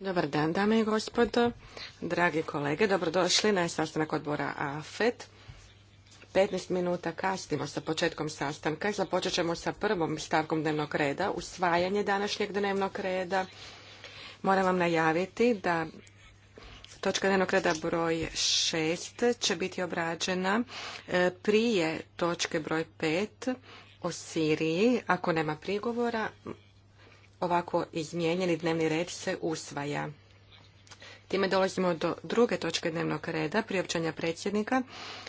Dobar dan, dame i gospodo, dragi kolege. Dobrodošli na sastanak odbora AFET. E 15 minuta kasnimo sa početkom sastanka i započet ćemo sa prvom stavkom dnevnog reda, usvajanje današnjeg dnevnog reda. Moram vam najaviti da Točka dnevnog reda broj 6 će biti obrađena e, prije točke broj 5 o Siriji. Ako nema prigovora, ovako izmijenjeni dnevni red se usvaja. Time dolazimo do druge točke dnevnog reda, priopćenja predsjednika.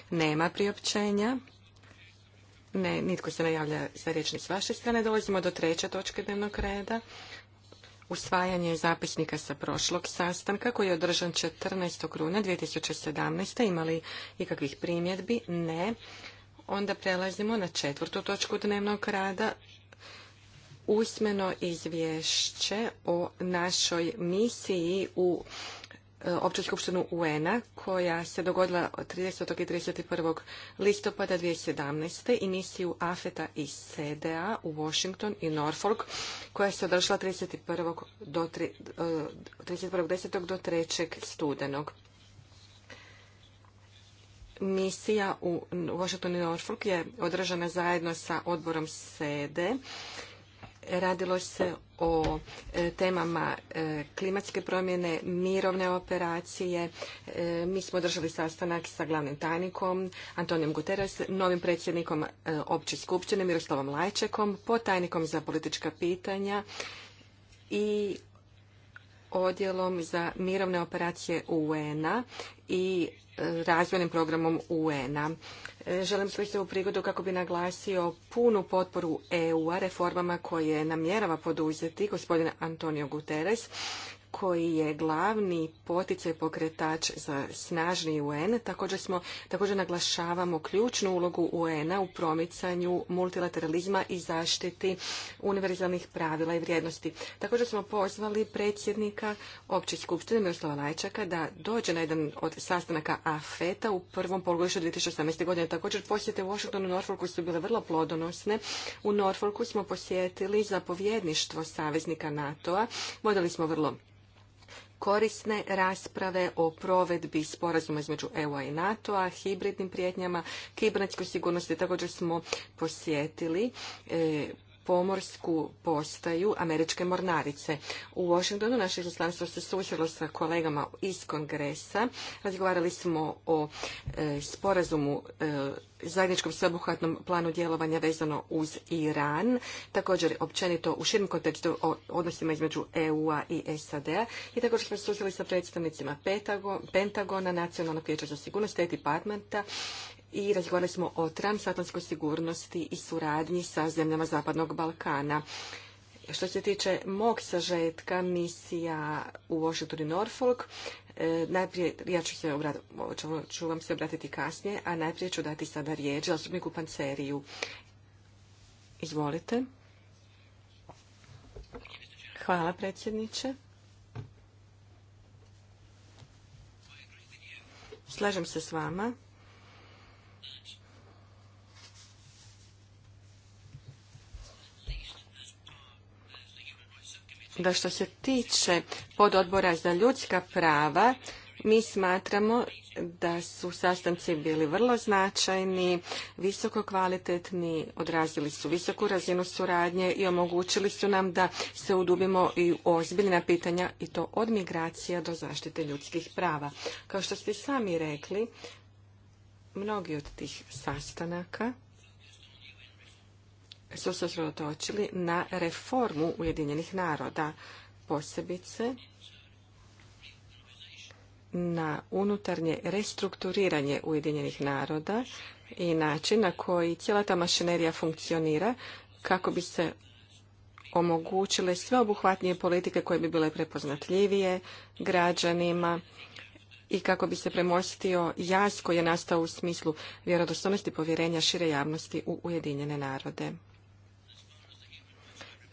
Nema priopćenja. Ne, nitko se ne javlja za riječ ni s vaše strane. Dolazimo do treće točke dnevnog reda usvajanje zapisnika sa prošlog sastanka koji je održan 14. runa 2017. Imali ikakvih primjedbi? Ne. Onda prelazimo na četvrtu točku dnevnog rada. Usmeno izvješće o našoj misiji u E, opću skupštinu UN-a koja se dogodila 30. i 31. listopada 2017. i misiju AFETA i CDA u Washington i Norfolk koja se održala 31. do 31.10. E, do 3. studenog. Misija u Washington i Norfolk je održana zajedno sa odborom SEDE radilo se o e, temama e, klimatske promjene, mirovne operacije. E, mi smo držali sastanak sa glavnim tajnikom Antonijom Guterres, novim predsjednikom opće skupštine Miroslavom Lajčekom, tajnikom za politička pitanja i odjelom za mirovne operacije UN-a i razvojnim programom UN-a. E, želim svojiti u prigodu kako bi naglasio punu potporu EU-a reformama koje namjerava poduzeti gospodin Antonio Guterres koji je glavni poticaj pokretač za snažni UN. Također, smo, također naglašavamo ključnu ulogu UN-a u promicanju multilateralizma i zaštiti univerzalnih pravila i vrijednosti. Također smo pozvali predsjednika Opće skupštine Miroslava Lajčaka da dođe na jedan od sastanaka AFETA u prvom polugodištu 2018. godine. Također posjete u Washingtonu i Norfolku su bile vrlo plodonosne. U Norfolku smo posjetili zapovjedništvo saveznika NATO-a. Vodili smo vrlo korisne rasprave o provedbi sporazuma između EU-a i NATO-a, hibridnim prijetnjama, kibernetskoj sigurnosti. Također smo posjetili e, pomorsku postaju američke mornarice. U Washingtonu naše izaslanstvo se susrelo sa kolegama iz kongresa. Razgovarali smo o e, sporazumu e, zajedničkom sveobuhvatnom planu djelovanja vezano uz Iran, također općenito u širem kontekstu o odnosima između EU-a i SAD-a i također smo susreli sa predstavnicima Pentagona, Nacionalnog vijeća za sigurnost, State Departmenta, i razgovarali smo o transatlantskoj sigurnosti i suradnji sa zemljama Zapadnog Balkana. Što se tiče mog sažetka misija u Washington i Norfolk, e, najprije, ja ću, se ću vam se obratiti kasnije, a najprije ću dati sada riječ zastupniku Panceriju. Izvolite. Hvala predsjedniče. Slažem se s vama da što se tiče pododbora za ljudska prava, mi smatramo da su sastanci bili vrlo značajni, visoko kvalitetni, odrazili su visoku razinu suradnje i omogućili su nam da se udubimo i u ozbiljna pitanja i to od migracija do zaštite ljudskih prava. Kao što ste sami rekli, mnogi od tih sastanaka su se osredotočili na reformu Ujedinjenih naroda, posebice na unutarnje restrukturiranje Ujedinjenih naroda i način na koji cijela ta mašinerija funkcionira kako bi se omogućile sve obuhvatnije politike koje bi bile prepoznatljivije građanima i kako bi se premostio jaz koji je nastao u smislu vjerodostojnosti povjerenja šire javnosti u Ujedinjene narode.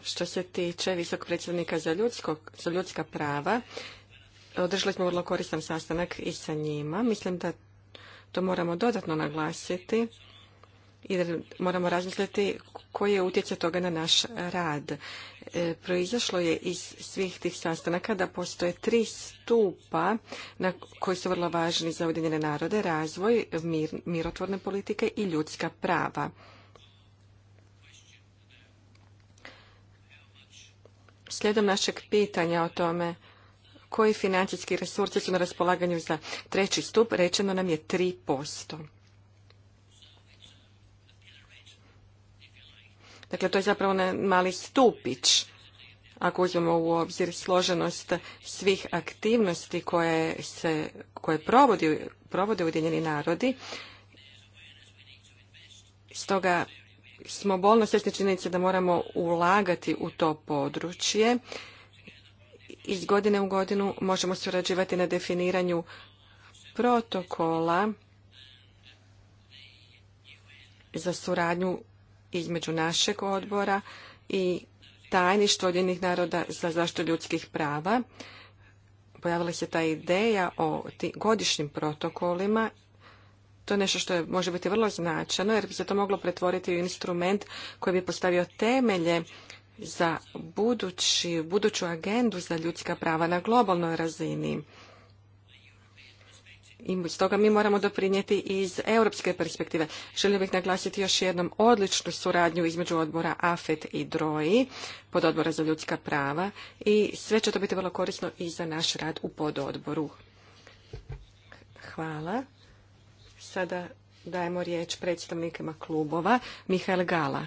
Što se tiče visokog predstavnika za, ljudsko, za ljudska prava, održali smo vrlo koristan sastanak i sa njima. Mislim da to moramo dodatno naglasiti i da moramo razmisliti koji je utjecaj toga na naš rad. E, proizašlo je iz svih tih sastanaka da postoje tri stupa na, koji su vrlo važni za Ujedinjene narode, razvoj, mir, mirotvorne politike i ljudska prava. Slijedom našeg pitanja o tome koji financijski resursi su na raspolaganju za treći stup, rečeno nam je 3%. Dakle, to je zapravo mali stupić ako uzmemo u obzir složenost svih aktivnosti koje se koje provodi, provode Ujedinjeni narodi. Stoga smo bolno svjesni činjenice da moramo ulagati u to područje. Iz godine u godinu možemo surađivati na definiranju protokola za suradnju između našeg odbora i tajništvo Ujedinjenih naroda za zaštitu ljudskih prava. Pojavila se ta ideja o godišnjim protokolima to je nešto što je, može biti vrlo značajno jer bi se to moglo pretvoriti u instrument koji bi postavio temelje za buduću agendu za ljudska prava na globalnoj razini. I stoga mi moramo doprinijeti iz europske perspektive. Želio bih naglasiti još jednom odličnu suradnju između odbora AFET i DROI, pod odbora za ljudska prava i sve će to biti vrlo korisno i za naš rad u pododboru. Hvala. Sada dajemo riječ predstavnikama klubova. Mihael Gala.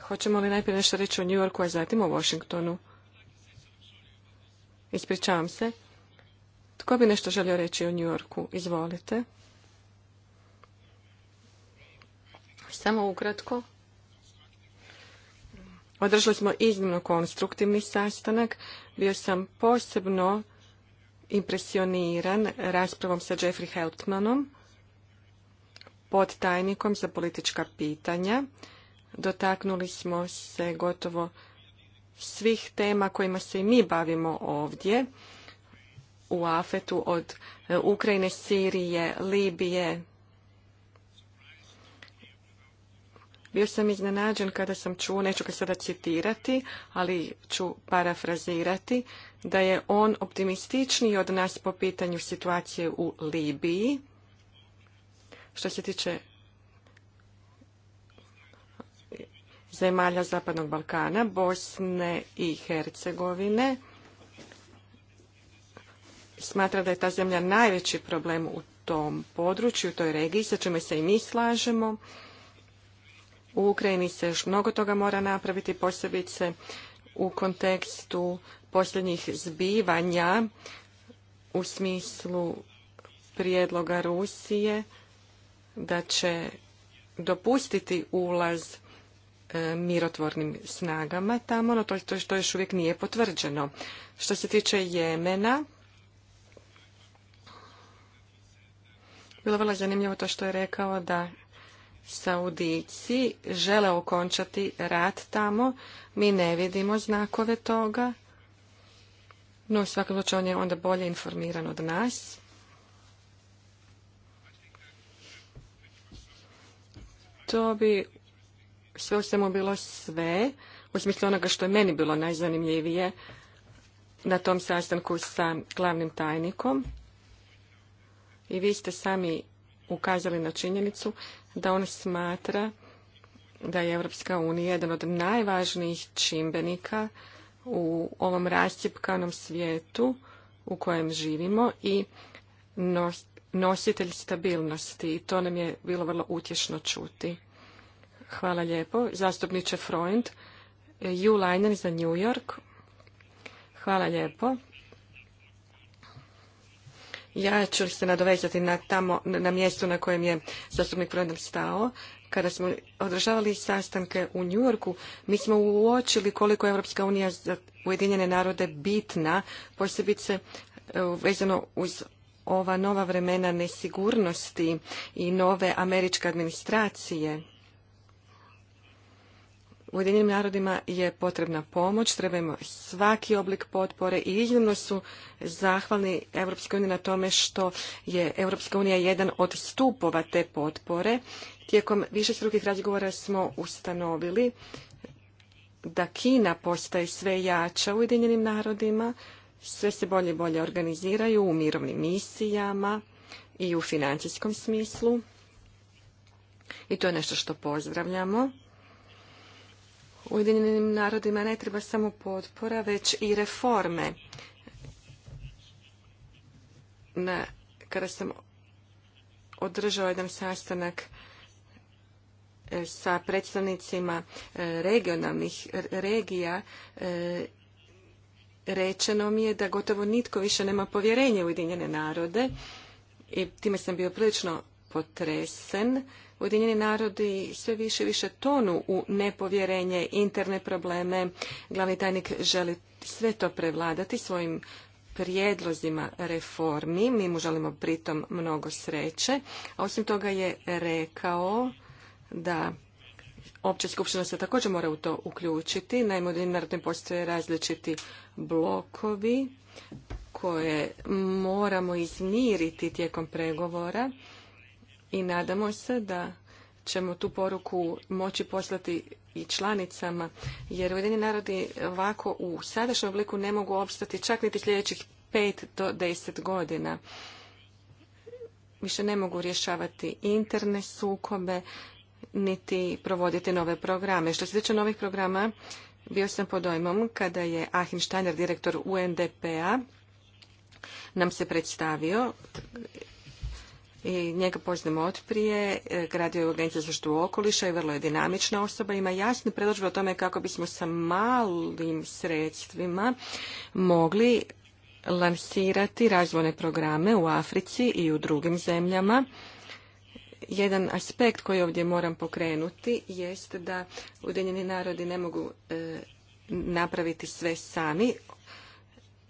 Hoćemo li najprije nešto reći o New Yorku, a zatim o Washingtonu? Ispričavam se. Tko bi nešto želio reći o New Yorku? Izvolite. Samo ukratko. Održali smo iznimno konstruktivni sastanak. Bio sam posebno impresioniran raspravom sa Jeffrey Heltmanom, pod tajnikom za politička pitanja. Dotaknuli smo se gotovo svih tema kojima se i mi bavimo ovdje u Afetu od Ukrajine, Sirije, Libije, Bio sam iznenađen kada sam čuo, neću ga sada citirati, ali ću parafrazirati, da je on optimističniji od nas po pitanju situacije u Libiji. Što se tiče zemalja Zapadnog Balkana, Bosne i Hercegovine, smatra da je ta zemlja najveći problem u tom području, u toj regiji, sa čime se i mi slažemo. U Ukrajini se još mnogo toga mora napraviti, posebice u kontekstu posljednjih zbivanja u smislu prijedloga Rusije da će dopustiti ulaz e, mirotvornim snagama tamo, no to, to, još uvijek nije potvrđeno. Što se tiče Jemena, bilo vrlo zanimljivo to što je rekao da Saudijci žele okončati rat tamo. Mi ne vidimo znakove toga. No, u svakom on je onda bolje informiran od nas. To bi sve u svemu bilo sve, u smislu onoga što je meni bilo najzanimljivije na tom sastanku sa glavnim tajnikom. I vi ste sami ukazali na činjenicu da on smatra da je Europska unija jedan od najvažnijih čimbenika u ovom rascjepkanom svijetu u kojem živimo i nositelj stabilnosti i to nam je bilo vrlo utješno čuti. Hvala lijepo. Zastupniče Freund, Ju Leinen za New York. Hvala lijepo. Ja ću se nadovezati na, tamo, na mjestu na kojem je zastupnik Prondom stao. Kada smo održavali sastanke u Njujorku, mi smo uočili koliko je Europska unija za Ujedinjene narode bitna, posebice e, vezano uz ova nova vremena nesigurnosti i nove američke administracije. Ujedinjenim narodima je potrebna pomoć, trebamo svaki oblik potpore i iznimno su zahvalni Europskoj uniji na tome što je Europska unija jedan od stupova te potpore. Tijekom višestrukih razgovora smo ustanovili da Kina postaje sve jača u Ujedinjenim narodima, sve se bolje i bolje organiziraju u mirovnim misijama i u financijskom smislu. I to je nešto što pozdravljamo. Ujedinjenim narodima ne treba samo potpora, već i reforme. Na, kada sam održao jedan sastanak e, sa predstavnicima e, regionalnih regija, e, rečeno mi je da gotovo nitko više nema povjerenje u Ujedinjene narode i time sam bio prilično potresen Ujedinjeni narodi sve više i više tonu u nepovjerenje, interne probleme. Glavni tajnik želi sve to prevladati svojim prijedlozima reformi. Mi mu želimo pritom mnogo sreće. A osim toga je rekao da Opća skupština se također mora u to uključiti. Naime, u narodnim postoje različiti blokovi koje moramo izmiriti tijekom pregovora i nadamo se da ćemo tu poruku moći poslati i članicama, jer Ujedinjeni narodi ovako u sadašnjem obliku ne mogu opstati čak niti sljedećih pet do deset godina. Više ne mogu rješavati interne sukobe, niti provoditi nove programe. Što se tiče novih programa, bio sam pod dojmom kada je Ahim Steiner, direktor UNDP-a, nam se predstavio i njega poznamo od prije, e, gradio je u agenciju zaštitu okoliša i vrlo je dinamična osoba, ima jasne predložbe o tome kako bismo sa malim sredstvima mogli lansirati razvojne programe u Africi i u drugim zemljama. Jedan aspekt koji ovdje moram pokrenuti jest da Ujedinjeni narodi ne mogu e, napraviti sve sami.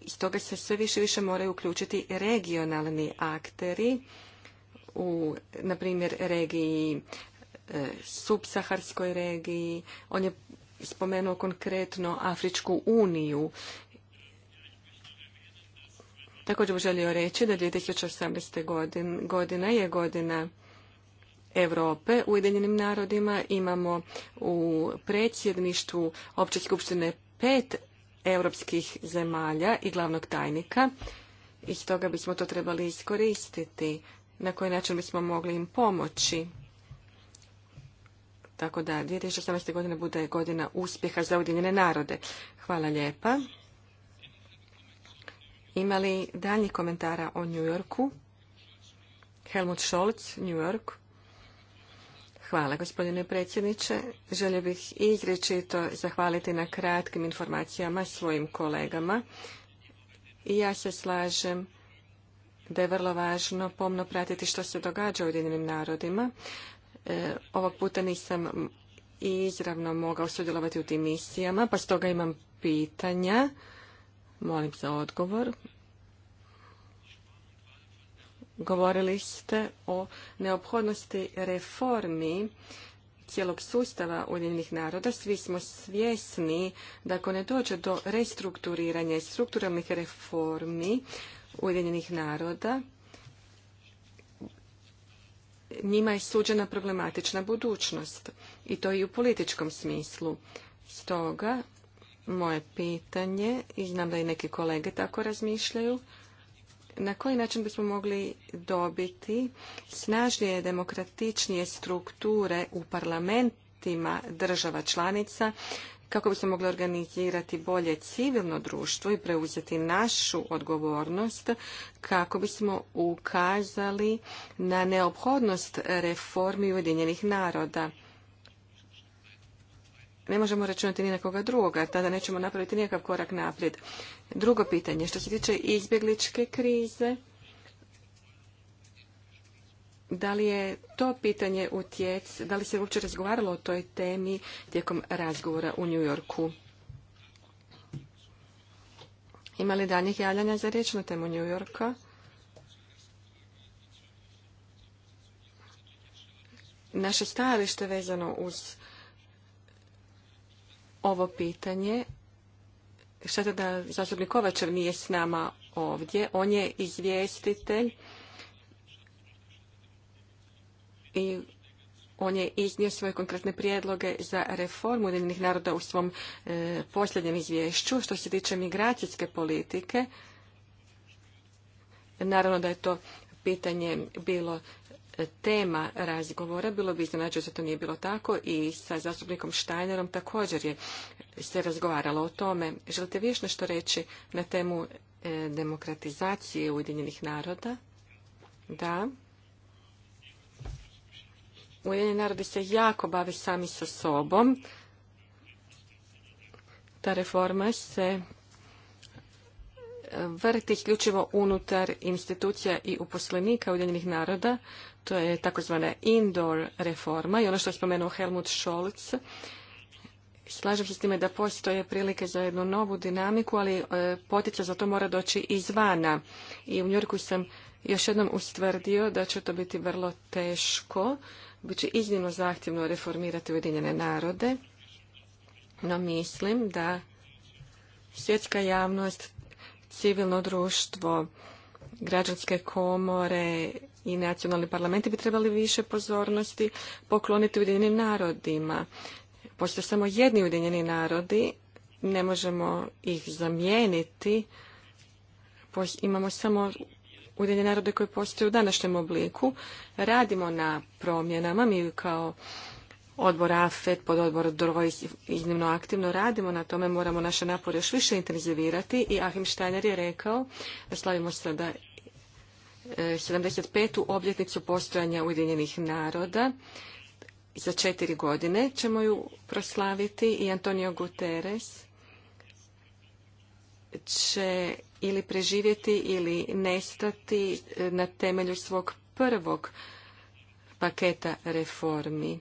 Stoga se sve više i više moraju uključiti regionalni akteri u, na primjer, regiji, e, subsaharskoj regiji. On je spomenuo konkretno Afričku uniju. Također bih želio reći da 2018. godina je godina Europe u Ujedinjenim narodima. Imamo u predsjedništvu Opće skupštine pet europskih zemalja i glavnog tajnika i stoga bismo to trebali iskoristiti na koji način bismo mogli im pomoći. Tako da osamnaest godine bude godina uspjeha za Ujedinjene narode. Hvala lijepa. Ima li komentara o New Yorku? Helmut Scholz, New York. Hvala, gospodine predsjedniče. Želio bih izričito zahvaliti na kratkim informacijama svojim kolegama. I ja se slažem da je vrlo važno pomno pratiti što se događa u jedinim narodima. E, ovog puta nisam izravno mogao sudjelovati u tim misijama, pa stoga imam pitanja. Molim za odgovor. Govorili ste o neophodnosti reformi cijelog sustava Ujedinjenih naroda. Svi smo svjesni da ako ne dođe do restrukturiranja i strukturalnih reformi, Ujedinjenih naroda, njima je suđena problematična budućnost i to i u političkom smislu. Stoga, moje pitanje, i znam da i neki kolege tako razmišljaju, na koji način bismo mogli dobiti snažnije, demokratičnije strukture u parlamentima država članica kako bi se moglo organizirati bolje civilno društvo i preuzeti našu odgovornost kako bismo ukazali na neophodnost reformi Ujedinjenih naroda. Ne možemo računati ni na koga drugoga, tada nećemo napraviti nikakav korak naprijed. Drugo pitanje, što se tiče izbjegličke krize, da li je to pitanje utjec, da li se uopće razgovaralo o toj temi tijekom razgovora u New Yorku? Ima li danjih javljanja za riječ na temu New Yorka? Naše stajalište vezano uz ovo pitanje, šta da zastupnik Kovačev nije s nama ovdje, on je izvjestitelj i on je iznio svoje konkretne prijedloge za reformu Ujedinjenih naroda u svom e, posljednjem izvješću što se tiče migracijske politike. Naravno da je to pitanje bilo e, tema razgovora. Bilo bi iznenađeno da to nije bilo tako i sa zastupnikom Štajnerom također je se razgovaralo o tome. Želite vi nešto reći na temu e, demokratizacije Ujedinjenih naroda? Da. Ujedinjeni narodi se jako bave sami sa sobom. Ta reforma se e, vrti isključivo unutar institucija i uposlenika Ujedinjenih naroda. To je takozvana indoor reforma i ono što je spomenuo Helmut Scholz. Slažem se s time da postoje prilike za jednu novu dinamiku, ali e, potica za to mora doći izvana. I u Njurku sam još jednom ustvrdio da će to biti vrlo teško će iznimno zahtjevno reformirati Ujedinjene narode, no mislim da svjetska javnost, civilno društvo, građanske komore i nacionalni parlamenti bi trebali više pozornosti pokloniti Ujedinjenim narodima. Pošto samo jedni Ujedinjeni narodi, ne možemo ih zamijeniti, imamo samo Ujedinjene narode koji postoje u današnjem obliku. Radimo na promjenama, mi kao odbor AFET, pod odbor DROJ iznimno aktivno radimo na tome, moramo naše napore još više intenzivirati i Ahim Steiner je rekao da slavimo sada 75. obljetnicu postojanja Ujedinjenih naroda. Za četiri godine ćemo ju proslaviti i Antonio Guterres će ili preživjeti ili nestati e, na temelju svog prvog paketa reformi.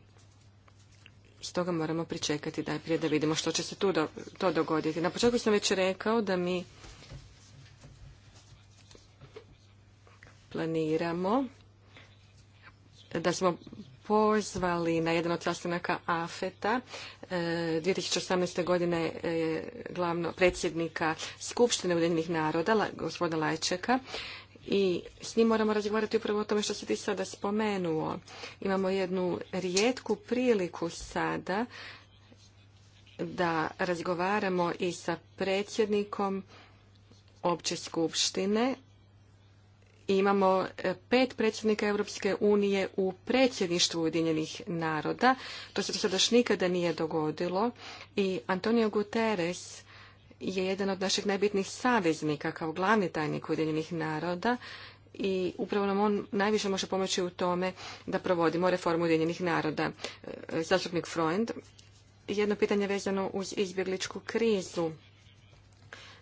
Stoga moramo pričekati da prije da vidimo što će se tu to dogoditi. Na početku sam već rekao da mi planiramo da smo pozvali na jedan od sastanaka AFETA 2018. E, godine e, glavno predsjednika Skupštine Ujedinjenih naroda, gospoda Lajčeka, i s njim moramo razgovarati upravo o tome što si ti sada spomenuo. Imamo jednu rijetku priliku sada da razgovaramo i sa predsjednikom opće skupštine imamo e, pet predsjednika Europske unije u predsjedništvu Ujedinjenih naroda. To se do sada nikada nije dogodilo i Antonio Guterres je jedan od naših najbitnijih saveznika kao glavni tajnik Ujedinjenih naroda i upravo nam on najviše može pomoći u tome da provodimo reformu Ujedinjenih naroda. E, zastupnik Freund, jedno pitanje vezano uz izbjegličku krizu.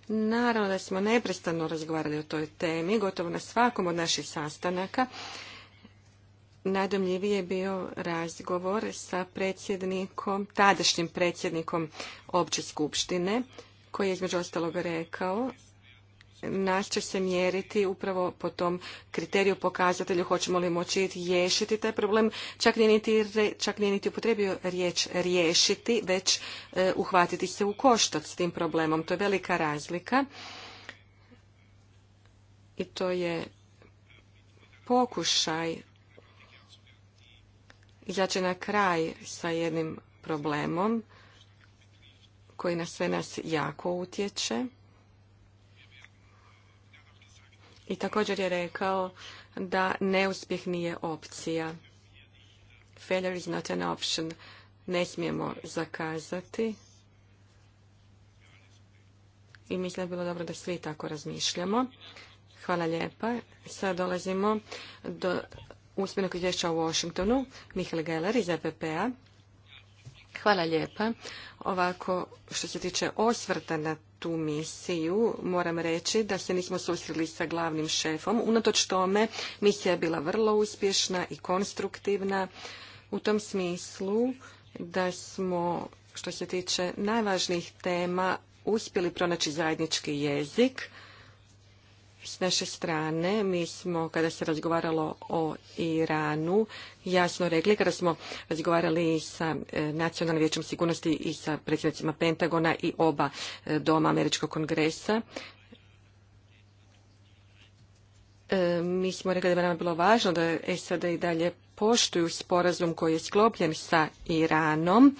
Naravno da smo neprestano razgovarali o toj temi, gotovo na svakom od naših sastanaka. Najdomljiviji je bio razgovor sa predsjednikom, tadašnjim predsjednikom opće skupštine, koji je između ostalog rekao nas će se mjeriti upravo po tom kriteriju pokazatelju hoćemo li moći riješiti taj problem. Čak nije niti, čak nije niti upotrebio riječ riješiti, već e, uhvatiti se u koštac s tim problemom. To je velika razlika. I to je pokušaj izaći na kraj sa jednim problemom koji na sve nas jako utječe i također je rekao da neuspjeh nije opcija. Failure is not an option. Ne smijemo zakazati. I mislim da bi bilo dobro da svi tako razmišljamo. Hvala lijepa. Sad dolazimo do usmenog izvješća u Washingtonu. Mihael Geller iz EPP-a. Hvala lijepa. Ovako, što se tiče osvrta na tu misiju, moram reći da se nismo susreli sa glavnim šefom. Unatoč tome, misija je bila vrlo uspješna i konstruktivna u tom smislu da smo, što se tiče najvažnijih tema, uspjeli pronaći zajednički jezik s naše strane mi smo, kada se razgovaralo o Iranu, jasno rekli, kada smo razgovarali sa e, Nacionalnim vijećem sigurnosti i sa predsjednicima Pentagona i oba e, doma Američkog kongresa, e, mi smo rekli da bi nam bilo važno da SAD i dalje poštuju sporazum koji je sklopljen sa Iranom.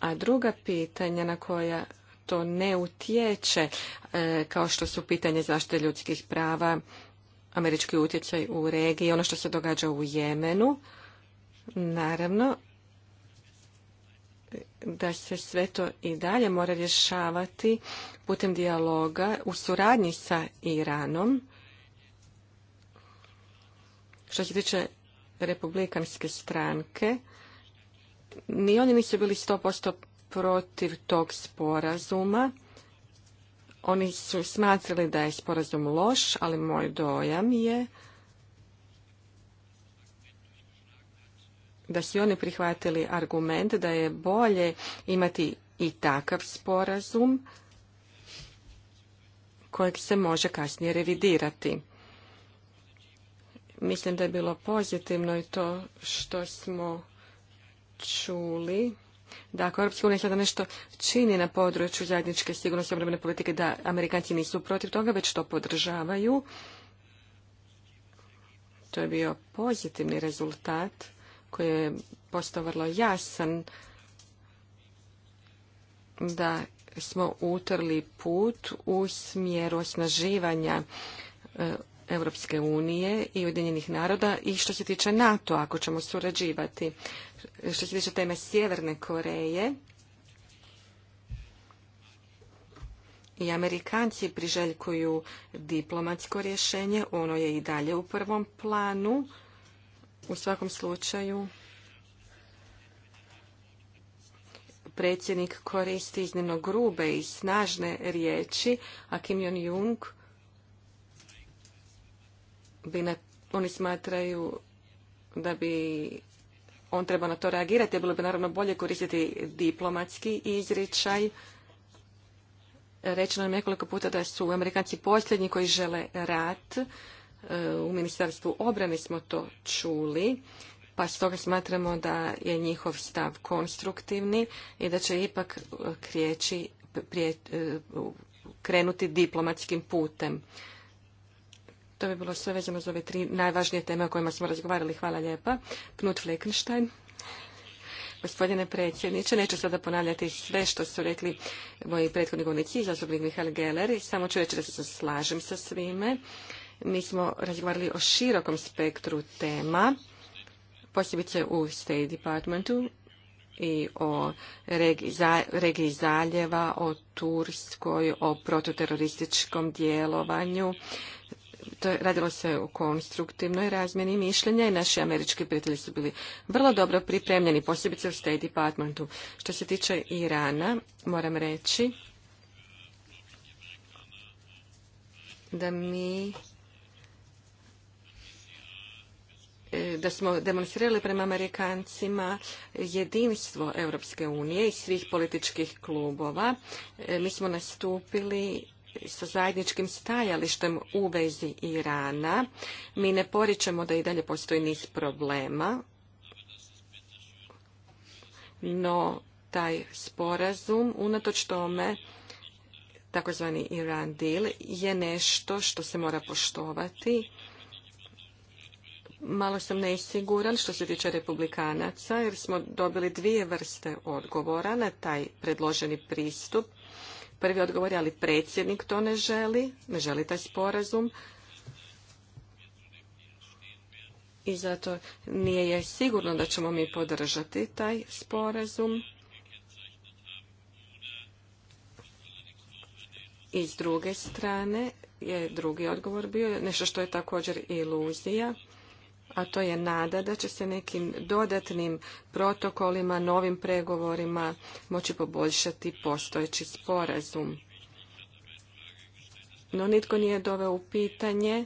A druga pitanja na koja to ne utječe, e, kao što su pitanje zaštite ljudskih prava, američki utjecaj u regiji, ono što se događa u Jemenu. Naravno, da se sve to i dalje mora rješavati putem dijaloga u suradnji sa Iranom. Što se tiče republikanske stranke, ni oni nisu bili 100% protiv tog sporazuma. Oni su smatrali da je sporazum loš, ali moj dojam je da su oni prihvatili argument da je bolje imati i takav sporazum kojeg se može kasnije revidirati. Mislim da je bilo pozitivno i to što smo čuli da ako Europska unija sada nešto čini na području zajedničke sigurnosti i obrambene politike, da Amerikanci nisu protiv toga, već to podržavaju. To je bio pozitivni rezultat koji je postao vrlo jasan da smo utrli put u smjeru osnaživanja e, Europske unije i Ujedinjenih naroda i što se tiče NATO, ako ćemo surađivati. Što se tiče teme Sjeverne Koreje, i Amerikanci priželjkuju diplomatsko rješenje, ono je i dalje u prvom planu. U svakom slučaju, predsjednik koristi iznimno grube i snažne riječi, a Kim jong un bi oni smatraju da bi on treba na to reagirati, bilo bi naravno bolje koristiti diplomatski izričaj. Rečeno je nekoliko puta da su Amerikanci posljednji koji žele rat. E, u Ministarstvu obrane smo to čuli, pa stoga smatramo da je njihov stav konstruktivni i da će ipak e, krijeći, e, krenuti diplomatskim putem. To bi bilo sve vezano za ove tri najvažnije teme o kojima smo razgovarali. Hvala lijepa. Knut Fleckenstein. Gospodine predsjedniče, neću sada ponavljati sve što su rekli moji prethodni govornici, zastupnik Mihael Geller. Samo ću reći da se slažem sa svime. Mi smo razgovarali o širokom spektru tema, posebice u State Departmentu i o regiji zaljeva, o Turskoj, o prototerorističkom djelovanju, to radilo se o konstruktivnoj razmjeni mišljenja i naši američki prijatelji su bili vrlo dobro pripremljeni, posebice u State Departmentu. Što se tiče Irana, moram reći da mi e, da smo demonstrirali prema Amerikancima jedinstvo Europske unije i svih političkih klubova. E, mi smo nastupili sa zajedničkim stajalištem u vezi Irana. Mi ne poričemo da i dalje postoji niz problema, no taj sporazum, unatoč tome, takozvani Iran deal, je nešto što se mora poštovati. Malo sam nesiguran što se tiče republikanaca, jer smo dobili dvije vrste odgovora na taj predloženi pristup prvi odgovori, ali predsjednik to ne želi, ne želi taj sporazum. I zato nije je sigurno da ćemo mi podržati taj sporazum. I s druge strane je drugi odgovor bio nešto što je također iluzija a to je nada da će se nekim dodatnim protokolima, novim pregovorima moći poboljšati postojeći sporazum. No nitko nije doveo u pitanje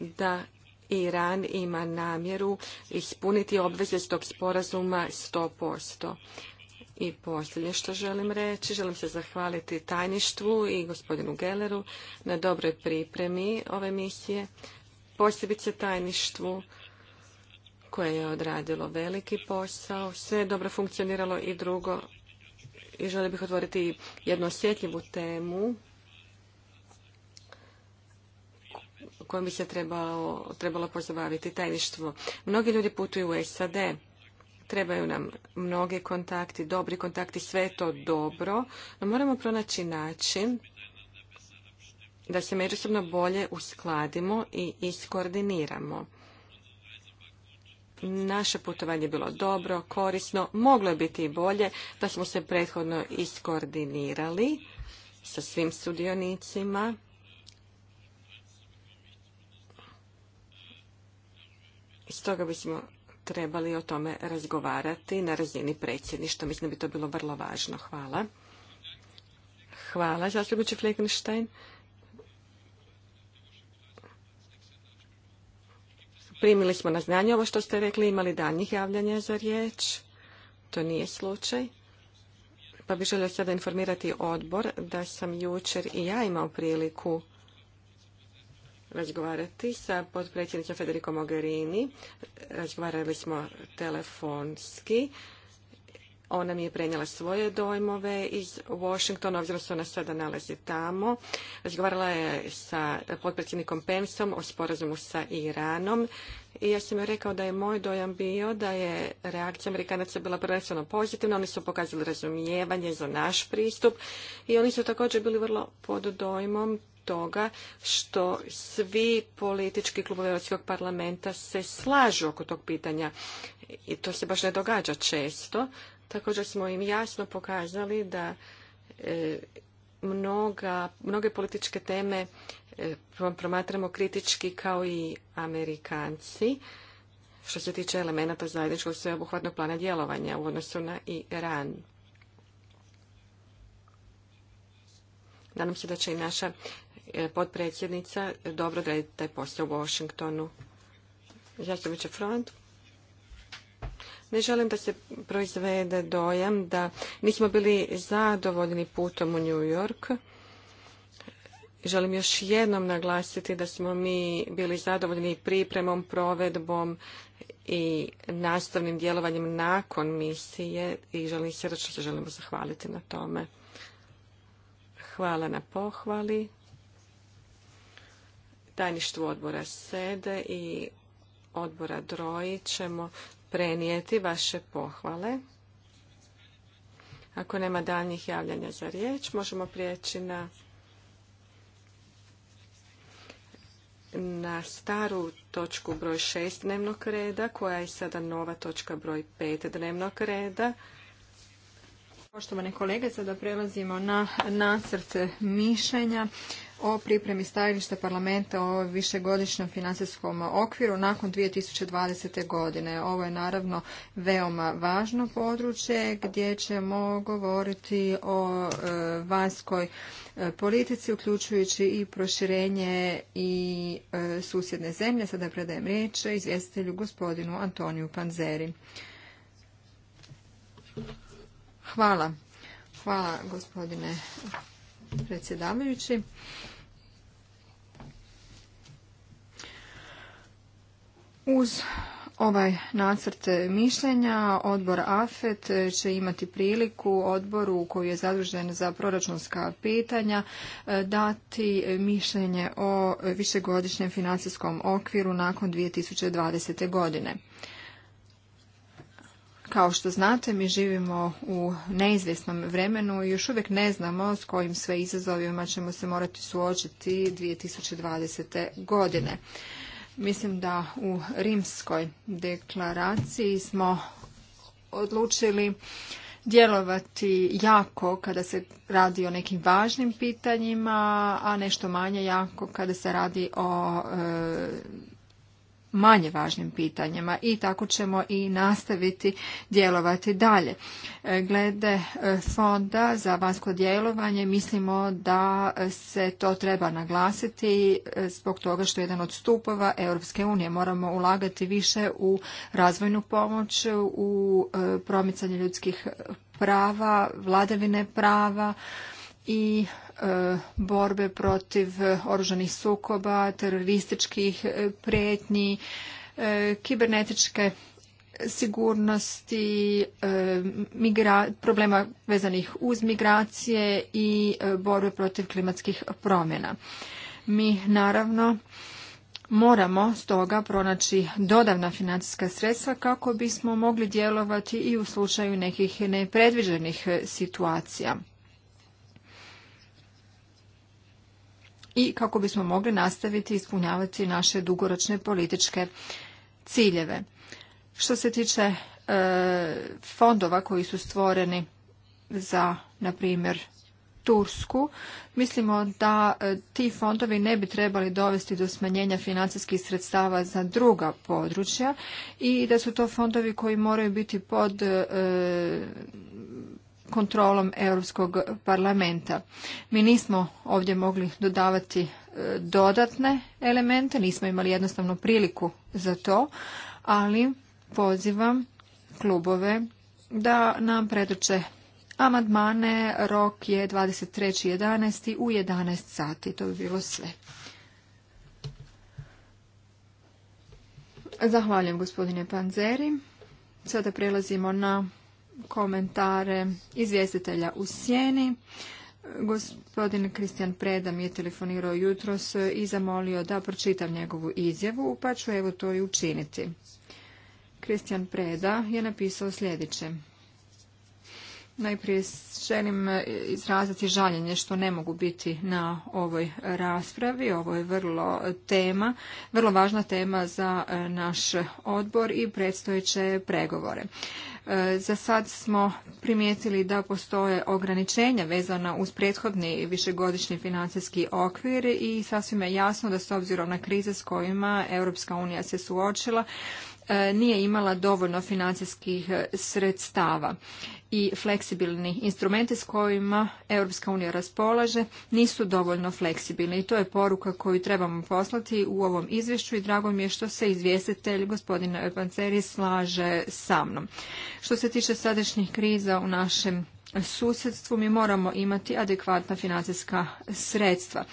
da Iran ima namjeru ispuniti obveze s tog sporazuma 100%. I posljednje što želim reći, želim se zahvaliti tajništvu i gospodinu Gelleru na dobroj pripremi ove misije, posebice tajništvu koje je odradilo veliki posao, sve je dobro funkcioniralo i drugo. I želim bih otvoriti jednu osjetljivu temu kojom bi se trebalo, trebalo pozabaviti tajništvo. Mnogi ljudi putuju u SAD trebaju nam mnogi kontakti, dobri kontakti, sve je to dobro, no moramo pronaći način da se međusobno bolje uskladimo i iskoordiniramo. Naše putovanje je bilo dobro, korisno, moglo je biti i bolje da smo se prethodno iskoordinirali sa svim sudionicima. Stoga bismo trebali o tome razgovarati na razini predsjedništva. Mislim da bi to bilo vrlo važno. Hvala. Hvala, zastupniče Fleckenstein. Primili smo na znanje ovo što ste rekli, imali danjih javljanja za riječ. To nije slučaj. Pa bih želio sada informirati odbor da sam jučer i ja imao priliku razgovarati sa potpredsjednicom Federico Mogherini. Razgovarali smo telefonski. Ona mi je prenijela svoje dojmove iz Washingtona, obzirom se ona sada nalazi tamo. Razgovarala je sa potpredsjednikom Pensom o sporazumu sa Iranom. I ja sam joj rekao da je moj dojam bio da je reakcija Amerikanaca bila prvenstveno pozitivna. Oni su pokazali razumijevanje za naš pristup i oni su također bili vrlo pod dojmom toga što svi politički klubovi Europskog parlamenta se slažu oko tog pitanja i to se baš ne događa često. Također smo im jasno pokazali da e, mnoge političke teme e, promatramo kritički kao i Amerikanci što se tiče elemenata zajedničkog sveobuhvatnog plana djelovanja u odnosu na Iran. Nadam se da će i naša E, potpredsjednica dobro da je taj posao u Washingtonu. Zastupniče Front. Ne želim da se proizvede dojam da nismo bili zadovoljni putom u New York. Želim još jednom naglasiti da smo mi bili zadovoljni pripremom, provedbom i nastavnim djelovanjem nakon misije i želim srdečno se želimo zahvaliti na tome. Hvala na pohvali tajništvu odbora SEDE i odbora droji ćemo prenijeti vaše pohvale. Ako nema daljnjih javljanja za riječ, možemo prijeći na, na staru točku broj 6 dnevnog reda, koja je sada nova točka broj 5 dnevnog reda. Poštovane kolege, sada prelazimo na nacrte mišljenja o pripremi stajališta parlamenta o višegodišnjem financijskom okviru nakon 2020. godine. Ovo je naravno veoma važno područje gdje ćemo govoriti o e, vanjskoj e, politici, uključujući i proširenje i e, susjedne zemlje. Sada predajem riječ izvjestitelju gospodinu Antoniju Panzeri. Hvala. Hvala gospodine predsjedavajući. Uz ovaj nacrt mišljenja odbor AFET će imati priliku odboru koji je zadužen za proračunska pitanja e, dati mišljenje o višegodišnjem financijskom okviru nakon 2020. godine. Kao što znate, mi živimo u neizvjesnom vremenu i još uvijek ne znamo s kojim sve izazovima ćemo se morati suočiti 2020. godine. Mislim da u rimskoj deklaraciji smo odlučili djelovati jako kada se radi o nekim važnim pitanjima, a nešto manje jako kada se radi o e, manje važnim pitanjima i tako ćemo i nastaviti djelovati dalje. E, glede e, fonda za vanjsko djelovanje mislimo da se to treba naglasiti e, zbog toga što je jedan od stupova Europske unije. Moramo ulagati više u razvojnu pomoć, u promicanje ljudskih prava, vladavine prava, i e, borbe protiv oružanih sukoba, terorističkih e, prijetnji, e, kibernetičke sigurnosti, problema vezanih uz migracije i borbe protiv klimatskih promjena. Mi naravno moramo stoga pronaći dodavna financijska sredstva kako bismo mogli djelovati i u slučaju nekih nepredviđenih situacija. i kako bismo mogli nastaviti ispunjavati naše dugoročne političke ciljeve. Što se tiče e, fondova koji su stvoreni za, na primjer, Tursku, mislimo da e, ti fondovi ne bi trebali dovesti do smanjenja financijskih sredstava za druga područja i da su to fondovi koji moraju biti pod e, kontrolom Europskog parlamenta. Mi nismo ovdje mogli dodavati e, dodatne elemente, nismo imali jednostavnu priliku za to, ali pozivam klubove da nam predoče amandmane. Rok je 23.11. u 11 sati. To bi bilo sve. Zahvaljujem gospodine Panzeri. Sada prelazimo na komentare izvjestitelja u sjeni. Gospodin Kristijan Preda mi je telefonirao jutros i zamolio da pročitam njegovu izjavu, pa ću evo to i učiniti. Kristijan Preda je napisao sljedeće. Najprije želim izraziti žaljenje što ne mogu biti na ovoj raspravi. Ovo je vrlo tema, vrlo važna tema za naš odbor i predstojeće pregovore. E, za sad smo primijetili da postoje ograničenja vezana uz prethodni višegodišnji financijski okvir i sasvim je jasno da s obzirom na krize s kojima Europska unija se suočila e, nije imala dovoljno financijskih e, sredstava i fleksibilni instrumenti s kojima Europska unija raspolaže nisu dovoljno fleksibilni i to je poruka koju trebamo poslati u ovom izvješću i drago mi je što se izvjestitelj gospodina Panceri, slaže sa mnom. Što se tiče sadašnjih kriza u našem susjedstvu mi moramo imati adekvatna financijska sredstva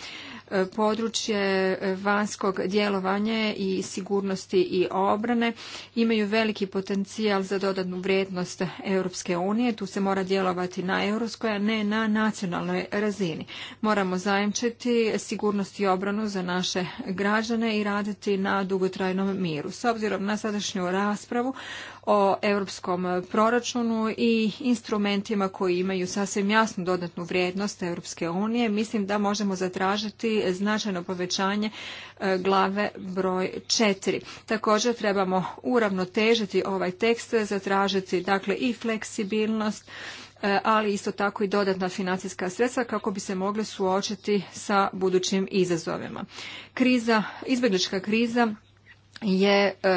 područje eh, vanjskog djelovanja i sigurnosti i obrane imaju veliki potencijal za dodatnu vrijednost Europske unije. Tu se mora djelovati na europskoj, a ne na nacionalnoj razini. Moramo zajemčiti sigurnost i obranu za naše građane i raditi na dugotrajnom miru. S obzirom na sadašnju raspravu o europskom proračunu i instrumentima koji imaju sasvim jasnu dodatnu vrijednost Europske unije, mislim da možemo zatražiti značajno povećanje e, glave broj 4. Također trebamo uravnotežiti ovaj tekst, zatražiti dakle i fleksibilnost, e, ali isto tako i dodatna financijska sredstva kako bi se mogli suočiti sa budućim izazovima. Kriza, izbjeglička kriza je e,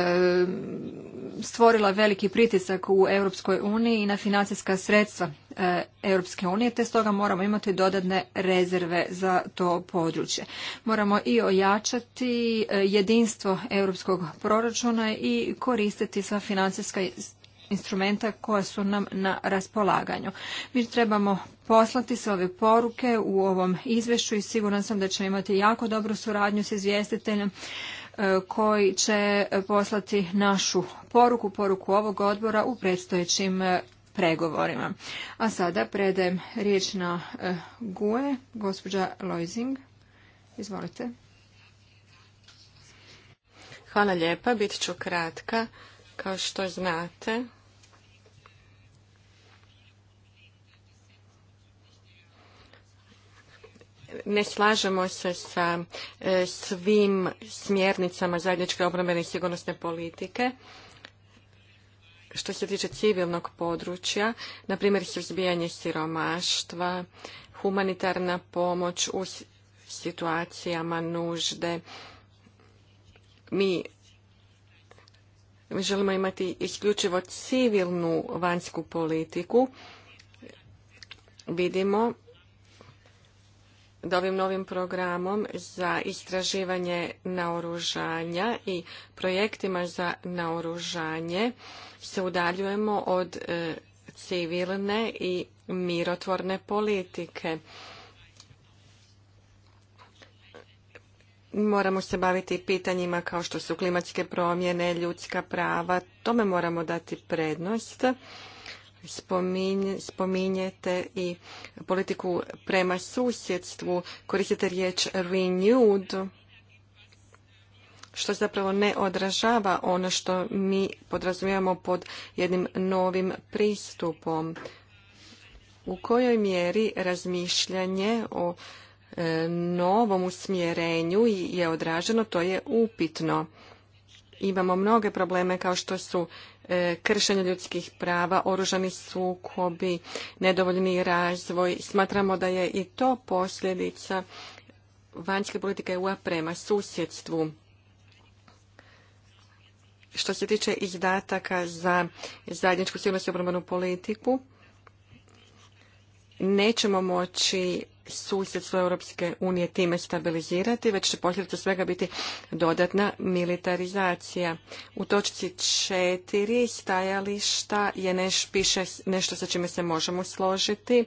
stvorila veliki pritisak u Europskoj uniji i na financijska sredstva e, Europske unije, te stoga moramo imati dodatne rezerve za to područje. Moramo i ojačati e, jedinstvo europskog proračuna i koristiti sva financijska instrumenta koja su nam na raspolaganju. Mi trebamo poslati sve ove poruke u ovom izvješću i siguran sam da ćemo imati jako dobru suradnju s izvjestiteljem E, koji će poslati našu poruku, poruku ovog odbora u predstojećim e, pregovorima. A sada predajem riječ na e, GUE, gospođa Lojzing. Izvolite. Hvala lijepa, bit ću kratka. Kao što znate, ne slažemo se sa e, svim smjernicama zajedničke obrambene i sigurnosne politike što se tiče civilnog područja, na primjer suzbijanje siromaštva, humanitarna pomoć u situacijama nužde. Mi, mi želimo imati isključivo civilnu vanjsku politiku. Vidimo da ovim novim programom za istraživanje naoružanja i projektima za naoružanje se udaljujemo od e, civilne i mirotvorne politike. Moramo se baviti pitanjima kao što su klimatske promjene, ljudska prava, tome moramo dati prednost spominjete i politiku prema susjedstvu, koristite riječ renewed, što zapravo ne odražava ono što mi podrazumijevamo pod jednim novim pristupom. U kojoj mjeri razmišljanje o e, novom usmjerenju je odraženo, to je upitno. Imamo mnoge probleme kao što su E, kršenje ljudskih prava, oružani sukobi, nedovoljni razvoj. Smatramo da je i to posljedica vanjske politike eu prema susjedstvu. Što se tiče izdataka za zajedničku sigurnost i obrambenu politiku, nećemo moći susjedstvo Europske unije time stabilizirati, već će posljedica svega biti dodatna militarizacija. U točci četiri stajališta je neš, piše nešto sa čime se možemo složiti.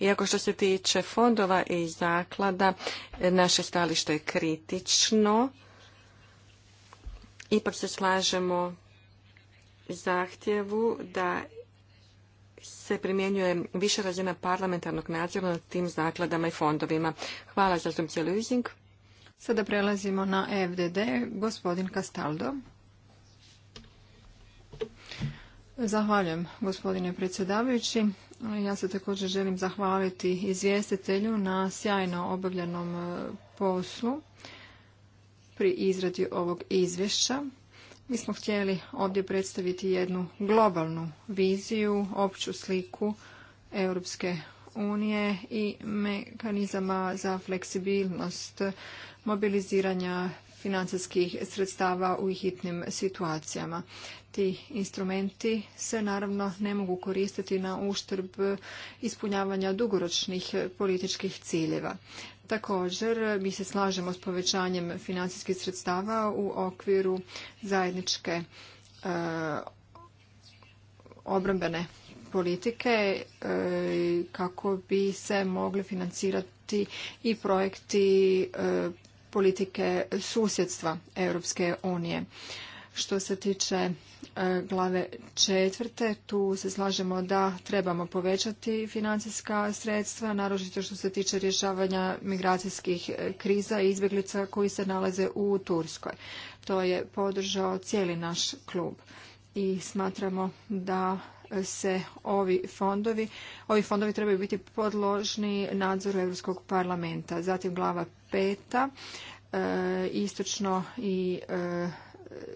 Iako što se tiče fondova i zaklada, naše stajalište je kritično. Ipak se slažemo zahtjevu da se primjenjuje više razina parlamentarnog nadzora nad tim zakladama i fondovima. Hvala za zdomće Luzing. Sada prelazimo na FDD, gospodin Kastaldo. Zahvaljujem gospodine predsjedavajući. Ja se također želim zahvaliti izvjestitelju na sjajno obavljenom eh, poslu pri izradi ovog izvješća. Mi smo htjeli ovdje predstaviti jednu globalnu viziju, opću sliku Europske unije i mekanizama za fleksibilnost mobiliziranja financijskih sredstava u hitnim situacijama ti instrumenti se naravno ne mogu koristiti na uštrb ispunjavanja dugoročnih političkih ciljeva. Također, mi se slažemo s povećanjem financijskih sredstava u okviru zajedničke e, obrambene politike e, kako bi se mogli financirati i projekti e, politike susjedstva Europske unije. Što se tiče e, glave četvrte, tu se slažemo da trebamo povećati financijska sredstva, naročito što se tiče rješavanja migracijskih e, kriza i izbjeglica koji se nalaze u Turskoj. To je podržao cijeli naš klub i smatramo da se ovi fondovi, ovi fondovi trebaju biti podložni nadzoru Europskog parlamenta. Zatim glava peta, e, istočno i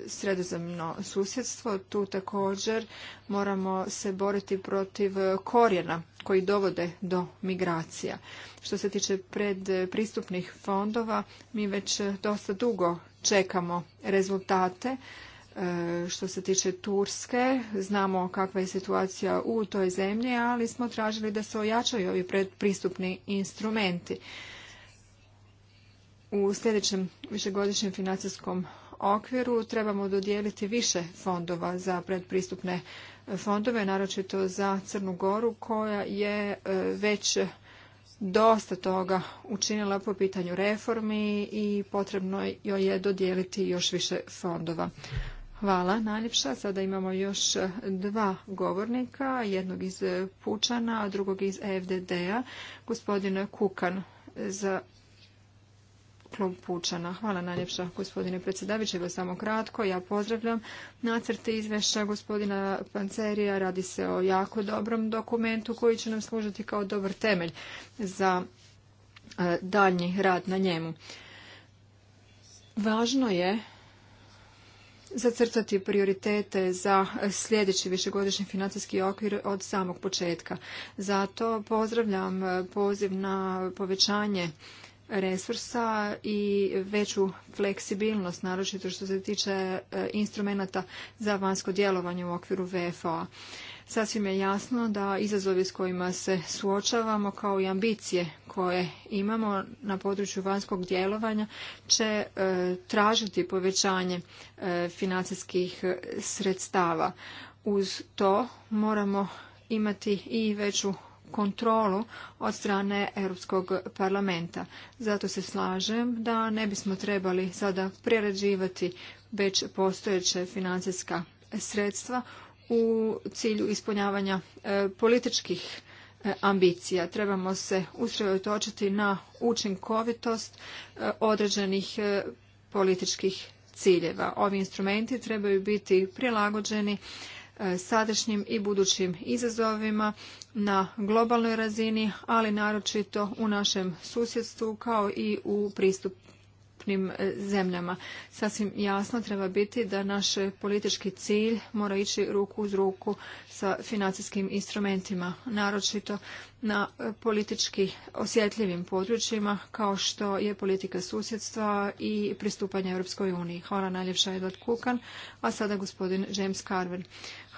sredozemno susjedstvo. Tu također moramo se boriti protiv korijena koji dovode do migracija. Što se tiče predpristupnih fondova, mi već dosta dugo čekamo rezultate. E, što se tiče Turske, znamo kakva je situacija u toj zemlji, ali smo tražili da se ojačaju ovi predpristupni instrumenti. U sljedećem višegodišnjem financijskom okviru trebamo dodijeliti više fondova za predpristupne fondove, naročito za Crnu Goru koja je e, već dosta toga učinila po pitanju reformi i potrebno joj je dodijeliti još više fondova. Hvala najljepša. Sada imamo još dva govornika, jednog iz Pučana, a drugog iz fdd a Gospodin Kukan za klub Pučana. Hvala najljepša gospodine predsjedaviće, evo samo kratko. Ja pozdravljam nacrte izvješća gospodina Pancerija. Radi se o jako dobrom dokumentu koji će nam služiti kao dobar temelj za e, daljnji rad na njemu. Važno je zacrtati prioritete za sljedeći višegodišnji financijski okvir od samog početka. Zato pozdravljam poziv na povećanje resursa i veću fleksibilnost, naročito što se tiče e, instrumenta za vanjsko djelovanje u okviru VFO-a. Sasvim je jasno da izazovi s kojima se suočavamo kao i ambicije koje imamo na području vanjskog djelovanja će e, tražiti povećanje e, financijskih sredstava. Uz to moramo imati i veću kontrolu od strane Europskog parlamenta. Zato se slažem da ne bismo trebali sada prerađivati već postojeće financijska sredstva u cilju ispunjavanja e, političkih e, ambicija. Trebamo se usredotočiti na učinkovitost e, određenih političkih ciljeva. Ovi instrumenti trebaju biti prilagođeni E, sadašnjim i budućim izazovima na globalnoj razini, ali naročito u našem susjedstvu kao i u pristupnim e, zemljama. Sasvim jasno treba biti da naš politički cilj mora ići ruku uz ruku sa financijskim instrumentima, naročito na e, politički osjetljivim područjima kao što je politika susjedstva i pristupanje Europskoj uniji. Hvala najljepša Edward Kukan, a sada gospodin James Carver.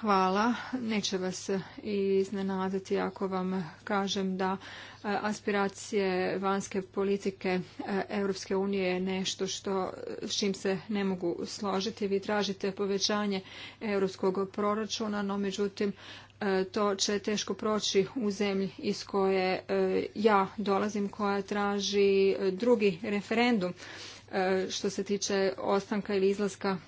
Hvala. Neće vas iznenaditi ako vam kažem da e, aspiracije vanjske politike e, Europske unije je nešto što, s čim se ne mogu složiti. Vi tražite povećanje europskog proračuna, no međutim e, to će teško proći u zemlji iz koje ja dolazim, koja traži drugi referendum što se tiče ostanka ili izlaska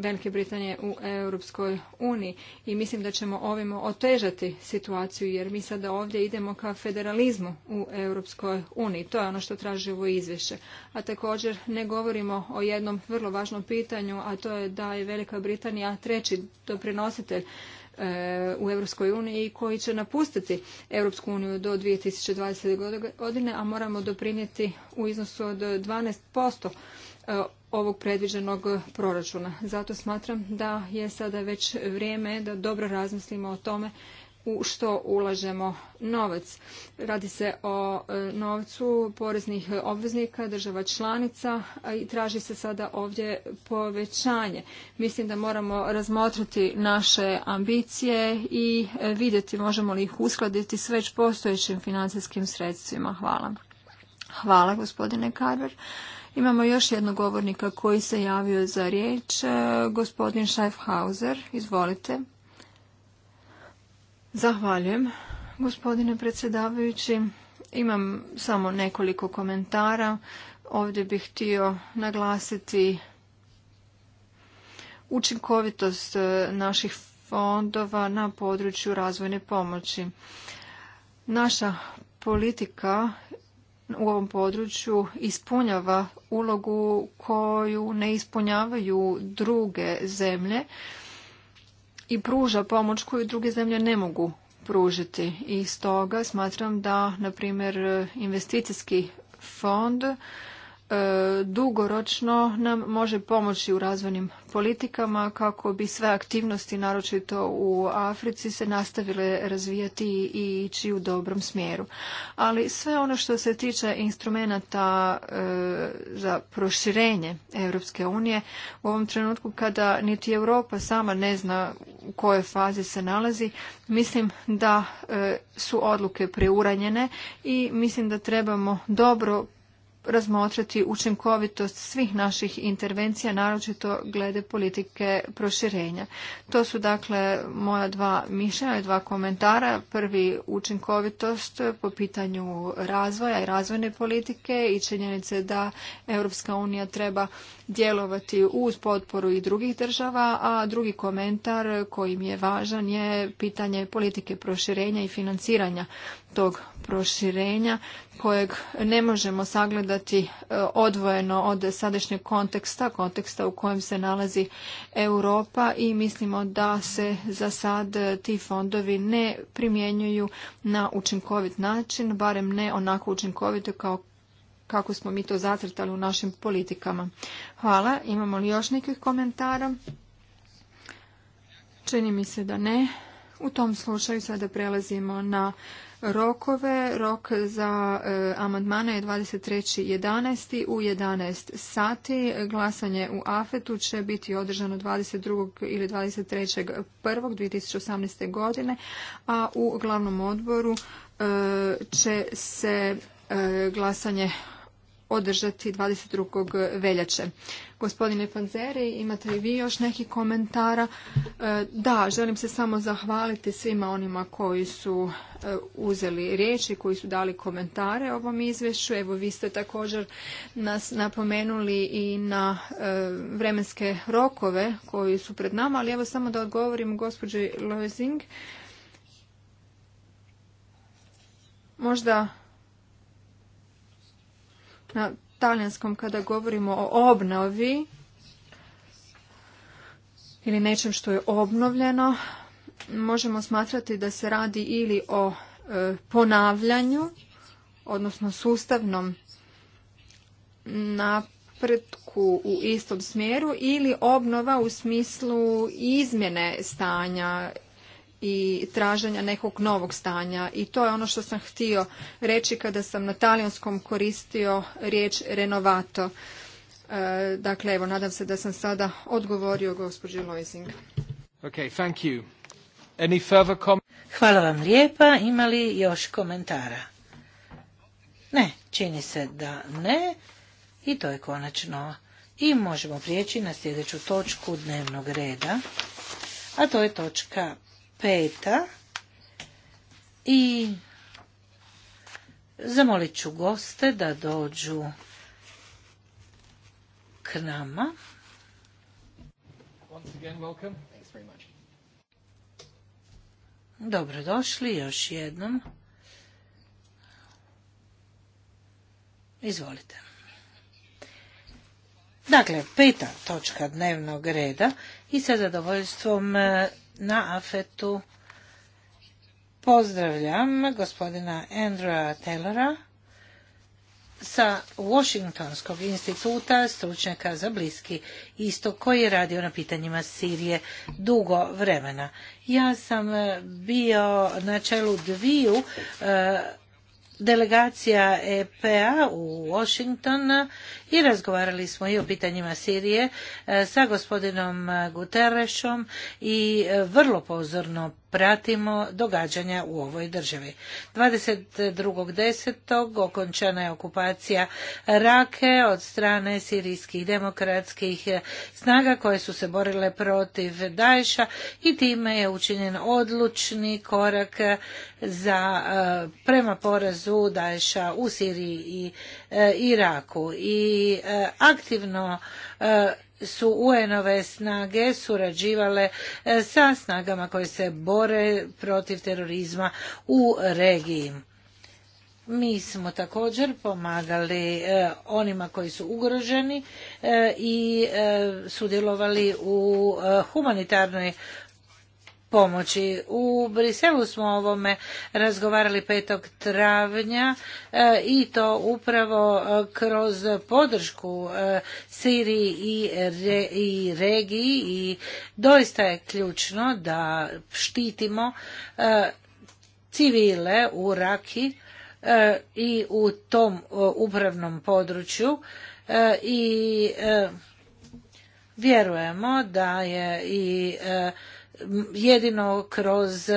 Velike Britanije u Europskoj uniji i mislim da ćemo ovim otežati situaciju jer mi sada ovdje idemo ka federalizmu u Europskoj uniji. To je ono što traži ovo izvješće. A također ne govorimo o jednom vrlo važnom pitanju, a to je da je Velika Britanija treći doprinositelj e, u Europskoj uniji koji će napustiti Europsku uniju do 2020. godine, a moramo doprinijeti u iznosu od 12% ovog predviđenog proračuna. Zato smatram da je sada već vrijeme da dobro razmislimo o tome u što ulažemo novac. Radi se o e, novcu poreznih obveznika, država članica i traži se sada ovdje povećanje. Mislim da moramo razmotriti naše ambicije i e, vidjeti možemo li ih uskladiti s već postojećim financijskim sredstvima. Hvala. Hvala gospodine Karver. Imamo još jednog govornika koji se javio za riječ, e, gospodin Schaffhauser. Izvolite. Zahvaljujem, gospodine predsjedavajući. Imam samo nekoliko komentara. Ovdje bih htio naglasiti učinkovitost e, naših fondova na području razvojne pomoći. Naša politika u ovom području ispunjava ulogu koju ne ispunjavaju druge zemlje i pruža pomoć koju druge zemlje ne mogu pružiti. I stoga smatram da, na primjer, investicijski fond E, dugoročno nam može pomoći u razvojnim politikama kako bi sve aktivnosti, naročito u Africi, se nastavile razvijati i ići u dobrom smjeru. Ali sve ono što se tiče instrumenata e, za proširenje Europske unije, u ovom trenutku kada niti Europa sama ne zna u kojoj fazi se nalazi, mislim da e, su odluke preuranjene i mislim da trebamo dobro razmotrati učinkovitost svih naših intervencija, naročito glede politike proširenja. To su dakle moja dva mišljenja i dva komentara. Prvi učinkovitost po pitanju razvoja i razvojne politike i činjenice da Europska unija treba djelovati uz potporu i drugih država, a drugi komentar koji mi je važan je pitanje politike proširenja i financiranja tog proširenja kojeg ne možemo sagledati e, odvojeno od sadašnjeg konteksta, konteksta u kojem se nalazi Europa i mislimo da se za sad e, ti fondovi ne primjenjuju na učinkovit način, barem ne onako učinkovito kao kako smo mi to zacrtali u našim politikama. Hvala. Imamo li još nekih komentara? Čini mi se da ne. U tom slučaju sada prelazimo na rokove. Rok za e, amandmane je 23.11. u 11 sati. Glasanje u AFET-u će biti održano 22. ili 23. 1. godine, a u glavnom odboru e, će se e, glasanje održati 22. veljače. Gospodine Panzeri, imate li vi još neki komentara? E, da, želim se samo zahvaliti svima onima koji su e, uzeli riječ i koji su dali komentare ovom izvješću. Evo, vi ste također nas napomenuli i na e, vremenske rokove koji su pred nama, ali evo samo da odgovorim gospođi Lozing. Možda na talijanskom kada govorimo o obnovi ili nečem što je obnovljeno, možemo smatrati da se radi ili o e, ponavljanju, odnosno sustavnom napretku u istom smjeru ili obnova u smislu izmjene stanja i traženja nekog novog stanja i to je ono što sam htio reći kada sam na talijanskom koristio riječ renovato. E, dakle, evo, nadam se da sam sada odgovorio gospođi Loising. Okay, thank you. Any further Hvala vam lijepa. Imali još komentara? Ne, čini se da ne. I to je konačno. I možemo prijeći na sljedeću točku dnevnog reda. A to je točka peta i zamolit ću goste da dođu k nama. Dobro došli još jednom. Izvolite. Dakle, peta točka dnevnog reda i sa zadovoljstvom e, na afetu pozdravljam gospodina Andrewa Taylora sa Washingtonskog instituta stručnjaka za bliski istok koji je radio na pitanjima Sirije dugo vremena. Ja sam bio na čelu dviju e, delegacija EPA u Washington i razgovarali smo i o pitanjima Sirije e, sa gospodinom Guterrešom i e, vrlo pozorno pratimo događanja u ovoj državi. 22.10. okončana je okupacija Rake od strane sirijskih demokratskih snaga koje su se borile protiv Daješa i time je učinjen odlučni korak za e, prema porazu Daješa u Siriji i e, Iraku i e, aktivno su UN-ove snage surađivale e, sa snagama koje se bore protiv terorizma u regiji. Mi smo također pomagali e, onima koji su ugroženi e, i sudjelovali u humanitarnoj pomoći. U Briselu smo o ovome razgovarali 5. travnja e, i to upravo e, kroz podršku e, Siriji i regiji i doista je ključno da štitimo civile u Raki i u tom upravnom području i vjerujemo da je i jedino kroz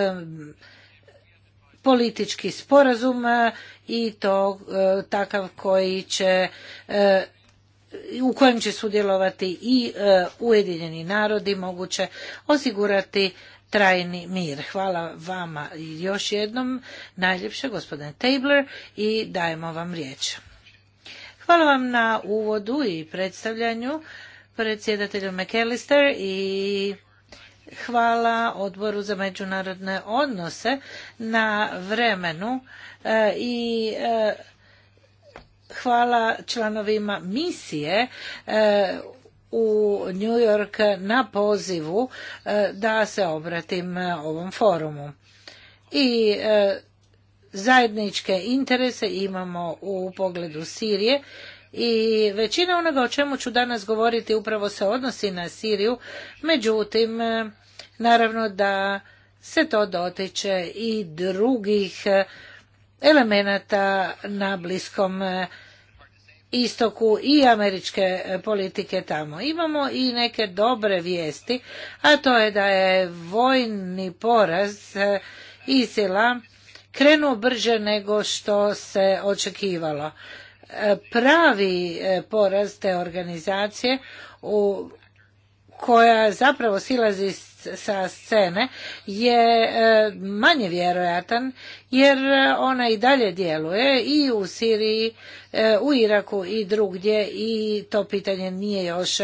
politički sporazum e, i to e, takav koji će e, u kojem će sudjelovati i Ujedinjeni narodi moguće osigurati trajni mir. Hvala vama još jednom najljepše gospodine Tabler i dajemo vam riječ. Hvala vam na uvodu i predstavljanju predsjedatelju McAllister i hvala odboru za međunarodne odnose na vremenu e, i e, hvala članovima misije e, u New York na pozivu da se obratim ovom forumu. I zajedničke interese imamo u pogledu Sirije i većina onoga o čemu ću danas govoriti upravo se odnosi na Siriju, međutim Naravno da se to dotiče i drugih eh, elemenata na bliskom eh, istoku i američke eh, politike tamo. Imamo i neke dobre vijesti, a to je da je vojni poraz Isila krenuo brže nego što se očekivalo. Pravi poraz te organizacije u koja zapravo silazi s sa scene je e, manje vjerojatan jer ona i dalje djeluje i u Siriji, e, u Iraku i drugdje i to pitanje nije još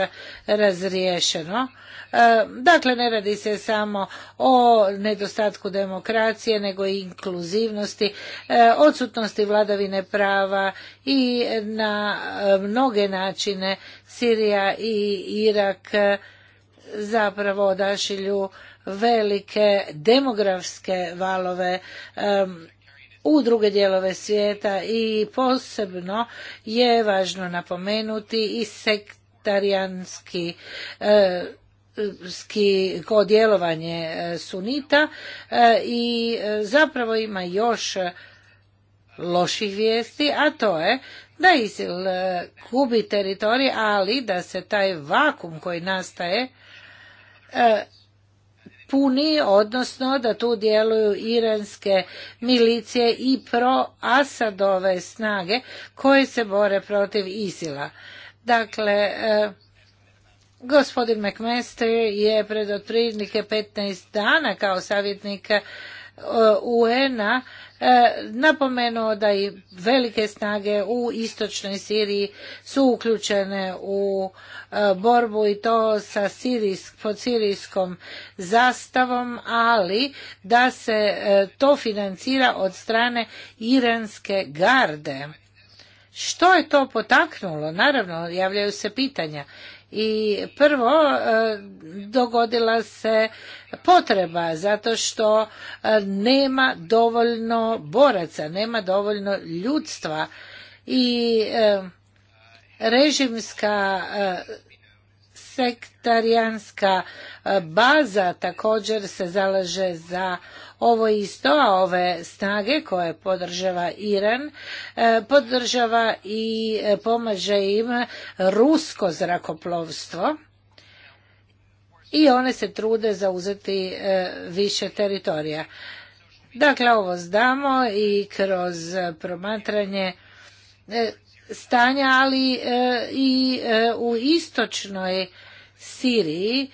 razriješeno. E, dakle, ne radi se samo o nedostatku demokracije, nego i inkluzivnosti, odsutnosti vladavine prava i na mnoge načine Sirija i Irak zapravo odašilju velike demografske valove u druge dijelove svijeta i posebno je važno napomenuti i sektarijanski e, ko djelovanje sunita i zapravo ima još loših vijesti, a to je da ISIL gubi teritorij, ali da se taj vakum koji nastaje E, puni, odnosno da tu djeluju iranske milicije i pro-Asadove snage koje se bore protiv Isila. Dakle, e, gospodin McMaster je pred otprilike 15 dana kao savjetnika un e, napomenuo da i velike snage u istočnoj Siriji su uključene u e, borbu i to sa sirijskom zastavom, ali da se e, to financira od strane iranske garde. Što je to potaknulo? Naravno, javljaju se pitanja i prvo e, dogodila se potreba zato što e, nema dovoljno boraca, nema dovoljno ljudstva i e, režimska sektarijanska baza također se zalaže za ovo isto, a ove snage koje podržava Iran, e, podržava i e, pomaže im rusko zrakoplovstvo i one se trude zauzeti e, više teritorija. Dakle, ovo znamo i kroz promatranje stanja, ali i u istočnoj Siriji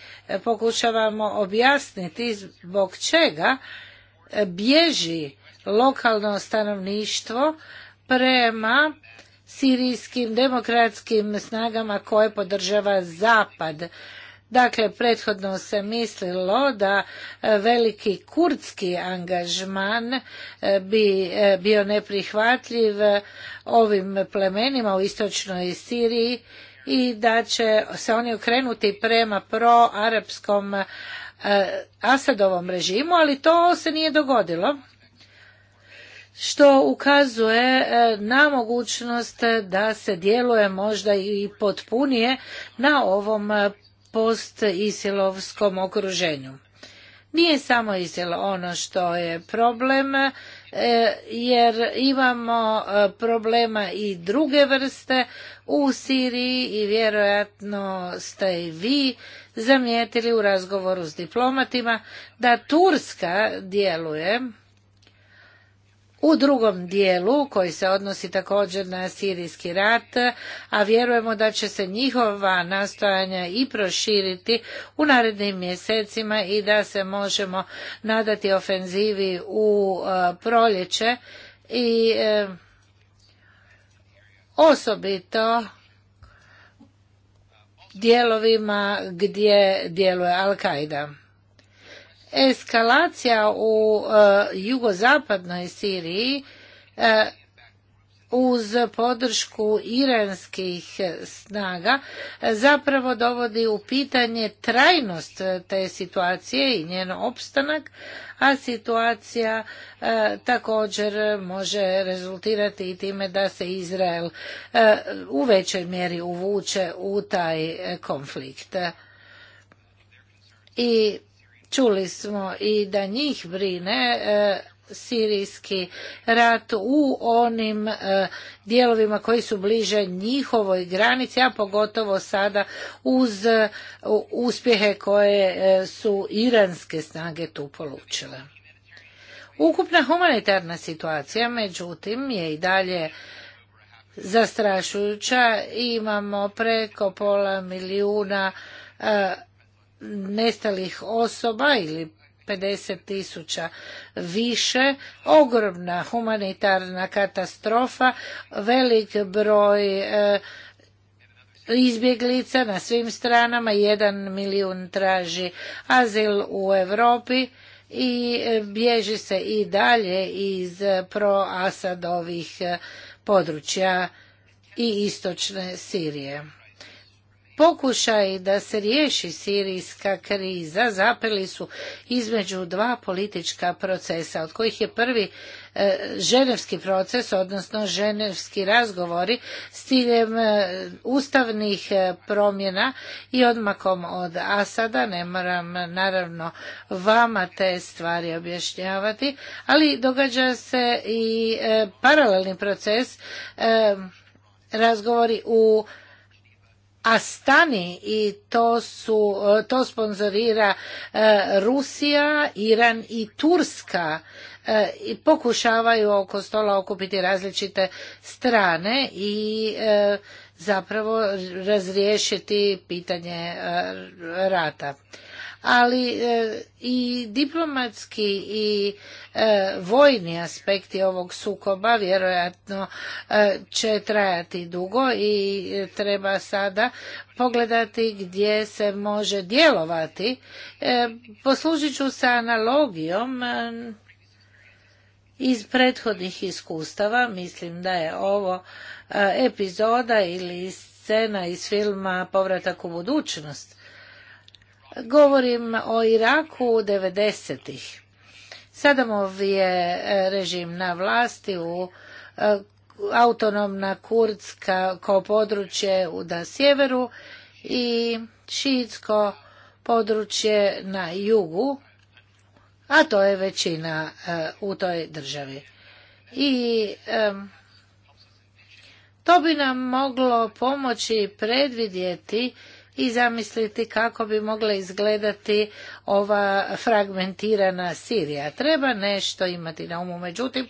pokušavamo objasniti zbog čega bježi lokalno stanovništvo prema sirijskim demokratskim snagama koje podržava zapad. Dakle, prethodno se mislilo da e, veliki kurdski angažman e, bi e, bio neprihvatljiv ovim plemenima u istočnoj Siriji i da će se oni okrenuti prema pro-arabskom proarapskom E, Asadovom režimu, ali to se nije dogodilo što ukazuje e, na mogućnost da se djeluje možda i potpunije na ovom e, post-isilovskom okruženju. Nije samo isil ono što je problem, jer imamo problema i druge vrste u Siriji i vjerojatno ste i vi zamijetili u razgovoru s diplomatima da Turska djeluje u drugom dijelu koji se odnosi također na sirijski rat, a vjerujemo da će se njihova nastojanja i proširiti u narednim mjesecima i da se možemo nadati ofenzivi u e, proljeće i e, osobito dijelovima gdje djeluje Al-Qaida. Eskalacija u e, jugozapadnoj Siriji e, uz podršku iranskih snaga e, zapravo dovodi u pitanje trajnost e, te situacije i njen opstanak, a situacija e, također može rezultirati i time da se Izrael u većoj mjeri uvuče u taj konflikt. I čuli smo i da njih brine sirijski rat u onim e, dijelovima koji su bliže njihovoj granici, a pogotovo sada uz e, uspjehe koje e, su iranske snage tu polučile. Ukupna humanitarna situacija, međutim, je i dalje zastrašujuća. Imamo preko pola milijuna nestalih osoba ili 50 tisuća više, ogromna humanitarna katastrofa, velik broj e, izbjeglica na svim stranama, jedan milijun traži azil u Europi i e, bježi se i dalje iz proasadovih e, područja i istočne Sirije pokušaj da se riješi sirijska kriza zapeli su između dva politička procesa od kojih je prvi e, ženevski proces odnosno ženevski razgovori s ciljem e, ustavnih e, promjena i odmakom od Asada ne moram naravno vama te stvari objašnjavati ali događa se i paralelni proces razgovori u a Stani, i to su e, to sponzorira e, Rusija, Iran i Turska e, i pokušavaju oko stola okupiti različite strane i zapravo razriješiti pitanje rata ali e, i diplomatski i e, vojni aspekti ovog sukoba vjerojatno e, će trajati dugo i treba sada pogledati gdje se može djelovati. Poslužit ću sa analogijom iz prethodnih iskustava, mislim da je ovo epizoda ili scena iz filma Povratak u budućnost. Govorim o Iraku 90-ih. Sadamov je e, režim na vlasti u e, autonomna kurdska kao područje da sjeveru i šiitsko područje na jugu, a to je većina e, u toj državi. I to bi nam moglo pomoći predvidjeti i zamisliti kako bi mogla izgledati ova fragmentirana Sirija. Treba nešto imati na umu, međutim,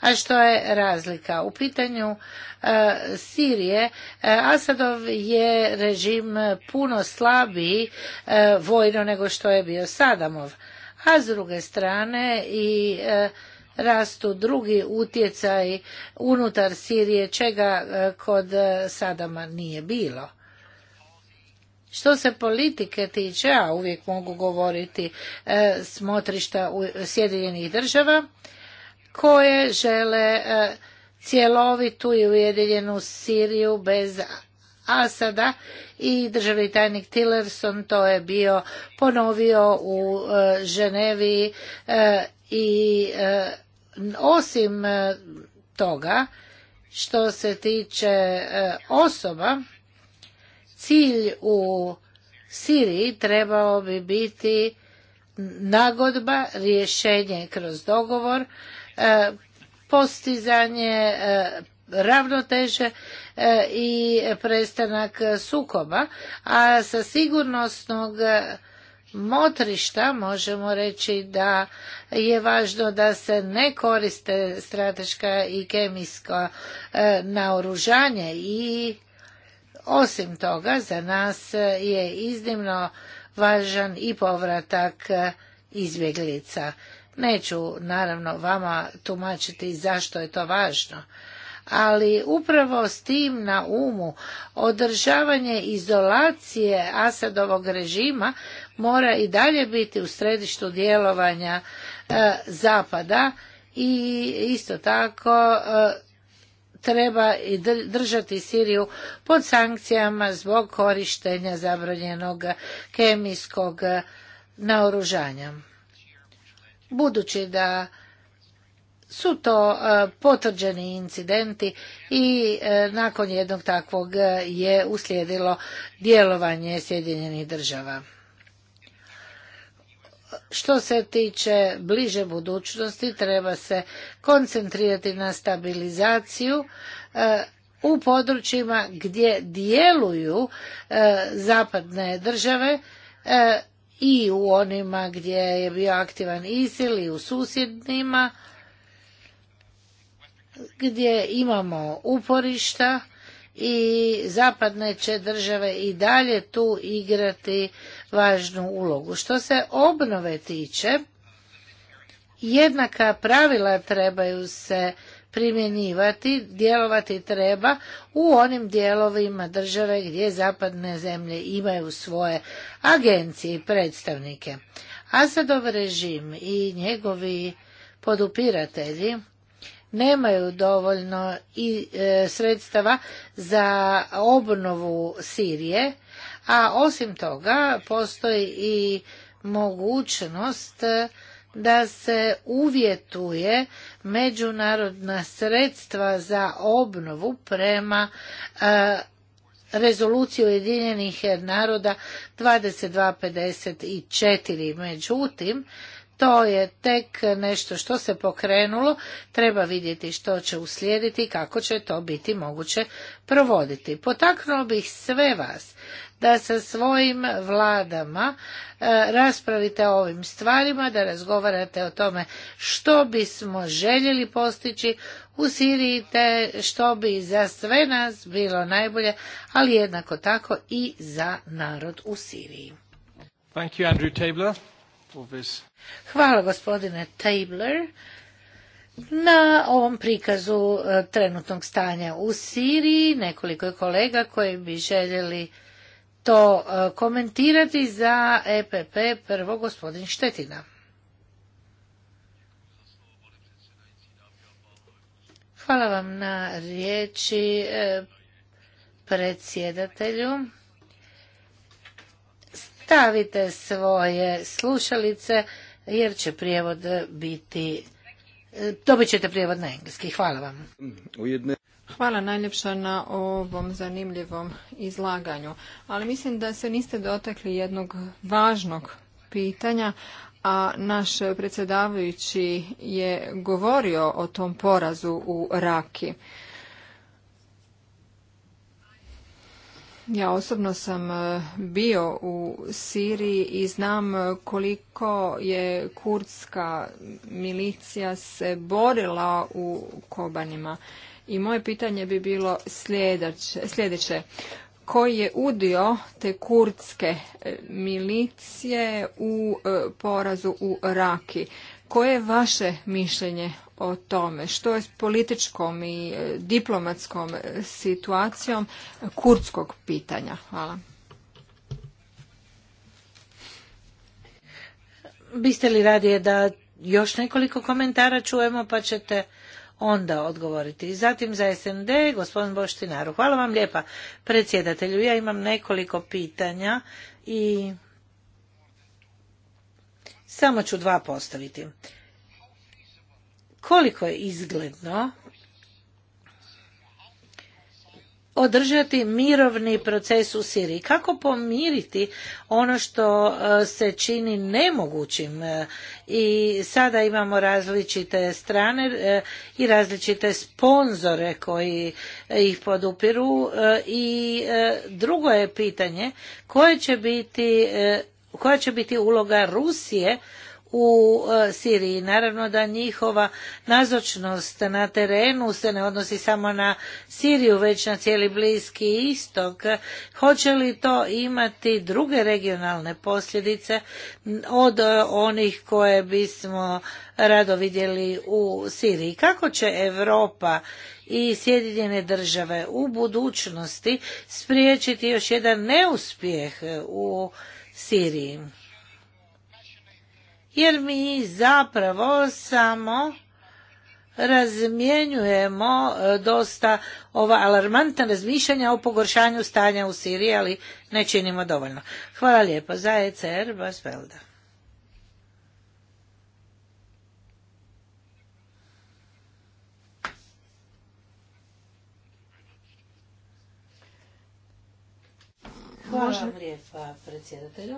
a što je razlika? U pitanju e, Sirije, e, Asadov je režim puno slabiji e, vojno nego što je bio Sadamov, a s druge strane i rastu drugi utjecaj unutar Sirije, čega kod Sadama nije bilo. Što se politike tiče, a uvijek mogu govoriti e, smotrišta u Sjedinjenih država, koje žele e, cjelovitu i ujedinjenu Siriju bez Asada i državni tajnik Tillerson to je bio ponovio u e, Ženevi e, i e, osim toga što se tiče osoba Cilj u Siriji trebao bi biti nagodba, rješenje kroz dogovor, e, postizanje e, ravnoteže e, i prestanak sukoba, a sa sigurnosnog motrišta možemo reći da je važno da se ne koriste strateška i kemijska naoružanje i osim toga, za nas je iznimno važan i povratak izbjeglica. Neću naravno vama tumačiti zašto je to važno, ali upravo s tim na umu održavanje izolacije Asadovog režima mora i dalje biti u središtu djelovanja e, Zapada i isto tako e, treba i držati Siriju pod sankcijama zbog korištenja zabranjenog kemijskog naoružanja. Budući da su to e, potvrđeni incidenti i e, nakon jednog takvog je uslijedilo djelovanje Sjedinjenih država što se tiče bliže budućnosti treba se koncentrirati na stabilizaciju e, u područjima gdje djeluju e, zapadne države e, i u onima gdje je bio aktivan ISIL i u susjednima gdje imamo uporišta i zapadne će države i dalje tu igrati važnu ulogu. Što se obnove tiče, jednaka pravila trebaju se primjenjivati, djelovati treba u onim dijelovima države gdje zapadne zemlje imaju svoje agencije i predstavnike. Asadov režim i njegovi podupiratelji nemaju dovoljno i e, sredstava za obnovu Sirije a osim toga postoji i mogućnost da se uvjetuje međunarodna sredstva za obnovu prema e, rezoluciju Ujedinjenih naroda 2254. Međutim, to je tek nešto što se pokrenulo, treba vidjeti što će uslijediti i kako će to biti moguće provoditi. Potaknuo bih sve vas da sa svojim vladama e, raspravite o ovim stvarima, da razgovarate o tome što bismo željeli postići u Siriji, te što bi za sve nas bilo najbolje, ali jednako tako i za narod u Siriji. Thank you, Andrew Tabler. Hvala gospodine Tabler na ovom prikazu e, trenutnog stanja u Siriji. Nekoliko je kolega koji bi željeli to e, komentirati za EPP prvo gospodin Štetina. Hvala vam na riječi e, predsjedatelju stavite svoje slušalice jer će prijevod biti dobit ćete prijevod na engleski. Hvala vam. Hvala najljepša na ovom zanimljivom izlaganju. Ali mislim da se niste dotakli jednog važnog pitanja, a naš predsjedavajući je govorio o tom porazu u Raki. Ja osobno sam e, bio u Siriji i znam e, koliko je kurdska milicija se borila u Kobanima. I moje pitanje bi bilo sljedeće. Koji je udio te kurdske e, milicije u porazu u Raki? Koje je vaše mišljenje o tome? Što je s političkom i e, diplomatskom e, situacijom kurdskog pitanja? Hvala. Biste li radije da još nekoliko komentara čujemo pa ćete onda odgovoriti. Zatim za SND, gospodin Boštinaru. Hvala vam lijepa predsjedatelju. Ja imam nekoliko pitanja i samo ću dva postaviti. Koliko je izgledno održati mirovni proces u Siriji? Kako pomiriti ono što e, se čini nemogućim? E, I sada imamo različite strane e, i različite sponzore koji ih podupiru. I drugo je pitanje koje će biti koja će biti uloga Rusije u e, Siriji. Naravno da njihova nazočnost na terenu se ne odnosi samo na Siriju, već na cijeli Bliski istok. Hoće li to imati druge regionalne posljedice od e, onih koje bismo rado vidjeli u Siriji? Kako će Europa i Sjedinjene države u budućnosti spriječiti još jedan neuspjeh u Siriji. Jer mi zapravo samo razmjenjujemo e, dosta ova alarmantna razmišljanja o pogoršanju stanja u Siriji, ali ne činimo dovoljno. Hvala lijepo za ECR Velda. Hvala predsjedatelju.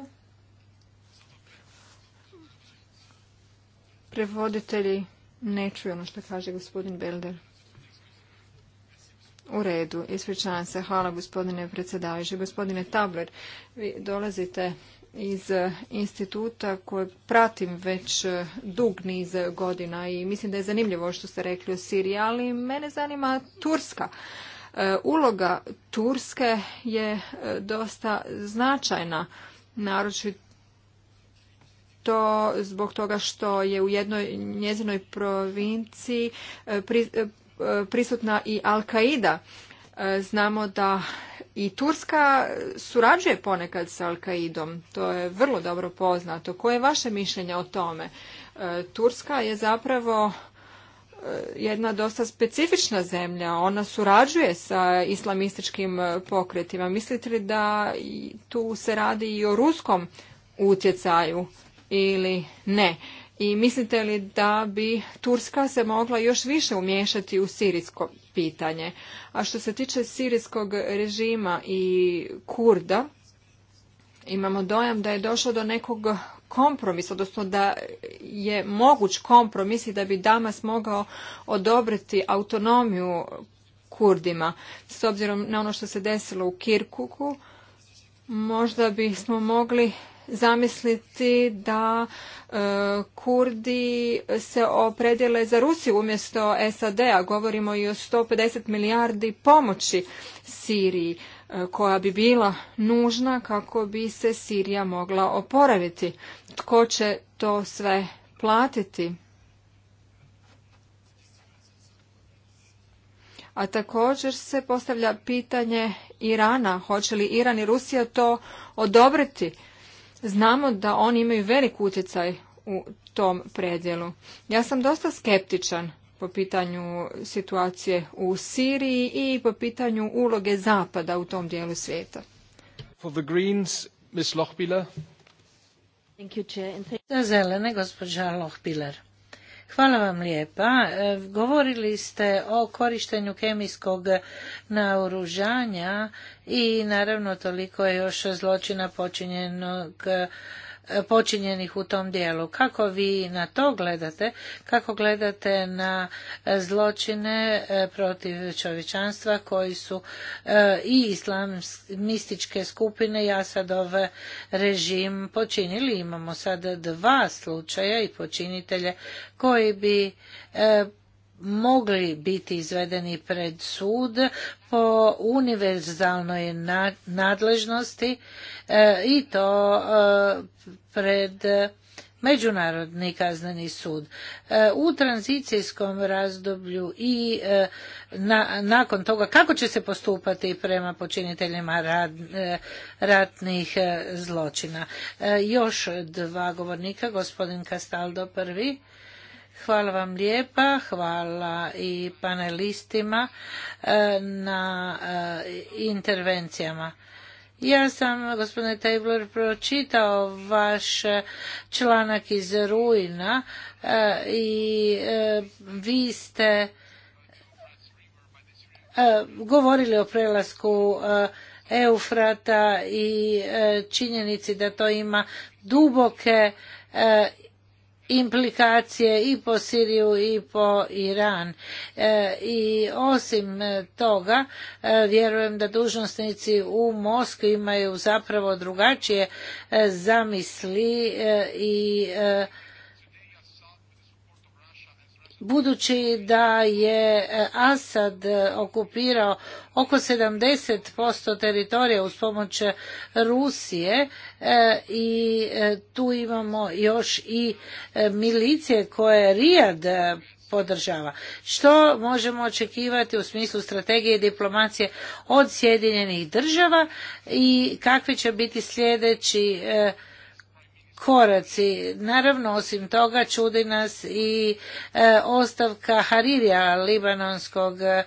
Prevoditelji ne čuju ono što kaže gospodin Belder. U redu, ispričavam se. Hvala gospodine predsjedavajući. Gospodine Tabler, vi dolazite iz eh, instituta koje pratim već eh, dug niz godina i mislim da je zanimljivo što ste rekli o Siriji, ali mene zanima Turska. E, uloga Turske je e, dosta značajna, naročito zbog toga što je u jednoj njezinoj provinciji e, prisutna i Al-Qaida. Znamo da i Turska surađuje ponekad sa Al-Qaidom. To je vrlo dobro poznato. Koje je vaše mišljenje o tome? Turska je zapravo Eh, jedna dosta specifična zemlja. Ona surađuje sa islamističkim eh, pokretima. Mislite li da tu se radi i o ruskom utjecaju ili ne? I mislite li da bi Turska se mogla još više umiješati u sirijsko pitanje? A što se tiče sirijskog režima i Kurda, imamo dojam da je došlo do nekog kompromis, odnosno da je moguć kompromis i da bi Damas mogao odobriti autonomiju Kurdima. S obzirom na ono što se desilo u Kirkuku, možda bismo mogli zamisliti da e, Kurdi se opredjele za Rusiju umjesto SAD-a. Govorimo i o 150 milijardi pomoći Siriji koja bi bila nužna kako bi se Sirija mogla oporaviti. Tko će to sve platiti? A također se postavlja pitanje Irana. Hoće li Iran i Rusija to odobriti? Znamo da oni imaju velik utjecaj u tom predjelu. Ja sam dosta skeptičan po pitanju situacije u Siriji i po pitanju uloge Zapada u tom dijelu svijeta. For the zelene, gospođa Hvala vam lijepa. E, govorili ste o korištenju kemijskog naoružanja i naravno toliko je još zločina počinjenog počinjenih u tom dijelu. Kako vi na to gledate? Kako gledate na e, zločine e, protiv čovječanstva koji su e, i islamističke skupine i Asadov režim počinili? Imamo sad dva slučaja i počinitelje koji bi mogli biti izvedeni pred sud po univerzalnoj nadležnosti e, i to e, pred Međunarodni kazneni sud. E, u tranzicijskom razdoblju i nakon toga kako će se postupati prema počiniteljima ratnih zločina. Još dva govornika, gospodin Kastaldo prvi. Hvala vam lijepa, hvala i panelistima e, na e, intervencijama. Ja sam, gospodine Tabler, pročitao vaš članak iz Rujna e, i vi ste govorili o prelasku Eufrata i činjenici da to ima duboke implikacije i po Siriju i po Iran. E, I osim toga, e, vjerujem da dužnosnici u Moskvi imaju zapravo drugačije e, zamisli i budući da je e, Asad e, okupirao oko 70% teritorija uz pomoć Rusije e, i tu imamo još i milicije koje Rijad podržava. Što možemo očekivati u smislu strategije i diplomacije od Sjedinjenih država i kakvi će biti sljedeći koraci. Naravno, osim toga čudi nas i e, ostavka Haririja, libanonskog e,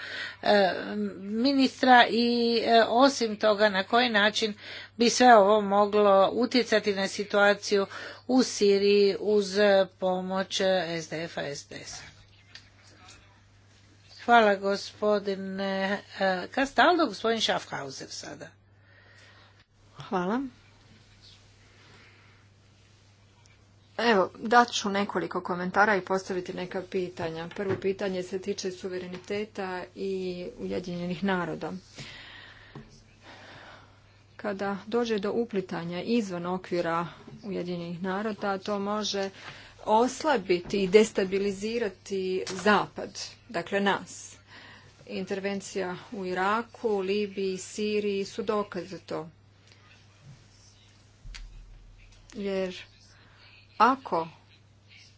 ministra i e, osim toga na koji način bi sve ovo moglo utjecati na situaciju u Siriji uz pomoć SDF-a SDS-a. Hvala gospodine Kastaldo, gospodin Schaffhauser sada. Hvala. Evo, dat ću nekoliko komentara i postaviti neka pitanja. Prvo pitanje se tiče suvereniteta i Ujedinjenih naroda. Kada dođe do uplitanja izvan okvira Ujedinjenih naroda, to može oslabiti i destabilizirati zapad, dakle nas. Intervencija u Iraku, Libiji, Siriji su dokaz za to. Jer ako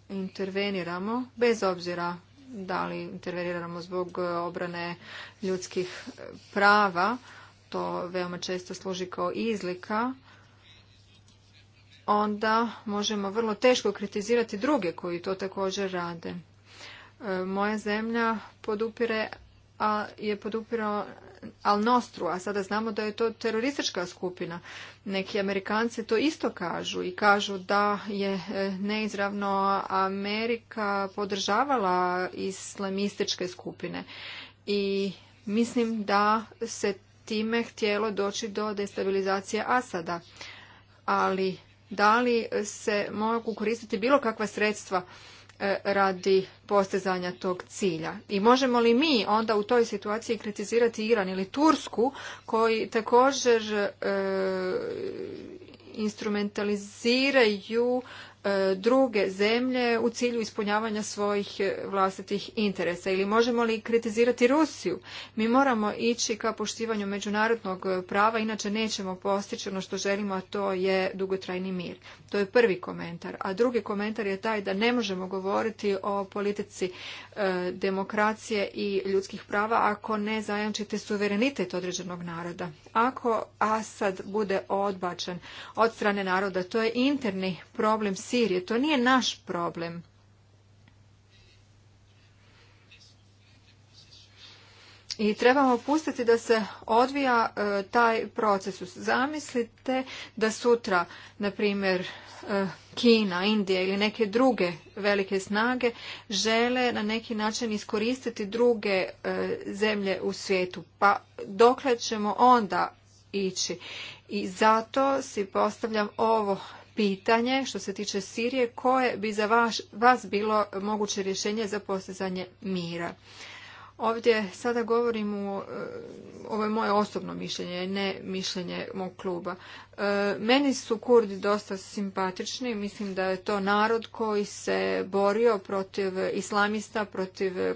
interveniramo, bez obzira da li interveniramo zbog e, obrane ljudskih e, prava, to veoma često služi kao izlika, onda možemo vrlo teško kritizirati druge koji to također rade. E, moja zemlja podupire a je podupirao Al Nostru, a sada znamo da je to teroristička skupina. Neki Amerikanci to isto kažu i kažu da je e, neizravno Amerika podržavala islamističke skupine. I mislim da se time htjelo doći do destabilizacije Asada. Ali da li se mogu koristiti bilo kakva sredstva E, radi postizanja tog cilja. I možemo li mi onda u toj situaciji kritizirati Iran ili Tursku koji također e, instrumentaliziraju E, druge zemlje u cilju ispunjavanja svojih e, vlastitih interesa ili možemo li kritizirati Rusiju mi moramo ići ka poštivanju međunarodnog prava inače nećemo postići ono što želimo a to je dugotrajni mir to je prvi komentar a drugi komentar je taj da ne možemo govoriti o politici e, demokracije i ljudskih prava ako ne zajamčite suverenitet određenog naroda ako Asad bude odbačen od strane naroda to je interni problem Sirije. To nije naš problem. I trebamo pustiti da se odvija e, taj proces. Zamislite da sutra, na primjer, e, Kina, Indija ili neke druge velike snage žele na neki način iskoristiti druge e, zemlje u svijetu. Pa dokle ćemo onda ići? I zato si postavljam ovo pitanje što se tiče Sirije koje bi za vas, vas bilo moguće rješenje za postizanje mira. Ovdje sada govorim u, e, ovo je moje osobno mišljenje, ne mišljenje mog kluba. E, meni su Kurdi dosta simpatični, mislim da je to narod koji se borio protiv islamista, protiv e,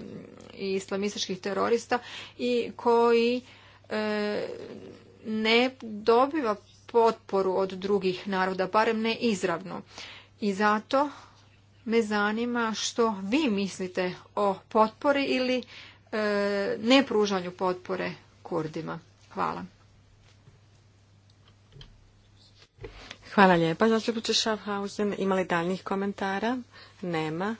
islamističkih terorista i koji ne dobiva potporu od drugih naroda, barem ne izravno. I zato me zanima što vi mislite o potpori ili e, ne pružanju potpore Kurdima. Hvala. Hvala lijepa. Zastupniče Schaffhausen, ima li daljnjih komentara? Nema.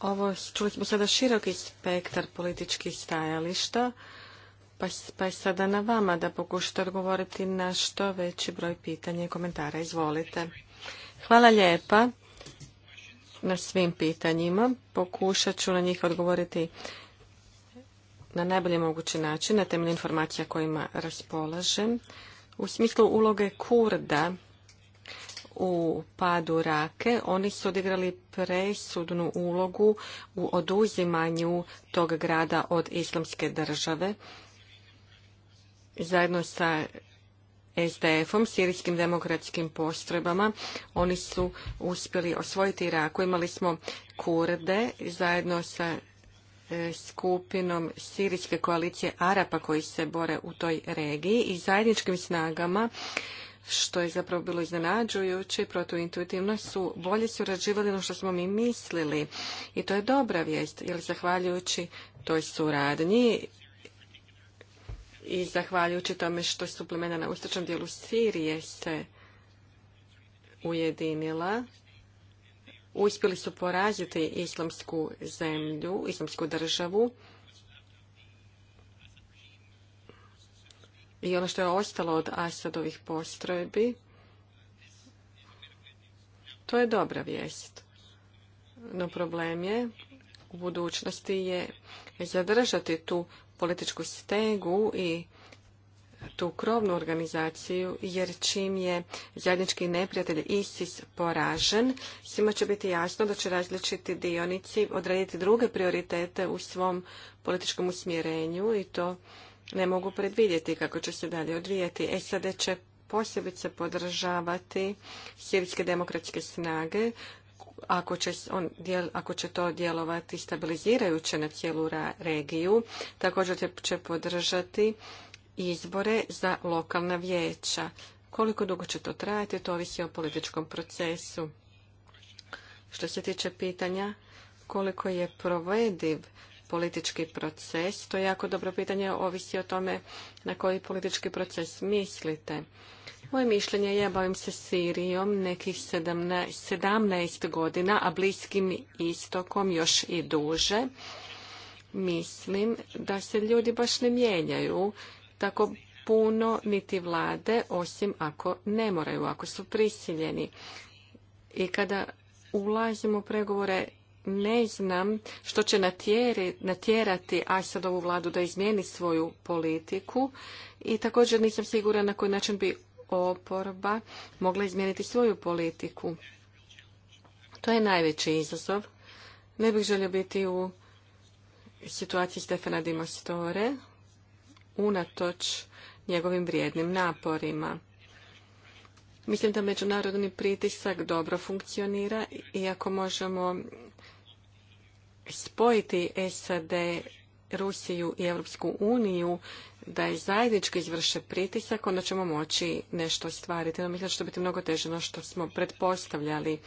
Ovo, čuli smo sada široki spektar političkih stajališta. Pa, pa, je sada na vama da pokušate odgovoriti na što veći broj pitanja i komentara. Izvolite. Hvala lijepa na svim pitanjima. Pokušat ću na njih odgovoriti na najbolji mogući način, na temelju informacija kojima raspolažem. U smislu uloge Kurda u padu Rake, oni su odigrali presudnu ulogu u oduzimanju tog grada od islamske države zajedno sa SDF-om, sirijskim demokratskim postrebama. Oni su uspjeli osvojiti Iraku. Imali smo kurde zajedno sa e, skupinom sirijske koalicije Arapa koji se bore u toj regiji i zajedničkim snagama što je zapravo bilo iznenađujuće i protuintuitivno su bolje surađivali no što smo mi mislili. I to je dobra vijest, jer zahvaljujući toj suradnji i zahvaljujući tome što su plemena na ustačnom dijelu Sirije se ujedinila, uspjeli su poraziti islamsku zemlju, islamsku državu. I ono što je ostalo od Asadovih postrojbi, to je dobra vijest. No problem je, u budućnosti je zadržati tu političku stegu i tu krovnu organizaciju, jer čim je zajednički neprijatelj ISIS poražen, svima će biti jasno da će različiti dionici odrediti druge prioritete u svom političkom usmjerenju i to ne mogu predvidjeti kako će se dalje odvijati. E, SAD će posebice podržavati sirijske demokratske snage ako će, ako to djelovati stabilizirajuće na cijelu regiju, također će podržati izbore za lokalna vijeća. Koliko dugo će to trajati, to ovisi o političkom procesu. Što se tiče pitanja koliko je provediv politički proces, to je jako dobro pitanje, ovisi o tome na koji politički proces mislite. Moje mišljenje je, ja bavim se Sirijom nekih 17, godina, a Bliskim istokom još i duže. Mislim da se ljudi baš ne mijenjaju tako puno niti vlade, osim ako ne moraju, ako su prisiljeni. I kada ulazimo u pregovore, ne znam što će natjeri, natjerati Asadovu vladu da izmijeni svoju politiku i također nisam sigura na koji način bi oporba mogla izmijeniti svoju politiku. To je najveći izazov. Ne bih želio biti u situaciji Stefana Dimostore, unatoč njegovim vrijednim naporima. Mislim da međunarodni pritisak dobro funkcionira i ako možemo spojiti SAD, Rusiju i Europsku uniju da je zajednički izvrše pritisak, onda ćemo moći nešto stvariti. No, mislim da će to biti mnogo teže no što smo pretpostavljali.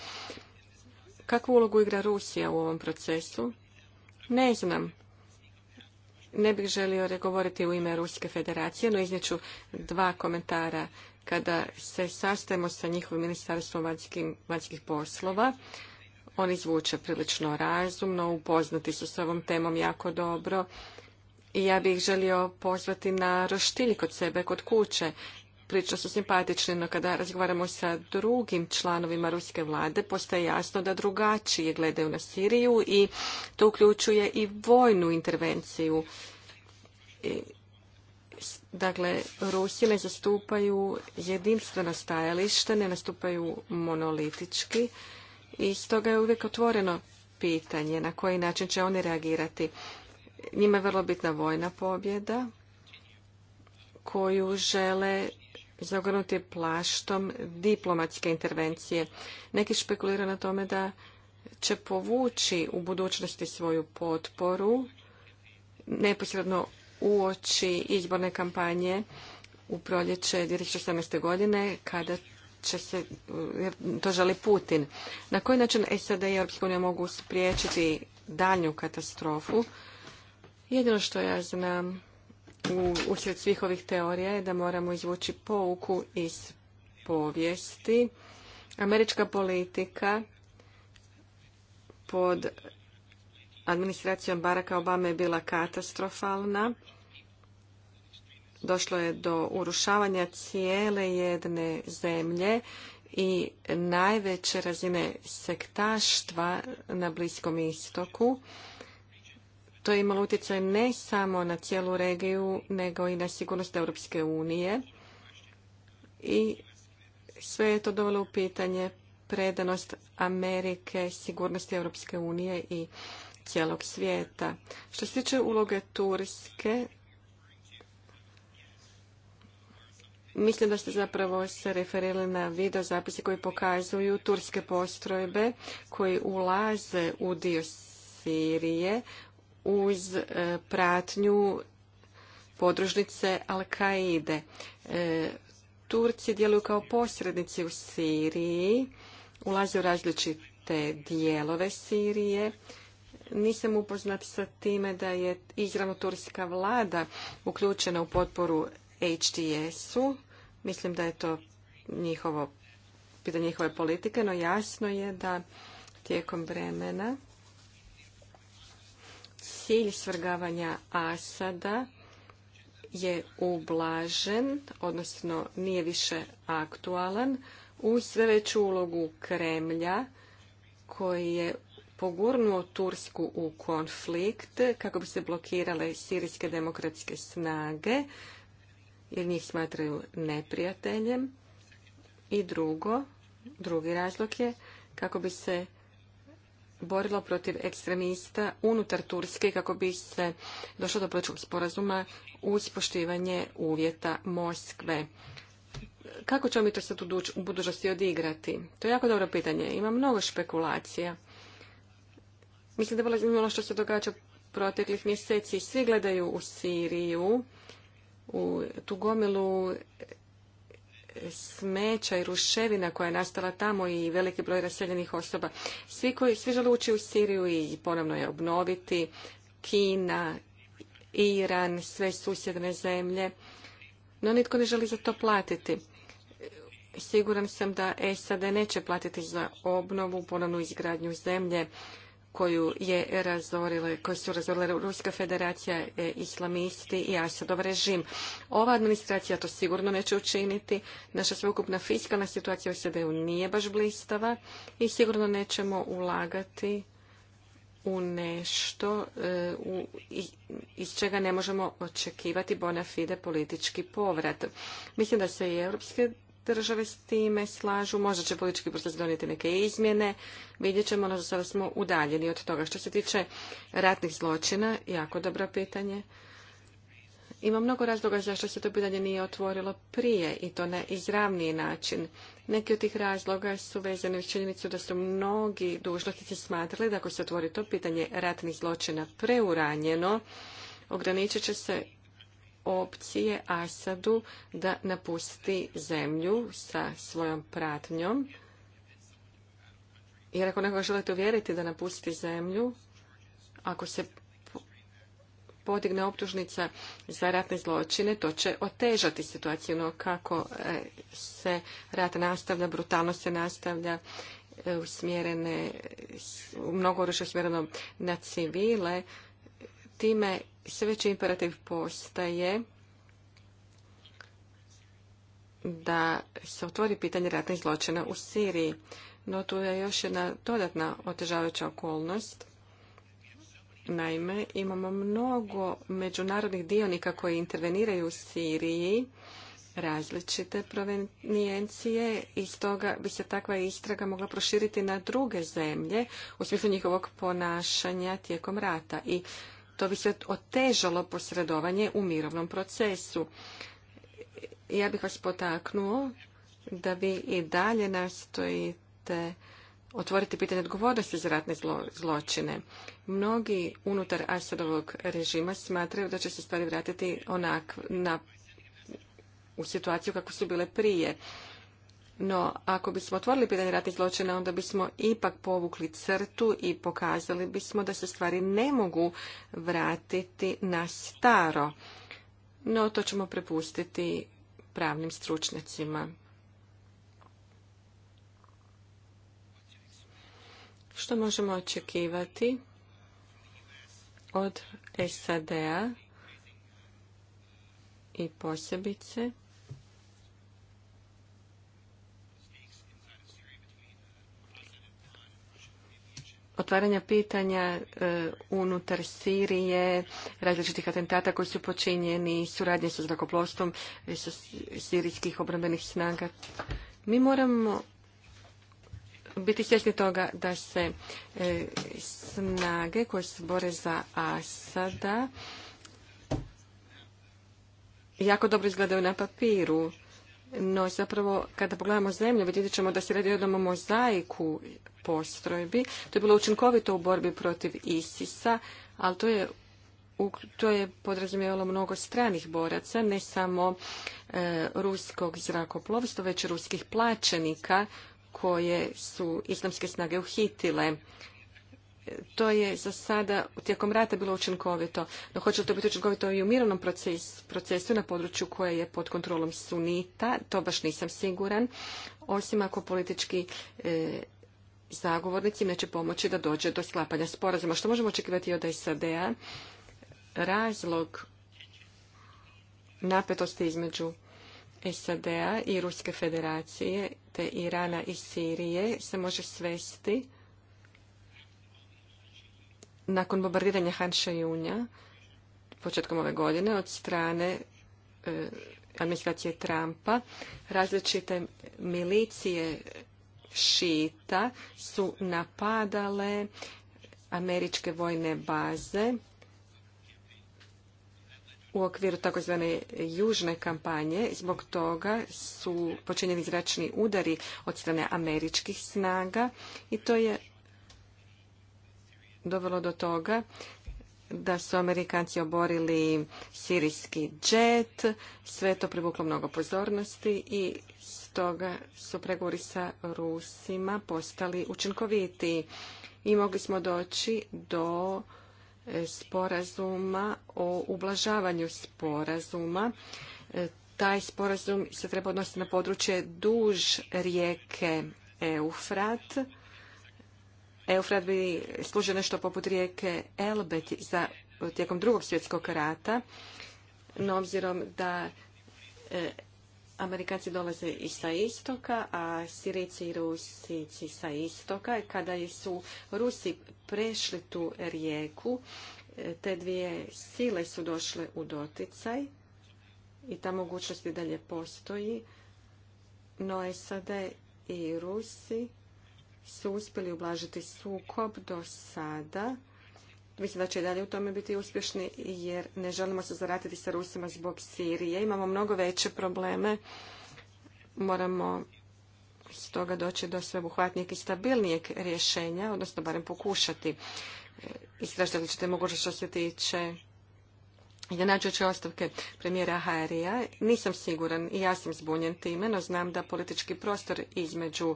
Kakvu ulogu igra Rusija u ovom procesu? Ne znam. Ne bih želio govoriti u ime Ruske federacije, no iznijeću dva komentara kada se sastajemo sa njihovim ministarstvom vanjskih poslova. Oni zvuče prilično razumno, upoznati su s ovom temom jako dobro i ja bih želio pozvati na roštilj kod sebe, kod kuće. Prilično su simpatični, no kada razgovaramo sa drugim članovima ruske vlade, postaje jasno da drugačije gledaju na Siriju i to uključuje i vojnu intervenciju. Dakle, Rusi ne zastupaju jedinstveno stajalište, ne nastupaju monolitički i stoga je uvijek otvoreno pitanje na koji način će oni reagirati. Njima je vrlo bitna vojna pobjeda koju žele zagrnuti plaštom diplomatske intervencije. Neki špekuliraju na tome da će povući u budućnosti svoju potporu neposredno uoči izborne kampanje u proljeće 2017. godine kada će se, to želi Putin. Na koji način SAD i EU mogu spriječiti daljnju katastrofu Jedino što ja znam u, usred svih ovih teorija je da moramo izvući pouku iz povijesti. Američka politika pod administracijom Baracka Obame je bila katastrofalna. Došlo je do urušavanja cijele jedne zemlje i najveće razine sektaštva na Bliskom istoku. To je imalo utjecaj ne samo na cijelu regiju, nego i na sigurnost Europske unije. I sve je to dovelo u pitanje predanost Amerike, sigurnosti Europske unije i cijelog svijeta. Što se tiče uloge Turske, Mislim da ste zapravo se referirali na video zapise koji pokazuju turske postrojbe koji ulaze u dio Sirije uz e, pratnju podružnice Al-Kaide. E, Turci djeluju kao posrednici u Siriji, ulaze u različite dijelove Sirije. Nisam upoznat sa time da je izravno turska vlada uključena u potporu HTS-u. Mislim da je to njihovo, pitanje njihove politike, no jasno je da tijekom vremena cilj svrgavanja Asada je ublažen, odnosno nije više aktualan, uz sve veću ulogu Kremlja koji je pogurnuo Tursku u konflikt kako bi se blokirale sirijske demokratske snage jer njih smatraju neprijateljem. I drugo, drugi razlog je kako bi se borilo protiv ekstremista unutar Turske kako bi se došlo do političkog sporazuma uz poštivanje uvjeta Moskve. Kako ćemo mi to sad u budućnosti odigrati? To je jako dobro pitanje. Ima mnogo špekulacija. Mislim da je bilo ono što se događa proteklih mjeseci. Svi gledaju u Siriju, u tu gomilu smeća i ruševina koja je nastala tamo i veliki broj raseljenih osoba. Svi, koji, svi žele ući u Siriju i ponovno je obnoviti. Kina, Iran, sve susjedne zemlje. No nitko ne želi za to platiti. Siguran sam da SAD neće platiti za obnovu, ponovnu izgradnju zemlje koju je razorila, koju su razorile Ruska federacija, e, islamisti i Asadov režim. Ova administracija to sigurno neće učiniti. Naša sveukupna fiskalna situacija u sed u nije baš blistava i sigurno nećemo ulagati u nešto e, iz čega ne možemo očekivati bona fide politički povrat. Mislim da se i europske države s time slažu. Možda će politički proces donijeti neke izmjene. Vidjet ćemo, ono sada smo udaljeni od toga. Što se tiče ratnih zločina, jako dobro pitanje. Ima mnogo razloga zašto se to pitanje nije otvorilo prije i to na izravniji način. Neki od tih razloga su vezani u činjenicu da su mnogi dužnosnici smatrali da ako se otvori to pitanje ratnih zločina preuranjeno, ograničit će se opcije Asadu da napusti zemlju sa svojom pratnjom. Jer ako nekoga želite uvjeriti da napusti zemlju, ako se podigne optužnica za ratne zločine, to će otežati situaciju. No kako e, se rat nastavlja, brutalno se nastavlja, e, usmjerene, mnogo ruše usmjereno na civile, time sve veći imperativ postaje da se otvori pitanje ratnih zločina u Siriji. No tu je još jedna dodatna otežavajuća okolnost. Naime, imamo mnogo međunarodnih dionika koji interveniraju u Siriji, različite provenijencije i stoga bi se takva istraga mogla proširiti na druge zemlje u smislu njihovog ponašanja tijekom rata. I to bi se otežalo posredovanje u mirovnom procesu. Ja bih vas potaknuo da vi i dalje nastojite otvoriti pitanje odgovornosti za ratne zločine. Mnogi unutar Asadovog režima smatraju da će se stvari vratiti onak na, u situaciju kako su bile prije. No, ako bismo otvorili pitanje ratnih zločina, onda bismo ipak povukli crtu i pokazali bismo da se stvari ne mogu vratiti na staro. No, to ćemo prepustiti pravnim stručnjacima. Što možemo očekivati od SAD-a i posebice? otvaranja pitanja e, unutar Sirije, različitih atentata koji su počinjeni, suradnje sa zrakoplovstvom e, sirijskih obrambenih snaga. Mi moramo biti svjesni toga da se e, snage koje se bore za Asada jako dobro izgledaju na papiru. No, zapravo, kada pogledamo zemlju, vidjet ćemo da se radi o jednom mozaiku postrojbi. To je bilo učinkovito u borbi protiv ISIS-a, ali to je to je podrazumijevalo mnogo stranih boraca, ne samo e, ruskog zrakoplovstva, već ruskih plaćenika koje su islamske snage uhitile to je za sada tijekom rata bilo učinkovito. No hoće li to biti učinkovito i u mirovnom procesu na području koje je pod kontrolom sunita, to baš nisam siguran, osim ako politički e, zagovornici neće pomoći da dođe do sklapanja sporazuma. Što možemo očekivati od SAD-a? Razlog napetosti između SAD-a i Ruske federacije te Irana i Sirije se može svesti nakon bombardiranja Han Junja početkom ove godine od strane e, administracije Trumpa različite milicije šita su napadale američke vojne baze u okviru takozvane južne kampanje. Zbog toga su počinjeni zračni udari od strane američkih snaga i to je dovelo do toga da su Amerikanci oborili sirijski džet, sve to privuklo mnogo pozornosti i stoga su pregovori sa Rusima postali učinkovitiji i mogli smo doći do e, sporazuma o ublažavanju sporazuma. E, taj sporazum se treba odnositi na područje duž rijeke Eufrat Eufrat bi služio nešto poput rijeke Elbet za, tijekom drugog svjetskog rata, no obzirom da e, Amerikanci dolaze i sa istoka, a Sirici i Rusici sa istoka. Kada su Rusi prešli tu rijeku, e, te dvije sile su došle u doticaj i ta mogućnost i dalje postoji. No SAD i Rusi su uspjeli ublažiti sukob do sada. Mislim da će i dalje u tome biti uspješni jer ne želimo se zaratiti sa Rusima zbog Sirije. Imamo mnogo veće probleme. Moramo stoga doći do sveobuhvatnijeg i stabilnijeg rješenja, odnosno barem pokušati. E, istražiti ćete mogućnost što se tiče iznenađujuće ostavke premijera Harija. Nisam siguran i ja sam zbunjen time, no znam da politički prostor između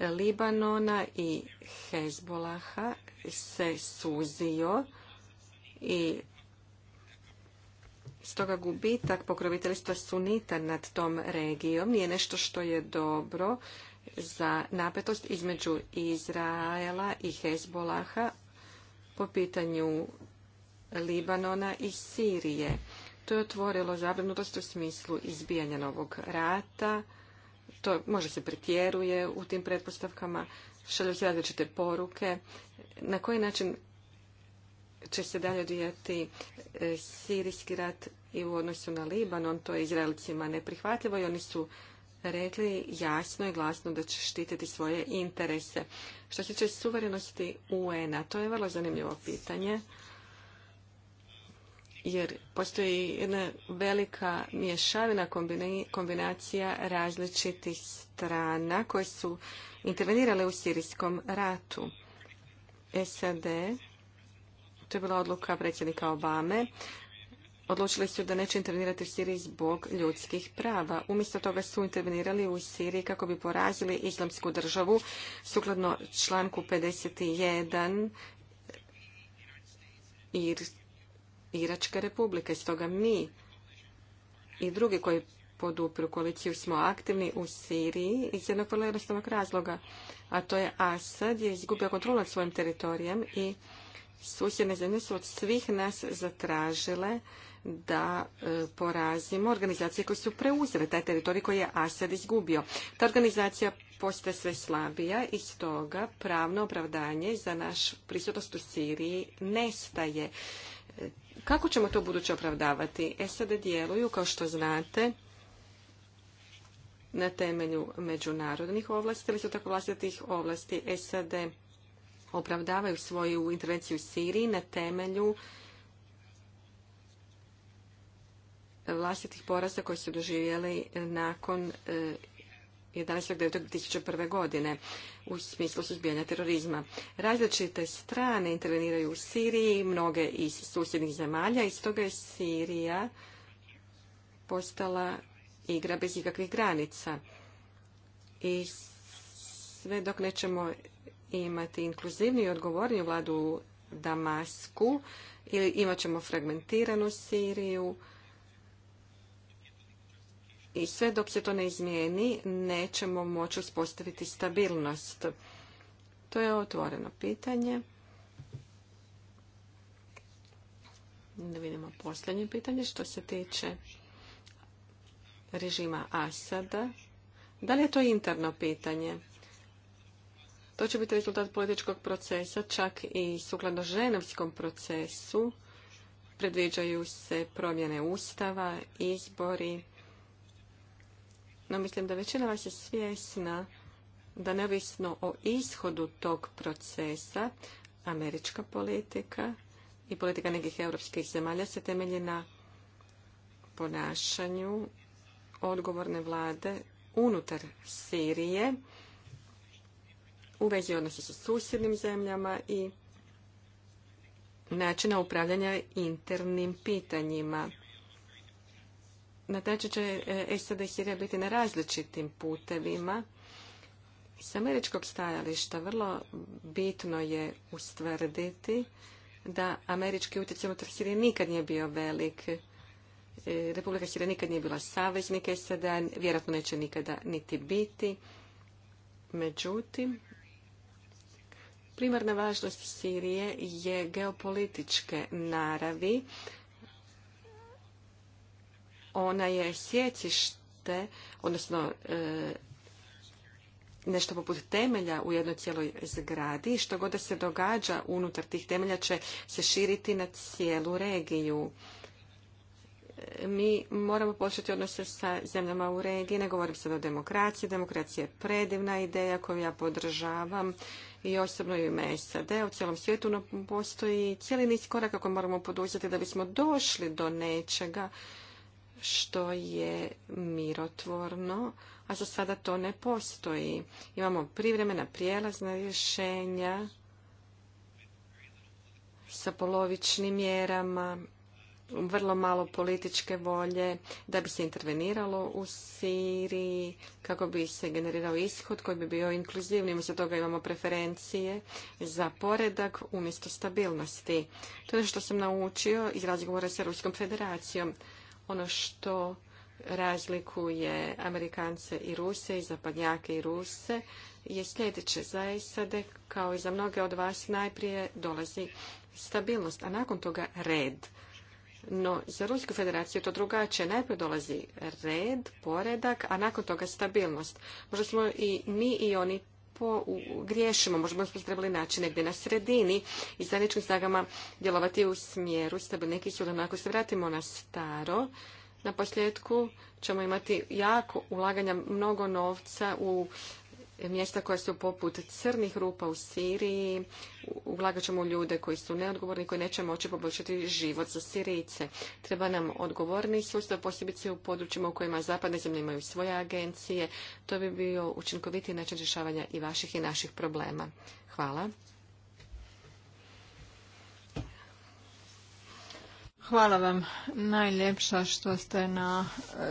Libanona i Hezbolaha se suzio i stoga gubitak pokroviteljstva sunita nad tom regijom nije nešto što je dobro za napetost između Izraela i Hezbolaha po pitanju Libanona i Sirije. To je otvorilo zabrinutost u smislu izbijanja novog rata to možda se pretjeruje u tim pretpostavkama, šalju se različite poruke. Na koji način će se dalje odvijati e, sirijski rat i u odnosu na Libanon, to je Izraelcima neprihvatljivo i oni su rekli jasno i glasno da će štititi svoje interese. Što se tiče suverenosti UN-a, to je vrlo zanimljivo pitanje jer postoji jedna velika mješavina kombinacija različitih strana koje su intervenirale u sirijskom ratu. SAD, to je bila odluka predsjednika Obame, odlučili su da neće intervenirati u Siriji zbog ljudskih prava. Umjesto toga su intervenirali u Siriji kako bi porazili islamsku državu sukladno članku 51 i Iračke republike. Stoga mi i drugi koji podupiru koaliciju smo aktivni u Siriji iz jednog vrlo jednostavnog razloga, a to je Asad je izgubio kontrolu nad svojim teritorijem i susjedne zemlje su od svih nas zatražile da e, porazimo organizacije koje su preuzele taj teritorij koji je Asad izgubio. Ta organizacija postaje sve slabija i stoga pravno opravdanje za naš prisutnost u Siriji nestaje. E, kako ćemo to buduće opravdavati? SAD djeluju, kao što znate, na temelju međunarodnih ovlasti, ali su tako vlastitih ovlasti. SAD opravdavaju svoju intervenciju u Siriji na temelju vlastitih porasta koji su doživjeli nakon e, 11.9.2001. godine u smislu suzbijanja terorizma. Različite strane interveniraju u Siriji, mnoge iz susjednih zemalja i stoga je Sirija postala igra bez ikakvih granica. I sve dok nećemo imati inkluzivniju i odgovorniju vladu u Damasku ili imat ćemo fragmentiranu Siriju, i sve dok se to ne izmijeni, nećemo moći uspostaviti stabilnost. To je otvoreno pitanje. Da vidimo posljednje pitanje što se tiče režima Asada. Da li je to interno pitanje? To će biti rezultat političkog procesa, čak i sukladno ženovskom procesu. Predviđaju se promjene ustava, izbori, no mislim da većina vas je svjesna da neovisno o ishodu tog procesa, američka politika i politika nekih europskih zemalja se temelji na ponašanju odgovorne vlade unutar Sirije u vezi odnosa sa susjednim zemljama i načina upravljanja internim pitanjima na taj će e, SAD i Sirija biti na različitim putevima. S američkog stajališta vrlo bitno je ustvrditi da američki utjecaj unutar Sirije nikad nije bio velik. E, Republika Sirija nikad nije bila saveznik SAD, vjerojatno neće nikada niti biti. Međutim, primarna važnost Sirije je geopolitičke naravi ona je sjecište, odnosno e, nešto poput temelja u jednoj cijeloj zgradi što god da se događa unutar tih temelja će se širiti na cijelu regiju. E, mi moramo početi odnose sa zemljama u regiji, ne govorim sad o demokraciji. Demokracija je predivna ideja koju ja podržavam i osobno i u ime u cijelom svijetu, postoji cijeli niz koraka koje moramo poduzeti da bismo došli do nečega što je mirotvorno, a za sada to ne postoji. Imamo privremena prijelazna rješenja sa polovičnim mjerama, vrlo malo političke volje da bi se interveniralo u Siriji, kako bi se generirao ishod koji bi bio inkluzivni. Umjesto toga imamo preferencije za poredak umjesto stabilnosti. To je što sam naučio iz razgovora sa Ruskom federacijom. Ono što razlikuje Amerikance i Ruse i zapadnjake i Ruse je sljedeće. Za kao i za mnoge od vas, najprije dolazi stabilnost, a nakon toga red. No, za Rusku federaciju je to drugačije. Najprije dolazi red, poredak, a nakon toga stabilnost. Možda smo i mi i oni griješimo, možda smo trebali naći negdje na sredini i zajedničkim snagama djelovati u smjeru stabilnih ishoda. Ako se vratimo na staro, na posljedku ćemo imati jako ulaganja mnogo novca u mjesta koja su poput crnih rupa u Siriji. Ulagat ćemo u ljude koji su neodgovorni, koji neće moći poboljšati život za Sirijice. Treba nam odgovorni sustav, posebice u područjima u kojima zapadne zemlje imaju svoje agencije. To bi bio učinkoviti način rješavanja i vaših i naših problema. Hvala. Hvala vam najljepša što ste na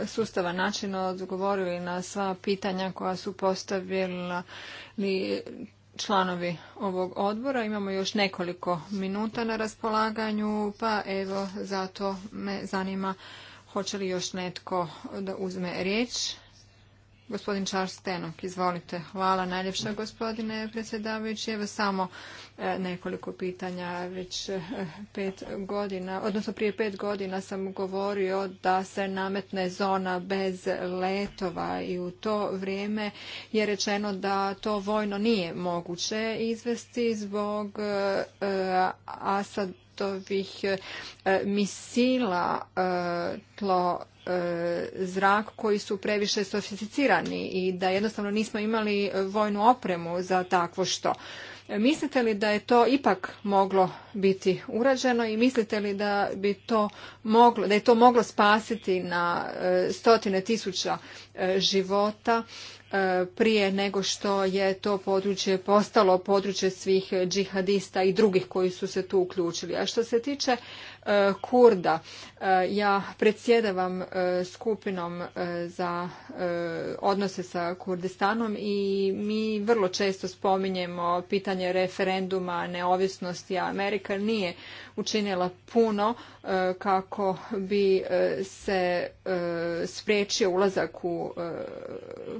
sustavan način odgovorili na sva pitanja koja su postavili članovi ovog odbora. Imamo još nekoliko minuta na raspolaganju, pa evo zato me zanima hoće li još netko da uzme riječ. Gospodin Charles Stenok, izvolite. Hvala najljepša gospodine predsjedavajući. Evo samo e, nekoliko pitanja. Već e, pet godina, odnosno prije pet godina sam govorio da se nametne zona bez letova i u to vrijeme je rečeno da to vojno nije moguće izvesti zbog e, Asadovih misila tlo E, zrak koji su previše sofisticirani i da jednostavno nismo imali vojnu opremu za takvo što. Mislite li da je to ipak moglo biti urađeno i mislite li da bi to moglo, da je to moglo spasiti na e, stotine tisuća e, života prije nego što je to područje postalo područje svih džihadista i drugih koji su se tu uključili. A što se tiče Kurda. Ja predsjedavam e, skupinom e, za e, odnose sa Kurdistanom i mi vrlo često spominjemo pitanje referenduma neovisnosti, a Amerika nije učinila puno kako bi se spriječio ulazak u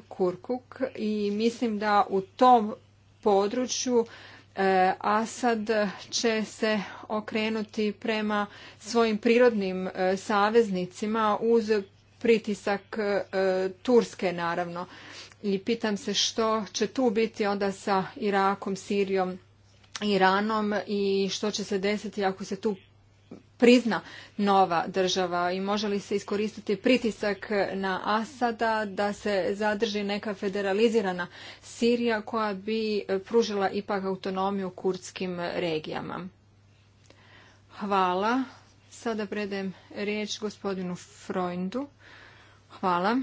Kurkuk i mislim da u tom području E, Asad će se okrenuti prema svojim prirodnim e, saveznicima uz pritisak e, Turske naravno. I pitam se što će tu biti onda sa Irakom, Sirijom, Iranom i što će se desiti ako se tu prizna nova država i može li se iskoristiti pritisak na Asada da se zadrži neka federalizirana Sirija koja bi pružila ipak autonomiju kurdskim regijama. Hvala. Sada predajem riječ gospodinu Freundu. Hvala.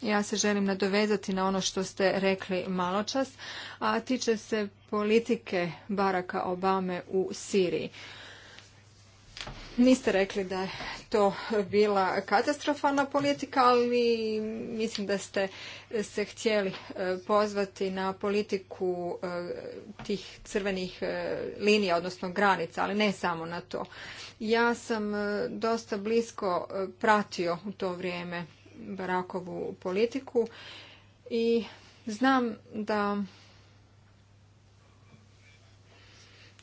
Ja se želim nadovezati na ono što ste rekli maločas, a tiče se politike Baracka Obame u Siriji. Niste rekli da je to bila katastrofalna politika, ali mislim da ste se htjeli e, pozvati na politiku e, tih crvenih e, linija, odnosno granica, ali ne samo na to. Ja sam dosta blisko pratio u to vrijeme Barakovu politiku i znam da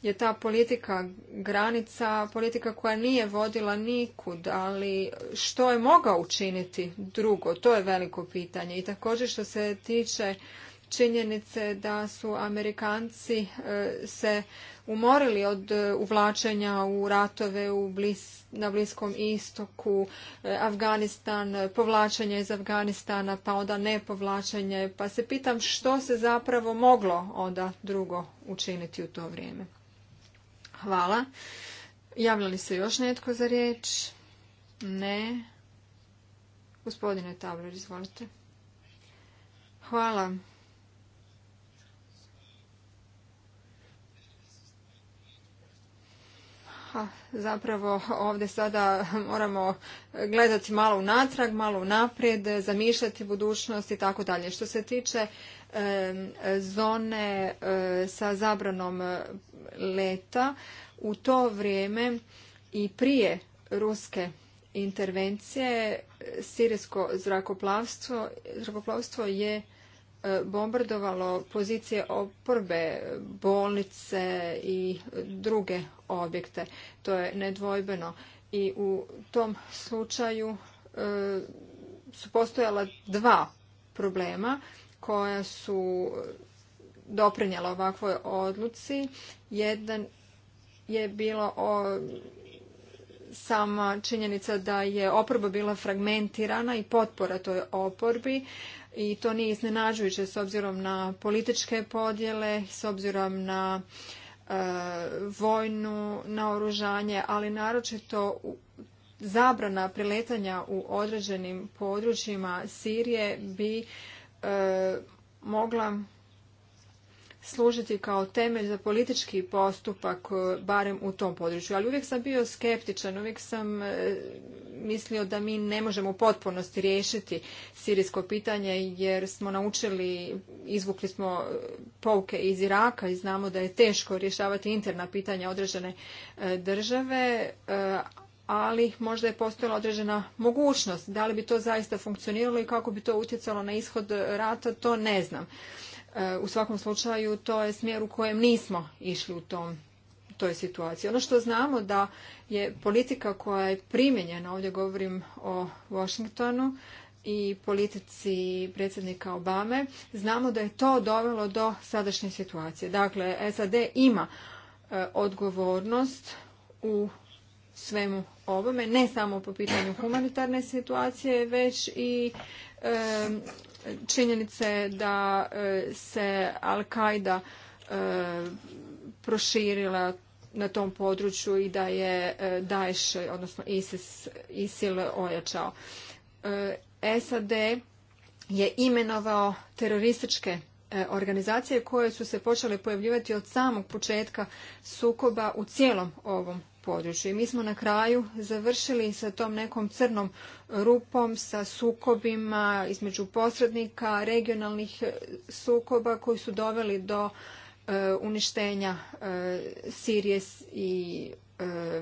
je ta politika granica politika koja nije vodila nikud, ali što je mogao učiniti drugo, to je veliko pitanje. I također što se tiče činjenice da su Amerikanci e, se umorili od e, uvlačenja u ratove u na Bliskom istoku, e, Afganistan, povlačenje iz Afganistana, pa onda ne povlačenje, pa se pitam što se zapravo moglo onda drugo učiniti u to vrijeme. Hvala. Javlja li se još netko za riječ? Ne. Gospodine Tabler, izvolite. Hvala. zapravo ovdje sada moramo gledati malo unatrag, malo naprijed, zamišljati budućnost i tako dalje. Što se tiče zone e, sa zabranom e, leta u to vrijeme i prije ruske intervencije sirijsko zrakoplavstvo, zrakoplavstvo je e, bombardovalo pozicije oporbe, bolnice i druge objekte. To je nedvojbeno. I u tom slučaju su postojala dva problema koja su doprinjela ovakvoj odluci. Jedan je bilo sama činjenica da je oporba bila fragmentirana i potpora toj oporbi i to nije iznenađujuće s obzirom na političke podjele, s obzirom na e, vojnu, vojnu oružanje, ali naročito zabrana priletanja u određenim područjima Sirije bi E, mogla služiti kao temelj za politički postupak, e, barem u tom području. Ali uvijek sam bio skeptičan, uvijek sam e, mislio da mi ne možemo u potpunosti riješiti sirijsko pitanje jer smo naučili, izvukli smo pouke iz Iraka i znamo da je teško rješavati interna pitanja određene države, ali možda je postojala određena mogućnost. Da li bi to zaista funkcioniralo i kako bi to utjecalo na ishod rata, to ne znam. E, u svakom slučaju to je smjer u kojem nismo išli u tom toj situaciji. Ono što znamo da je politika koja je primijenjena, ovdje govorim o Washingtonu i politici predsjednika Obame, znamo da je to dovelo do sadašnje situacije. Dakle, SAD ima e, odgovornost u svemu ovome, ne samo po pitanju humanitarne situacije, već i činjenice da e, se Al-Qaida e, proširila na tom području i da je e, Daesh, odnosno ISIS, ISIL ojačao. SAD je imenovao terorističke organizacije koje su se počele pojavljivati od samog početka sukoba u cijelom ovom području. I mi smo na kraju završili sa tom nekom crnom rupom, sa sukobima između posrednika, regionalnih sukoba koji su doveli do e, uništenja e, Sirije i e,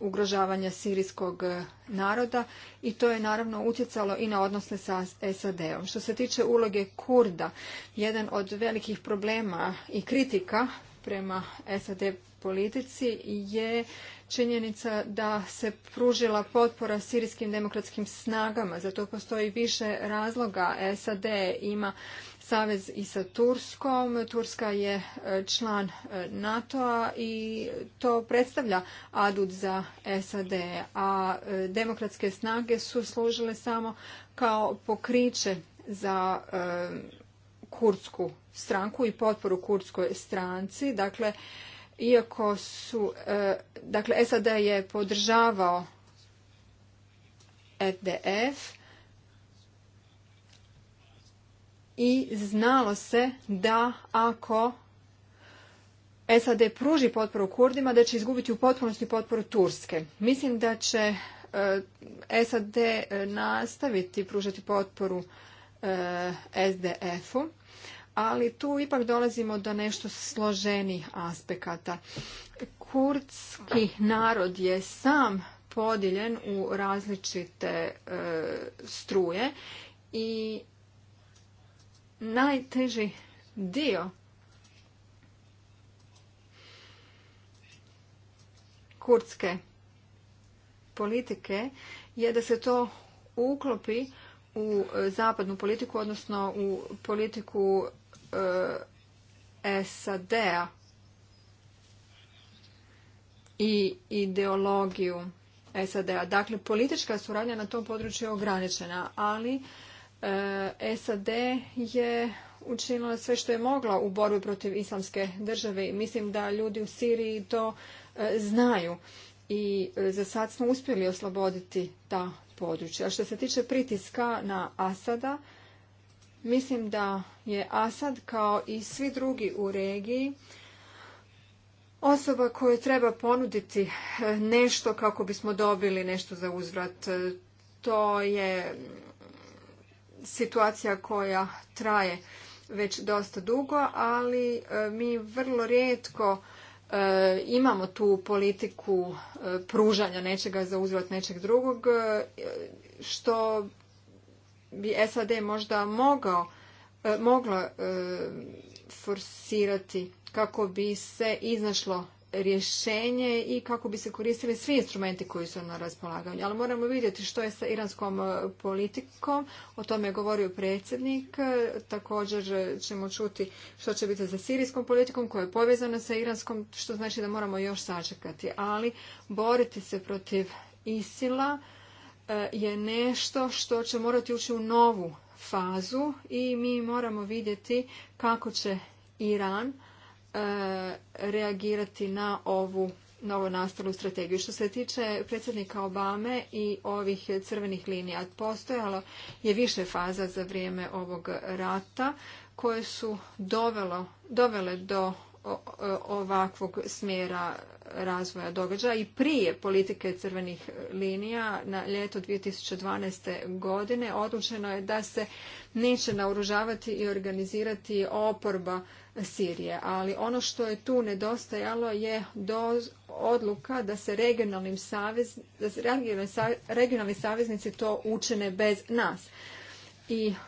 ugrožavanja sirijskog naroda i to je naravno utjecalo i na odnose sa SAD-om. Što se tiče uloge Kurda, jedan od velikih problema i kritika prema SAD politici je činjenica da se pružila potpora sirijskim demokratskim snagama. Zato postoji više razloga. SAD ima savez i sa Turskom. Turska je e, član e, NATO-a i to predstavlja adut za SAD, a e, demokratske snage su služile samo kao pokriće za kurdsku stranku i potporu kurdskoj stranci. Dakle, iako su, e, dakle SAD je podržavao FDF e i znalo se da ako SAD pruži potporu Kurdima, da će izgubiti u potpunosti potporu Turske. Mislim da će e, SAD nastaviti pružati potporu SDF-u ali tu ipak dolazimo do nešto složenih aspekata. Kurdski narod je sam podijeljen u različite e, struje i najteži dio kurdske politike je da se to uklopi u e, zapadnu politiku, odnosno u politiku E, SAD-a i ideologiju SAD-a. Dakle, politička suradnja na tom području je ograničena, ali e, SAD je učinila sve što je mogla u borbi protiv islamske države i mislim da ljudi u Siriji to e, znaju i za sad smo uspjeli osloboditi ta područja. što se tiče pritiska na Asada, Mislim da je Asad kao i svi drugi u regiji osoba koju treba ponuditi e, nešto kako bismo dobili nešto za uzvrat. E, to je situacija koja traje već dosta dugo, ali e, mi vrlo rijetko imamo tu politiku pružanja nečega za uzvrat nečeg drugog, što bi SAD možda mogao, e, mogla e, forsirati kako bi se iznašlo rješenje i kako bi se koristili svi instrumenti koji su na raspolaganju. Ali moramo vidjeti što je sa iranskom e, politikom, o tome je govorio predsjednik, također ćemo čuti što će biti sa sirijskom politikom koja je povezana sa iranskom, što znači da moramo još sačekati. Ali boriti se protiv Isila E, je nešto što će morati ući u novu fazu i mi moramo vidjeti kako će Iran e, reagirati na ovu novo nastalu strategiju. Što se tiče predsjednika Obame i ovih crvenih linija, postojalo je više faza za vrijeme ovog rata koje su dovelo, dovele do ovakvog smjera razvoja događaja i prije politike crvenih linija na ljeto 2012. godine odlučeno je da se neće naoružavati i organizirati oporba Sirije. Ali ono što je tu nedostajalo je do odluka da se regionalnim savez, da se regionalni saveznici to učine bez nas. I e,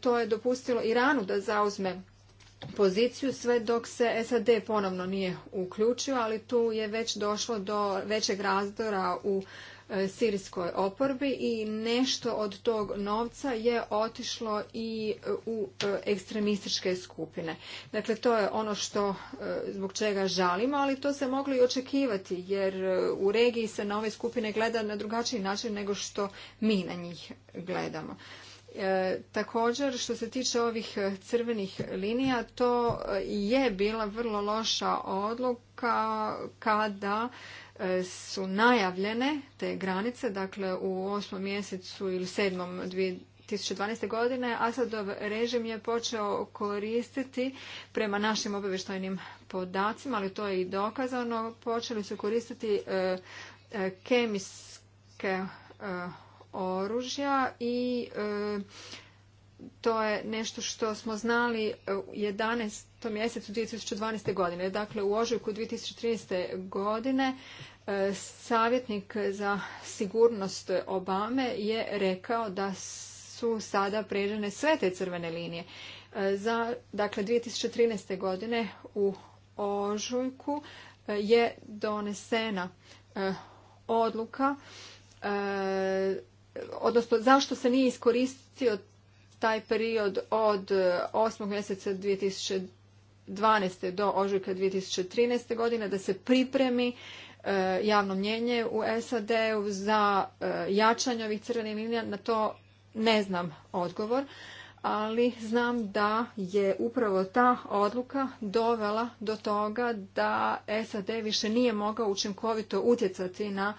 to je dopustilo Iranu da zauzme poziciju sve dok se SAD ponovno nije uključio, ali tu je već došlo do većeg razdora u e, sirijskoj oporbi i nešto od tog novca je otišlo i u e, ekstremističke skupine. Dakle, to je ono što e, zbog čega žalimo, ali to se moglo i očekivati jer u regiji se na ove skupine gleda na drugačiji način nego što mi na njih gledamo. E, također, što se tiče ovih e, crvenih linija, to e, je bila vrlo loša odluka kada su najavljene te granice, dakle u osmom mjesecu ili sedmom 2012. godine Asadov režim je počeo koristiti prema našim obavještajnim podacima, ali to je i dokazano, počeli su koristiti kemijske oružja i e, to je nešto što smo znali e, u 11. mjesecu 2012. godine. Dakle, u ožujku 2013. godine e, savjetnik za sigurnost Obame je rekao da su sada pređene sve te crvene linije. Za, dakle, 2013. godine u ožujku je donesena odluka odnosno zašto se nije iskoristio taj period od 8. E, mjeseca 2012. do ožujka 2013. godine da se pripremi e, javno mnjenje u SAD-u za e, jačanje ovih crvenih linija, na to ne znam odgovor, ali znam da je upravo ta odluka dovela do toga da SAD više nije mogao učinkovito utjecati na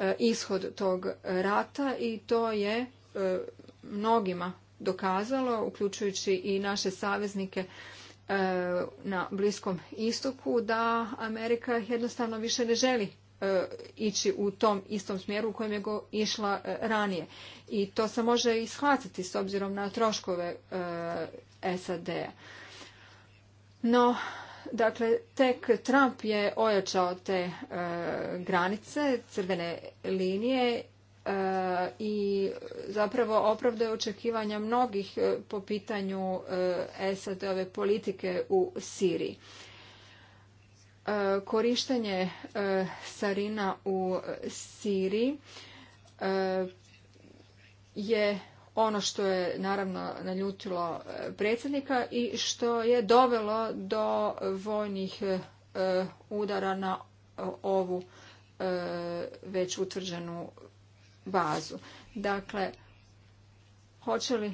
E, ishod tog rata i to je e, mnogima dokazalo, uključujući i naše saveznike e, na Bliskom istoku, da Amerika jednostavno više ne želi ići u tom istom smjeru u kojem je go išla ranije. I to se može shvatiti s obzirom na troškove SAD-a. No, Dakle, tek Trump je ojačao te e, granice, crvene linije e, i zapravo opravdaju očekivanja mnogih e, po pitanju SAD-ove politike u Siriji. Korištenje sarina u Siriji je ono što je naravno naljutilo e, predsjednika i što je dovelo do vojnih e, e, udara na ovu već utvrđenu bazu. Dakle, hoće li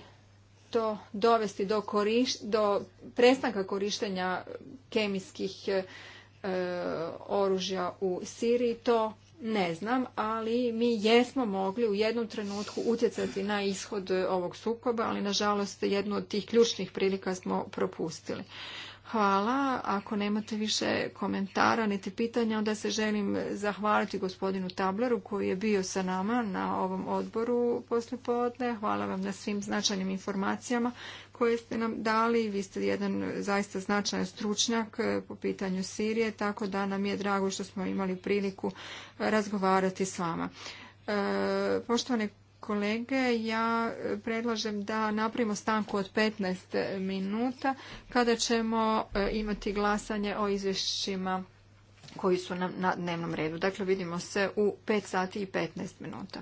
to dovesti do, koriš, prestanka korištenja kemijskih oružja u Siriji, to ne znam, ali mi jesmo mogli u jednom trenutku utjecati na ishod ovog sukoba, ali nažalost jednu od tih ključnih prilika smo propustili. Hvala. Ako nemate više komentara niti pitanja, onda se želim zahvaliti gospodinu Tableru koji je bio sa nama na ovom odboru poslijepodne. Hvala vam na svim značajnim informacijama koje ste nam dali. Vi ste jedan zaista značajan stručnjak e, po pitanju Sirije, tako da nam je drago što smo imali priliku e, razgovarati s vama. E, poštovane kolege, ja predlažem da napravimo stanku od 15 minuta kada ćemo imati glasanje o izvješćima koji su nam na dnevnom redu. Dakle, vidimo se u 5 sati i 15 minuta.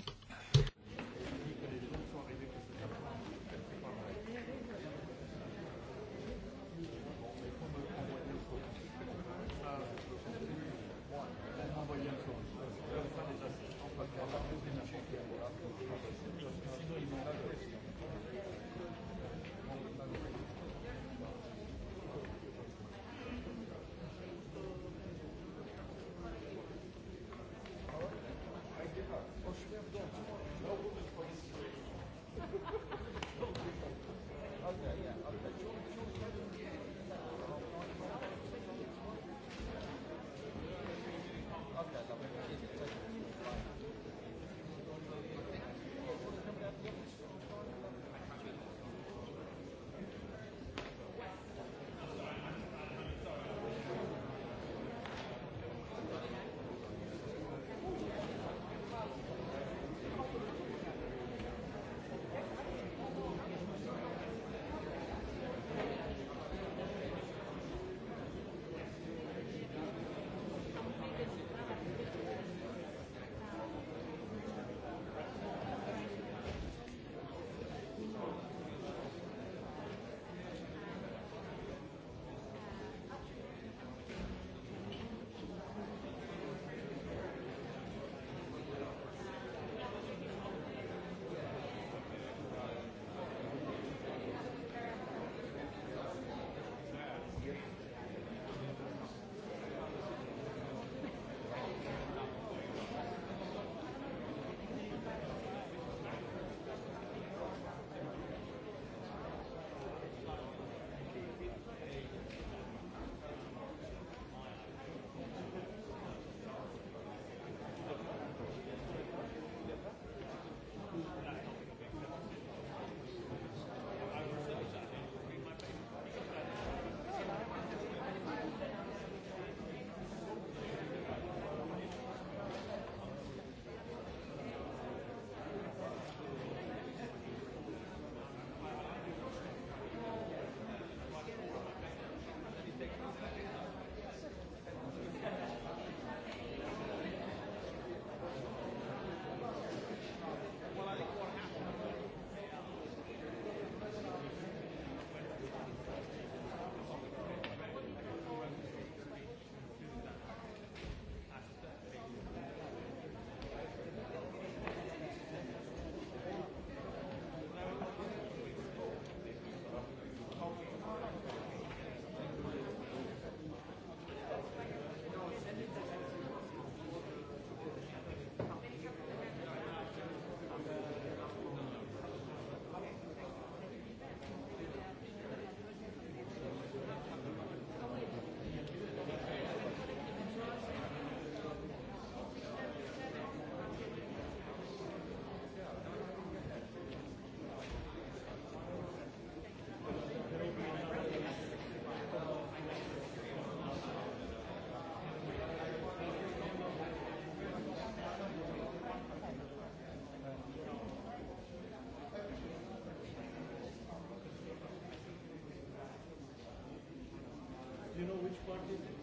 Hvala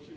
She's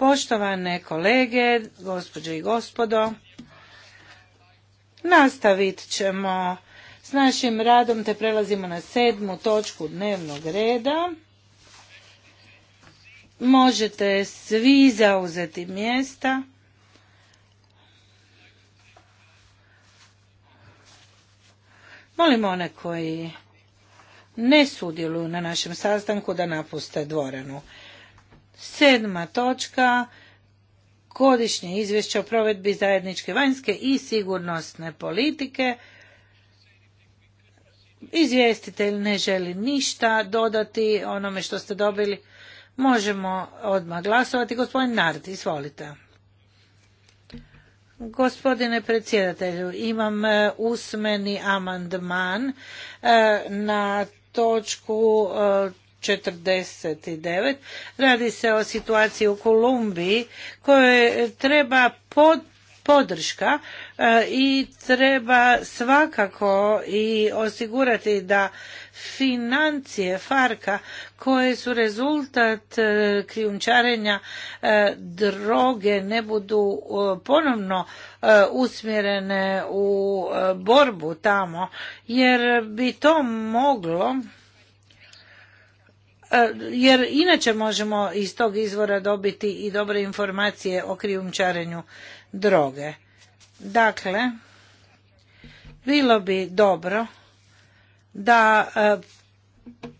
Poštovane kolege, gospođe i gospodo, nastavit ćemo s našim radom te prelazimo na sedmu točku dnevnog reda. Možete svi zauzeti mjesta. Molim one koji ne sudjeluju na našem sastanku da napuste dvoranu. Sedma točka, godišnje izvješće o provedbi zajedničke vanjske i sigurnosne politike. Izvjestitelj ne želi ništa dodati onome što ste dobili. Možemo odmah glasovati. Gospodin Nard, izvolite. Gospodine predsjedatelju, imam e, usmeni amandman e, na točku e, 49. Radi se o situaciji u Kolumbiji kojoj treba podrška e, i treba svakako i osigurati da financije Farka koje su rezultat e, krijumčarenja e, droge ne budu ponovno usmjerene u borbu tamo jer bi to moglo E, jer inače možemo iz tog izvora dobiti i dobre informacije o krijumčarenju droge. Dakle, bilo bi dobro da e,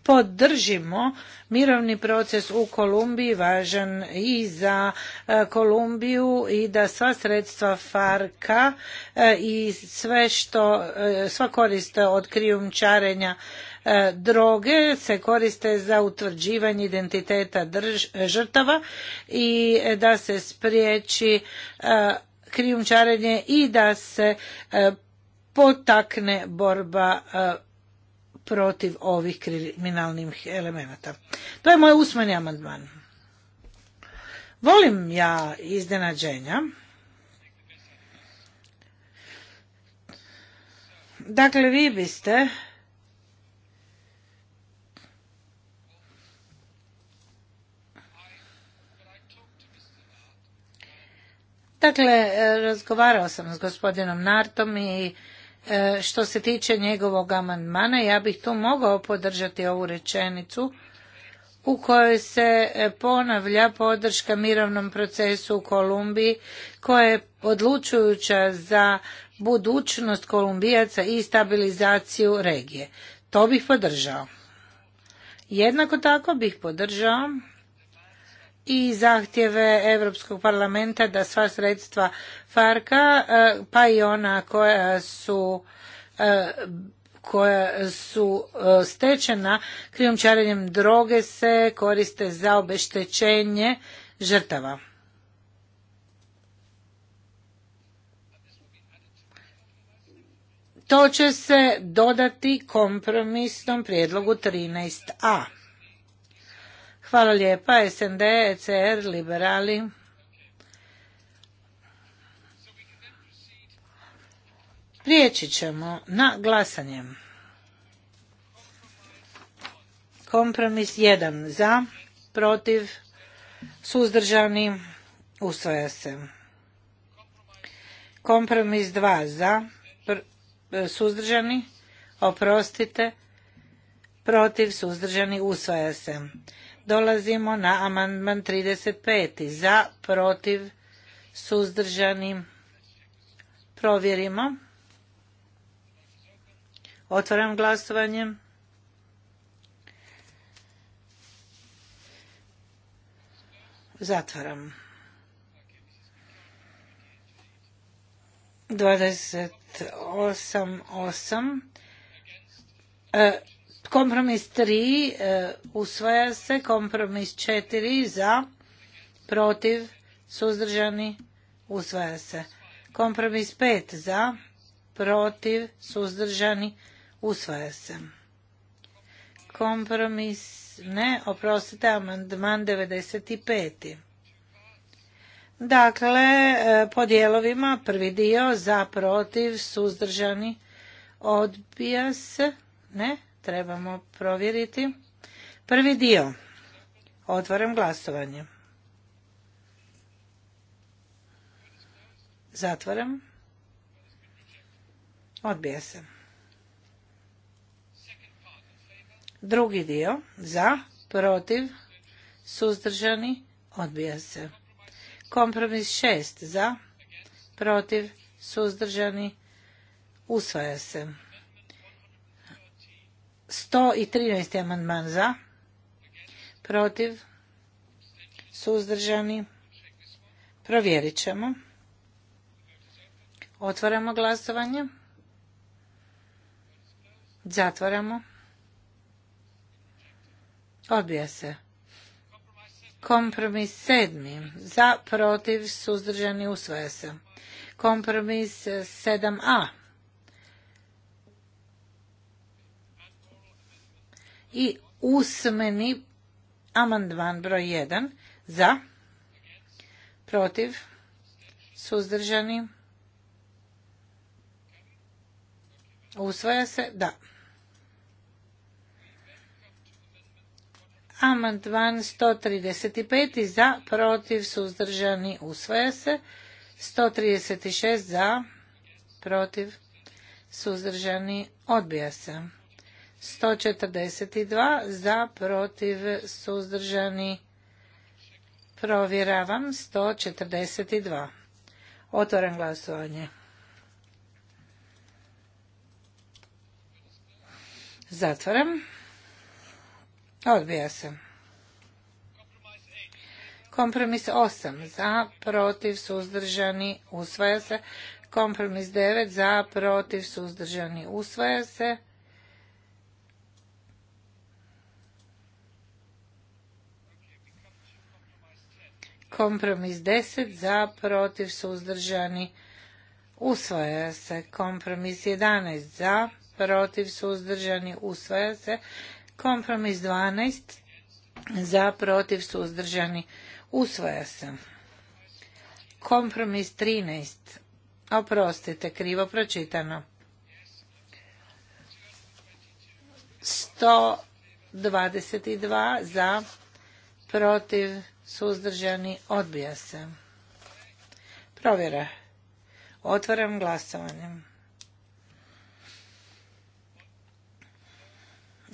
podržimo mirovni proces u Kolumbiji važan i za e, Kolumbiju i da sva sredstva Farka i sve što sva koriste od krijumčarenja E, droge se koriste za utvrđivanje identiteta žrtava i da se spriječi e, krijumčarenje i da se e, potakne borba protiv ovih kriminalnih elemenata. To je moj usmeni amandman. Volim ja iznenađenja. Dakle, vi biste Dakle, e, razgovarao sam s gospodinom Nartom i e, što se tiče njegovog amandmana, ja bih tu mogao podržati ovu rečenicu u kojoj se e, ponavlja podrška mirovnom procesu u Kolumbiji koja je odlučujuća za budućnost Kolumbijaca i stabilizaciju regije. To bih podržao. Jednako tako bih podržao i zahtjeve Europskog parlamenta da sva sredstva Farka, e, pa i ona koja su e, e, stečena krijumčarenjem droge se koriste za obeštećenje žrtava. To će se dodati kompromisnom prijedlogu 13a. Hvala lijepa, SND, ECR, liberali. Prijeći ćemo na glasanje. Kompromis 1 za, protiv, suzdržani, usvaja se. Kompromis 2 za, e, suzdržani, oprostite, protiv, suzdržani, usvaja se. Dolazimo na amandman 35. Za, protiv, suzdržani. Provjerimo. Otvaram glasovanje. Zatvaram. 28.8. osam e, Kompromis tri e, usvaja se, kompromis 4 za, protiv, suzdržani, usvaja se. Kompromis 5 za, protiv, suzdržani, usvaja se. Kompromis, ne, oprostite, amandman 95. Dakle, e, po dijelovima prvi dio za, protiv, suzdržani, odbija se, ne, trebamo provjeriti. Prvi dio. Otvaram glasovanje. Zatvaram. Odbija se. Drugi dio. Za, protiv, suzdržani, odbija se. Kompromis šest. Za, protiv, suzdržani, usvaja se. 113. amandman za, protiv, suzdržani, provjerit ćemo. Otvaramo glasovanje. Zatvaramo. Odbija se. Kompromis sedmi. Za, protiv, suzdržani, usvoja se. Kompromis sedam a i usmeni amandman broj 1 za protiv suzdržani usvaja se da Amandman 135 za, protiv, suzdržani, usvaja se. 136 za, protiv, suzdržani, odbija se. 142 za protiv suzdržani provjeravam 142 otvaram glasovanje zatvaram odbija se kompromis 8 za protiv suzdržani usvaja se kompromis 9 za protiv suzdržani usvaja se Kompromis 10 za, protiv, suzdržani, usvaja se. Kompromis 11 za, protiv, suzdržani, usvaja se. Kompromis 12 za, protiv, suzdržani, usvaja se. Kompromis 13. Oprostite, krivo pročitano. 122 za, protiv, suzdržani, odbija se. Provjera. Otvaram glasovanje.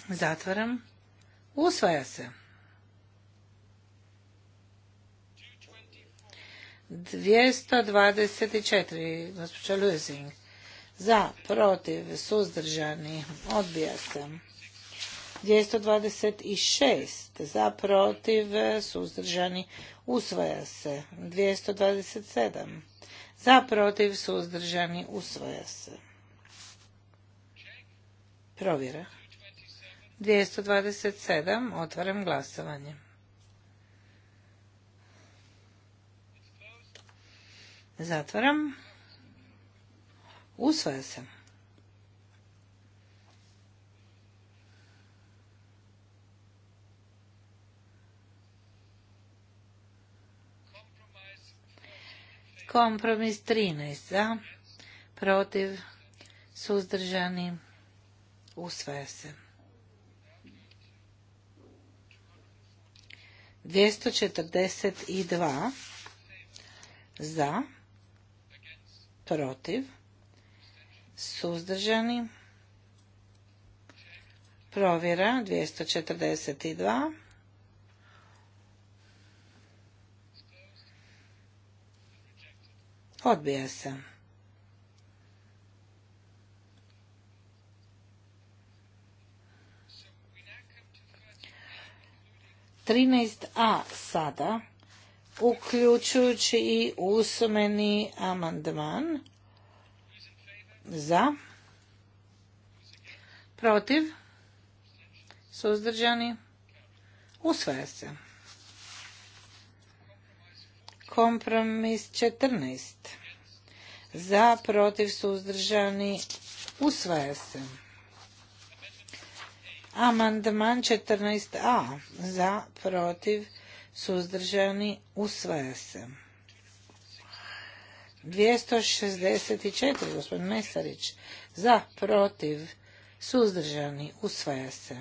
Zatvaram. Usvaja se. 224, gospođa Luzing. Za, protiv, suzdržani, odbija se. 226 za, protiv, suzdržani, usvaja se. 227. Za, protiv, suzdržani, usvaja se. Provjera. 227. Otvaram glasovanje. Zatvaram. Usvaja se. Kompromis 13 za, protiv, suzdržani, usvaja se. 242 za, protiv, suzdržani, provjera 242 Odbija se. Trinaest a sada uključujući i usmeni amandman za protiv suzdržani usvaja se Kompromis 14. Za, protiv, suzdržani, usvaja se. Amandman 14a. Za, protiv, suzdržani, usvaja se. 264. Gospodin Mesarić. Za, protiv, suzdržani, usvaja se.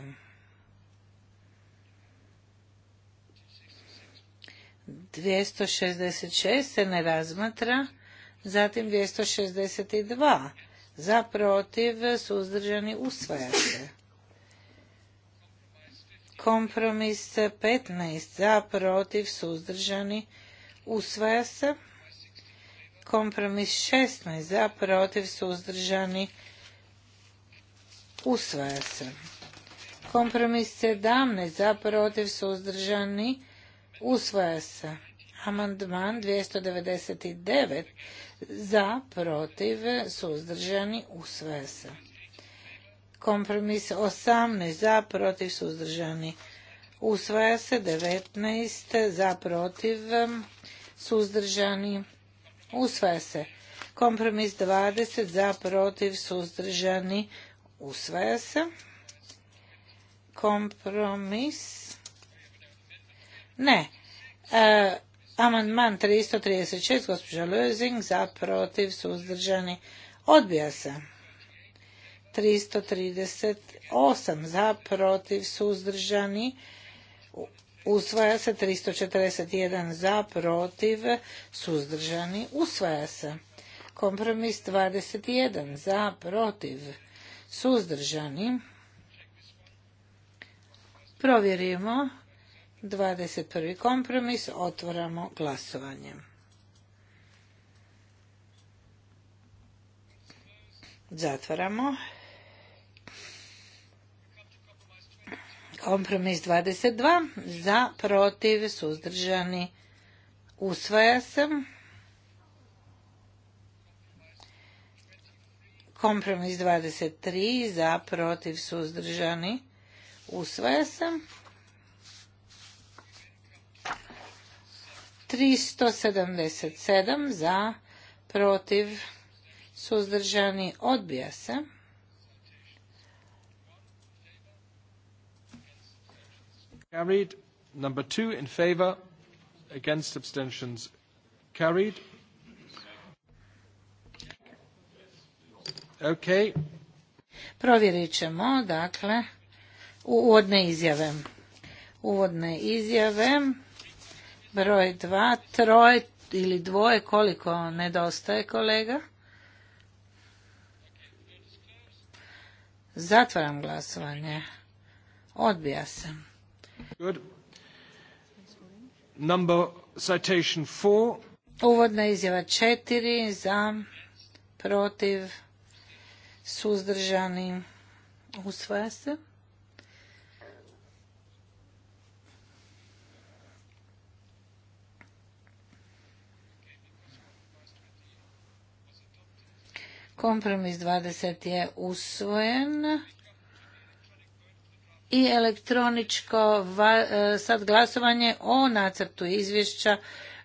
266 se ne razmatra, zatim 262 za protiv suzdržani usvaja se. Kompromis 15 za protiv suzdržani usvaja se. Kompromis 16 za protiv suzdržani usvaja se. Kompromis 17 za protiv suzdržani usvaja se. Amandman 299 za, protiv, suzdržani, usvaja se. Kompromis 18 za, protiv, suzdržani, usvaja se. 19 za, protiv, suzdržani, usvaja se. Kompromis 20 za, protiv, suzdržani, usvaja se. Kompromis... Ne, e, Amandman 336, gospođa Lözing, za, protiv, suzdržani, odbija se. 338, za, protiv, suzdržani, usvaja se. 341, za, protiv, suzdržani, usvaja se. Kompromis 21, za, protiv, suzdržani. Provjerimo. 21. kompromis otvoramo glasovanje. Zatvaramo. Kompromis 22 za protiv suzdržani usvaja se. Kompromis 23 za protiv suzdržani usvaja se. 377 za, protiv, suzdržani, odbija se. two in favor, against abstentions carried. Okay. Provjerit ćemo, dakle, uvodne izjave. Uvodne izjave broj dva, troje ili dvoje, koliko nedostaje kolega? Zatvaram glasovanje. Odbija se. Number citation four. Uvodna izjava četiri za protiv suzdržani usvaja se. Kompromis 20 je usvojen. I elektroničko e, sad glasovanje o nacrtu izvješća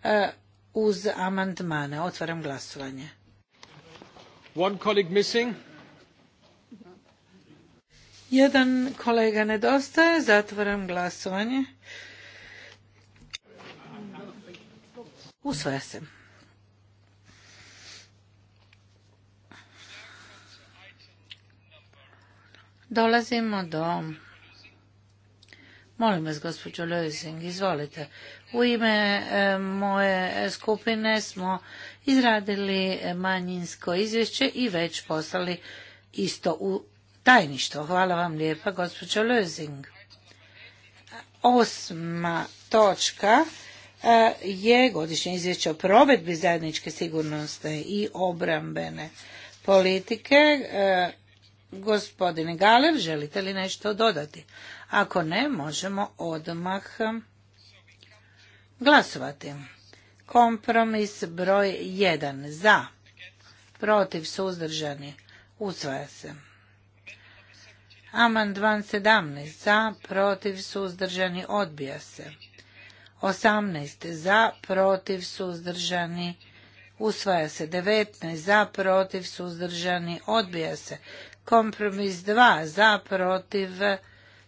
e, uz amandmane. Otvaram glasovanje. Jedan kolega nedostaje, zatvaram glasovanje. Usvoja se. dolazimo do... Molim vas, gospođo Lözing, izvolite. U ime e, moje skupine smo izradili manjinsko izvješće i već poslali isto u tajništvo. Hvala vam lijepa, gospođo Lözing. Osma točka e, je godišnje izvješće o provedbi zajedničke sigurnosti i obrambene politike e, Gospodine Galer, želite li nešto dodati? Ako ne, možemo odmah glasovati. Kompromis broj 1. Za. Protiv suzdržani. Usvaja se. Amandman 17. Za. Protiv suzdržani. Odbija se. 18. Za. Protiv suzdržani. Usvaja se. 19. Za. Protiv suzdržani. Odbija se. Kompromis 2 za, protiv,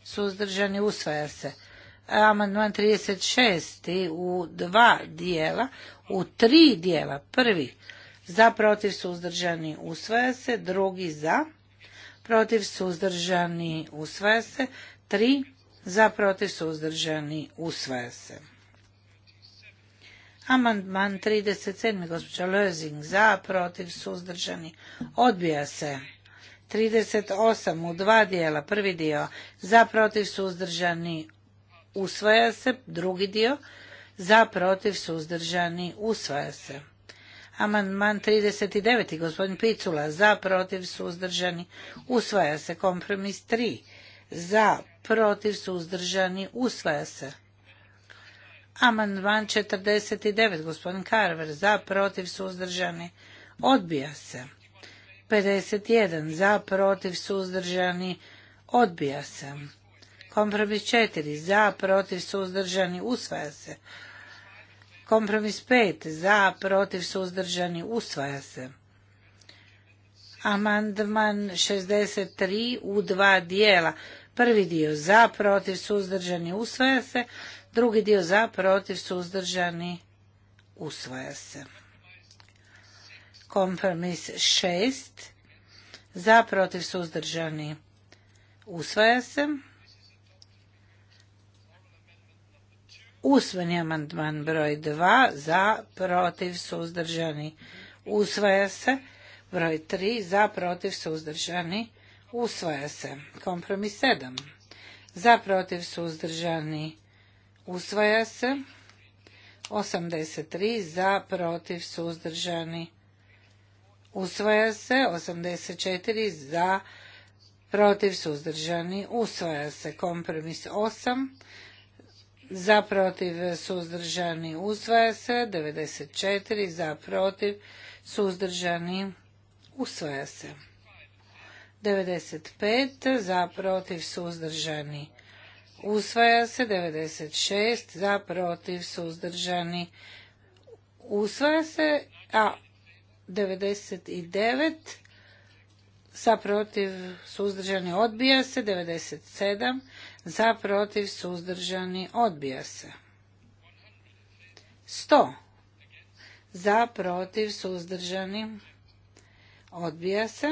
suzdržani, usvaja se. Amandman 36 u dva dijela, u tri dijela. Prvi za, protiv, suzdržani, usvaja se. Drugi za, protiv, suzdržani, usvaja se. Tri za, protiv, suzdržani, usvaja se. Amandman 37. gospođa Lözing za, protiv, suzdržani, odbija se. 38 u dva dijela. Prvi dio za protiv suzdržani usvaja se. Drugi dio za protiv suzdržani usvaja se. Amandman 39. Gospodin Picula za protiv suzdržani usvaja se. Kompromis 3 za protiv suzdržani usvaja se. Amandman 49. Gospodin Karver za protiv suzdržani odbija se. 51 za, protiv, suzdržani, odbija se. Kompromis 4 za, protiv, suzdržani, usvaja se. Kompromis 5 za, protiv, suzdržani, usvaja se. Amandman 63 u dva dijela. Prvi dio za, protiv, suzdržani, usvaja se. Drugi dio za, protiv, suzdržani, usvaja se. Kompromis 6 za protiv suzdržani usvaja se. Usveni amandman broj 2 za protiv suzdržani usvaja se. Broj 3 za protiv suzdržani usvaja se. Kompromis 7 za protiv suzdržani usvaja se. 83 za protiv suzdržani usvaja se usvaja se, 84 za, protiv, suzdržani, usvaja se, kompromis 8, za, protiv, suzdržani, usvaja se, 94 za, protiv, suzdržani, usvaja se. 95 za, protiv, suzdržani, usvaja se, 96 za, protiv, suzdržani, usvaja se, a 99 za protiv suzdržani odbija se 97 za protiv suzdržani odbija se 100 za protiv suzdržani odbija se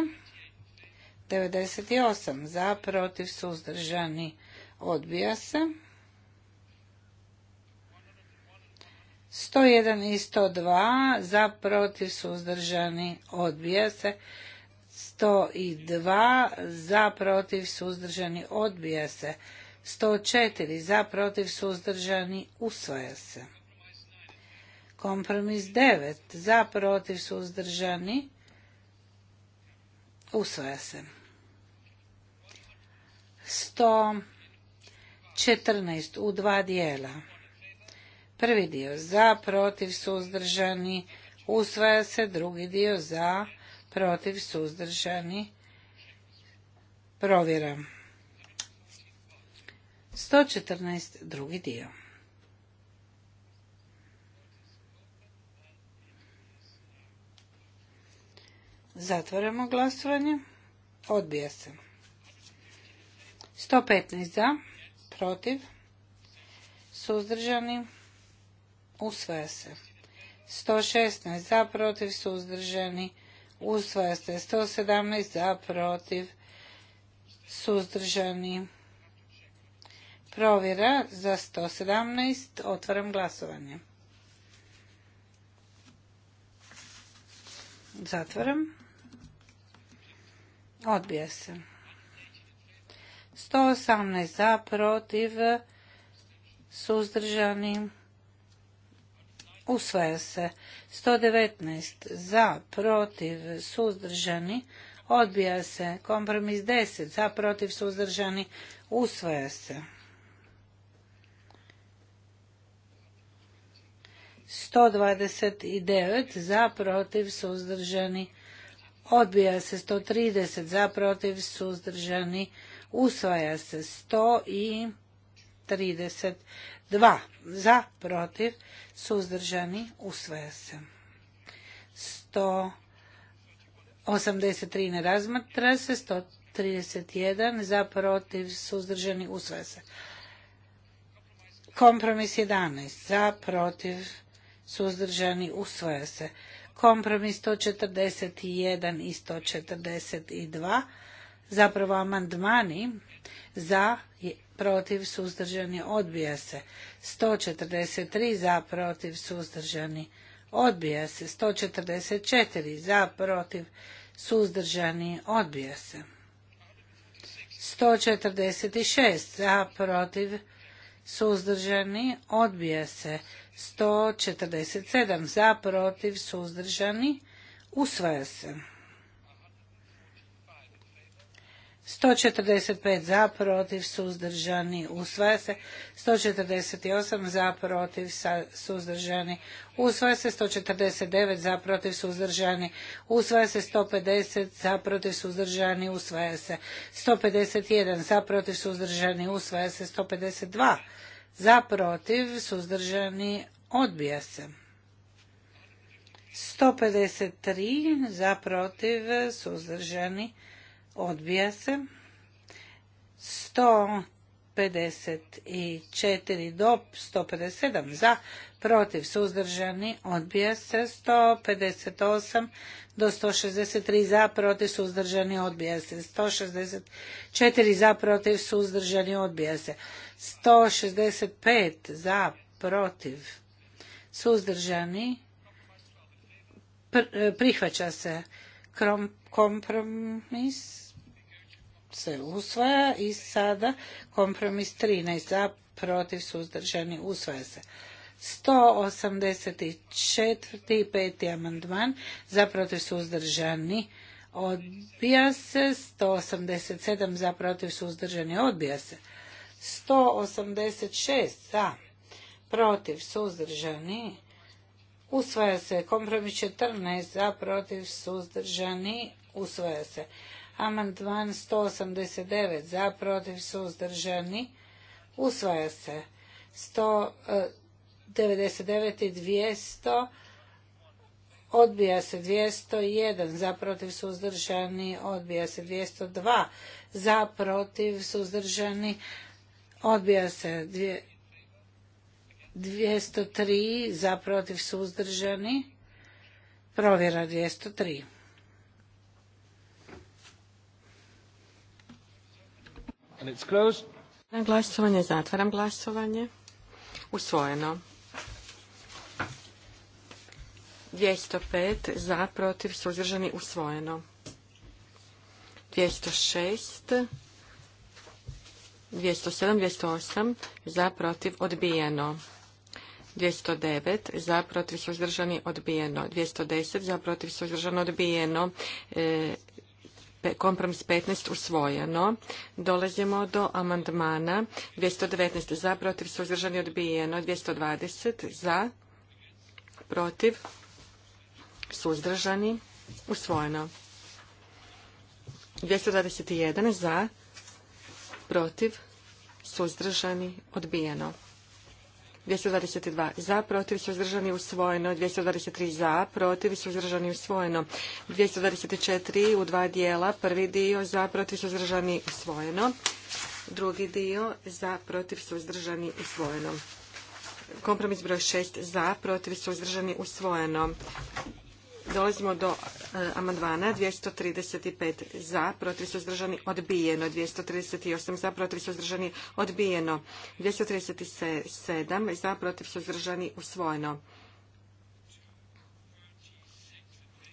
98 za protiv suzdržani odbija se 101 i 102 za protiv suzdržani odbija se. 102 za protiv suzdržani odbija se. 104 za protiv suzdržani usvaja se. Kompromis 9 za protiv suzdržani usvaja se. 114 u dva dijela. Prvi dio za, protiv, suzdržani, usvaja se. Drugi dio za, protiv, suzdržani, provjeram. 114. drugi dio. Zatvaramo glasovanje. Odbija se. 115 za, protiv, suzdržani, usvaja se. 116 za, protiv, suzdržani, usvaja se. 117 za, protiv, suzdržani. Provjera za 117. Otvaram glasovanje. Zatvaram. Odbija se. 118 za, protiv, suzdržani usvaja se 119 za protiv suzdržani odbija se kompromis 10 za protiv suzdržani usvaja se 129 za protiv suzdržani odbija se 130 za protiv suzdržani usvaja se 100 i 32 za, protiv, suzdržani, usvaja se. 183 ne razmatra se, 131 za, protiv, suzdržani, usvaja se. Kompromis 11 za, protiv, suzdržani, usvaja se. Kompromis 141 i 142 zapravo amandmani za protiv suzdržani odbija se 143 za protiv suzdržani odbija se 144 za protiv suzdržani odbija se 146 za protiv suzdržani odbija se 147 za protiv suzdržani usvaja se 145 za, protiv, suzdržani, usvaja se. 148 za, protiv, suzdržani, usvaja se. 149 za, protiv, suzdržani, usvaja se. 150 za, protiv, suzdržani, usvaja se. 151 za, protiv, suzdržani, usvaja se. 152 za, protiv, suzdržani, odbija se. 153 za, protiv, suzdržani, usvaja se odbija se. 154 do 157 za, protiv suzdržani, odbija se. 158 do 163 za, protiv suzdržani, odbija se. 164 za, protiv suzdržani, odbija se. 165 za, protiv suzdržani, prihvaća se kompromis se usvaja i sada kompromis 13 za protiv suzdržani usvaja se. 184. i 5. amandman za protiv suzdržani odbija se. 187 za protiv suzdržani odbija se. 186 za protiv suzdržani usvaja se. Kompromis 14 za protiv suzdržani usvaja se. Amandman 189 za, protiv, suzdržani. Usvaja se. 199 eh, i 200. Odbija se 201 za, protiv, suzdržani. Odbija se 202 za, protiv, suzdržani. Odbija se 203 za, protiv, suzdržani. Provjera 203. And it's closed. Glasovanje, zatvaram glasovanje. Usvojeno. 205 za, protiv, suzdržani, usvojeno. 206, 207, 208 za, protiv, odbijeno. 209 za, protiv, suzdržani, odbijeno. 210 za, protiv, suzdržani, odbijeno. E, kompromis 15 usvojeno. Dolazimo do amandmana 219 za, protiv, suzdržani, odbijeno. 220 za, protiv, suzdržani, usvojeno. 221 za, protiv, suzdržani, odbijeno. 222 za, protiv, suzdržani, usvojeno. 223 za, protiv, suzdržani, usvojeno. 224 u dva dijela. Prvi dio za, protiv, suzdržani, usvojeno. Drugi dio za, protiv, suzdržani, usvojeno. Kompromis broj 6 za, protiv, suzdržani, usvojeno. Dolazimo do eh, dvjesto 235 za, protiv suzdržani odbijeno, 238 za, protiv suzdržani odbijeno, 237 za, protiv suzdržani usvojeno.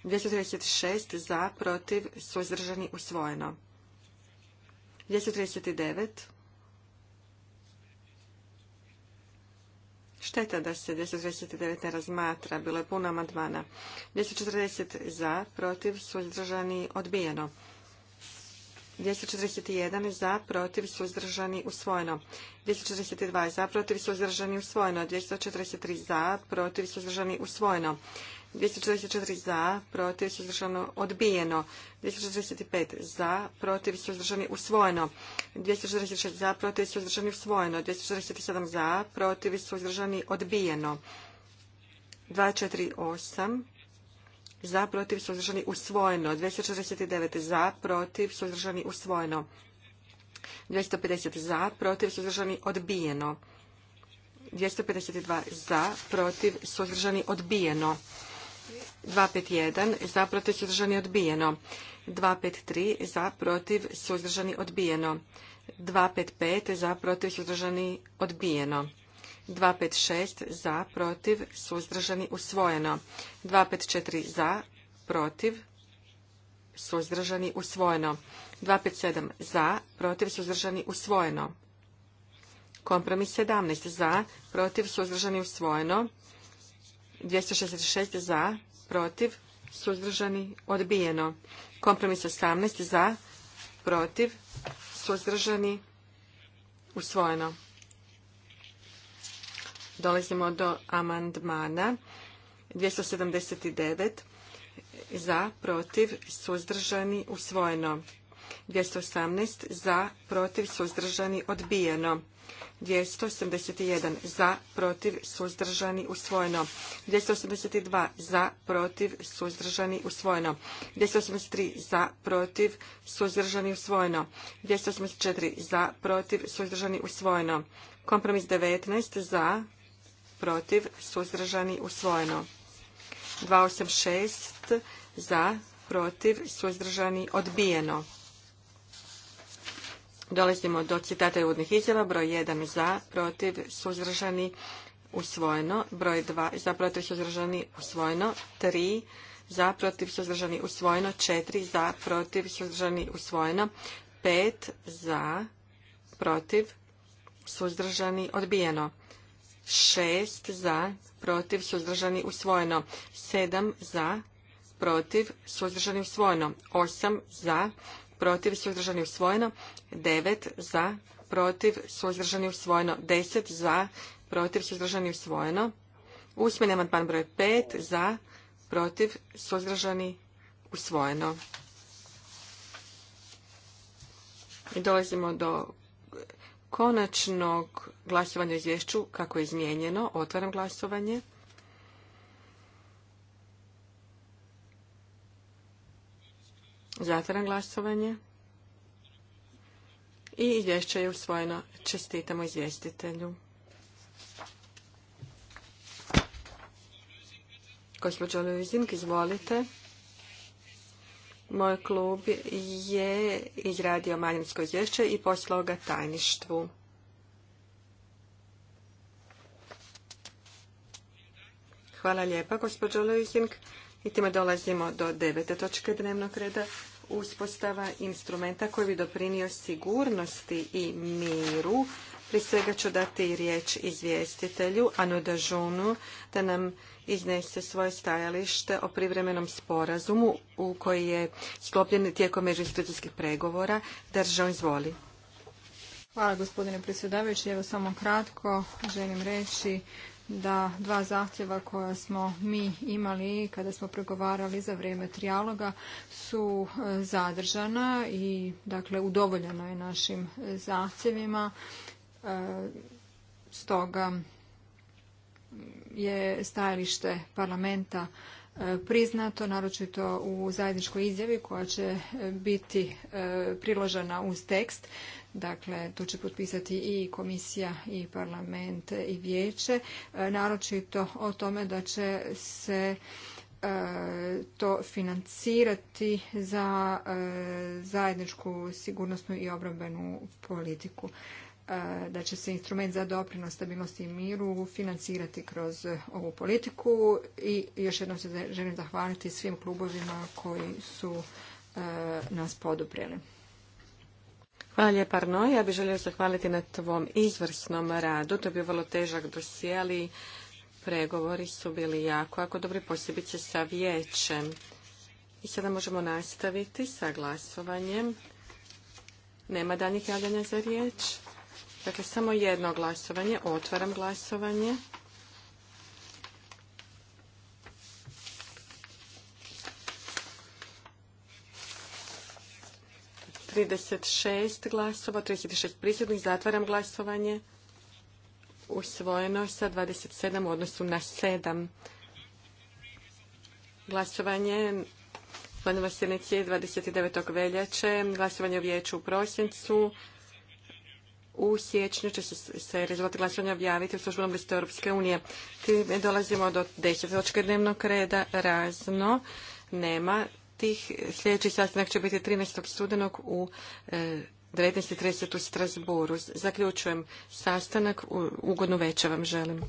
236 za, protiv suzdržani usvojeno. 239 Šteta da se 229 ne razmatra, bilo je puno amandmana. 240 za, protiv, suzdržani, odbijeno. 241 za, protiv, suzdržani, usvojeno. 242 za, protiv, suzdržani, usvojeno. 243 za, protiv, suzdržani, usvojeno. 244 za, protiv, suzdržano, odbijeno. 245 za, protiv, suzdržani, usvojeno. 246 za, protiv, suzdržani, usvojeno. 247 za, protiv, suzdržani, odbijeno. 248 za, protiv, suzdržani, usvojeno. 249 za, protiv, suzdržani, usvojeno. 250 za, protiv, suzdržani, odbijeno. 252 za, protiv, suzdržani, odbijeno. 251 za protiv suzdržani odbijeno. 253 za protiv suzdržani odbijeno. 255 za protiv suzdržani odbijeno. 256 za protiv suzdržani usvojeno. 254 za protiv suzdržani usvojeno. 257 za protiv suzdržani usvojeno. Kompromis 17 za protiv suzdržani usvojeno. 266 za protiv, suzdržani, odbijeno. Kompromis 18 za, protiv, suzdržani, usvojeno. Dolazimo do amandmana 279 za, protiv, suzdržani, usvojeno. 218 za, protiv, suzdržani, odbijeno. 281 za, protiv, suzdržani, usvojeno. 282 za, protiv, suzdržani, usvojeno. 283 za, protiv, suzdržani, usvojeno. 284 za, protiv, suzdržani, usvojeno. Kompromis 19 za, protiv, suzdržani, usvojeno. 286 za, protiv, suzdržani, odbijeno. Dolazimo do citata uvodnih izjava. Broj 1 za, protiv, suzdržani, usvojeno. Broj 2 za, protiv, suzdržani, usvojeno. 3 za, protiv, suzdržani, usvojeno. 4 za, protiv, suzdržani, usvojeno. 5 za, protiv, suzdržani, odbijeno. 6 za, protiv, suzdržani, usvojeno. 7 za, protiv, suzdržani, usvojeno. 8 za, protiv, suzdržani, usvojeno. 9 za, protiv, suzdržani, usvojeno. 10 za, protiv, suzdržani, usvojeno. Usmeni amandman broj 5 za, protiv, suzdržani, usvojeno. I dolazimo do konačnog glasovanja izvješću kako je izmijenjeno. Otvaram glasovanje. Zatvaram glasovanje. I izvješće je usvojeno. Čestitamo izvjestitelju. Gospođo Luizink, izvolite. Moj klub je izradio manjinsko izvješće i poslao ga tajništvu. Hvala lijepa, gospođo Luizink. I time dolazimo do devete točke dnevnog reda uspostava instrumenta koji bi doprinio sigurnosti i miru. Pri svega ću dati riječ izvjestitelju Anu Dažunu da nam iznese svoje stajalište o privremenom sporazumu u koji je sklopljen tijekom međuinstitucijskih pregovora. držao izvoli. Hvala gospodine predsjedavajući. Evo samo kratko želim reći da dva zahtjeva koja smo mi imali kada smo pregovarali za vrijeme trijaloga su e, zadržana i dakle udovoljeno je našim zahtjevima. E, stoga je stajalište parlamenta e, priznato, naročito u zajedničkoj izjavi koja će biti priložena uz tekst. Dakle, to će potpisati i komisija i parlament i vijeće. E, naročito o tome da će se e, to financirati za e, zajedničku sigurnosnu i obrambenu politiku da će se instrument za doprinos stabilnosti i miru financirati kroz ovu politiku i još jednom se želim zahvaliti svim klubovima koji su nas podupreli. Hvala lijepa, Arno. Ja bih želio zahvaliti na tvom izvrsnom radu. To je bio vrlo težak dosije, ali pregovori su bili jako, jako dobri, posebice sa vijećem. I sada možemo nastaviti sa glasovanjem. Nema daljnjih javljanja za riječ. Dakle, samo jedno glasovanje. Otvaram glasovanje. 36 glasova, 36 prisjednih, zatvaram glasovanje. Usvojeno sa 27 u odnosu na 7. Glasovanje planova sjednici 29. veljače, glasovanje u vijeću u prosjencu. U sječnju će se, se rezultati glasovanja objaviti u službenom listu Europske unije. Time dolazimo do 10. točke dnevnog reda razno. Nema tih sljedeći sastanak će biti 13. studenog u 19.30 e, u Strasburu. Zaključujem sastanak. Ugodnu večer vam želim.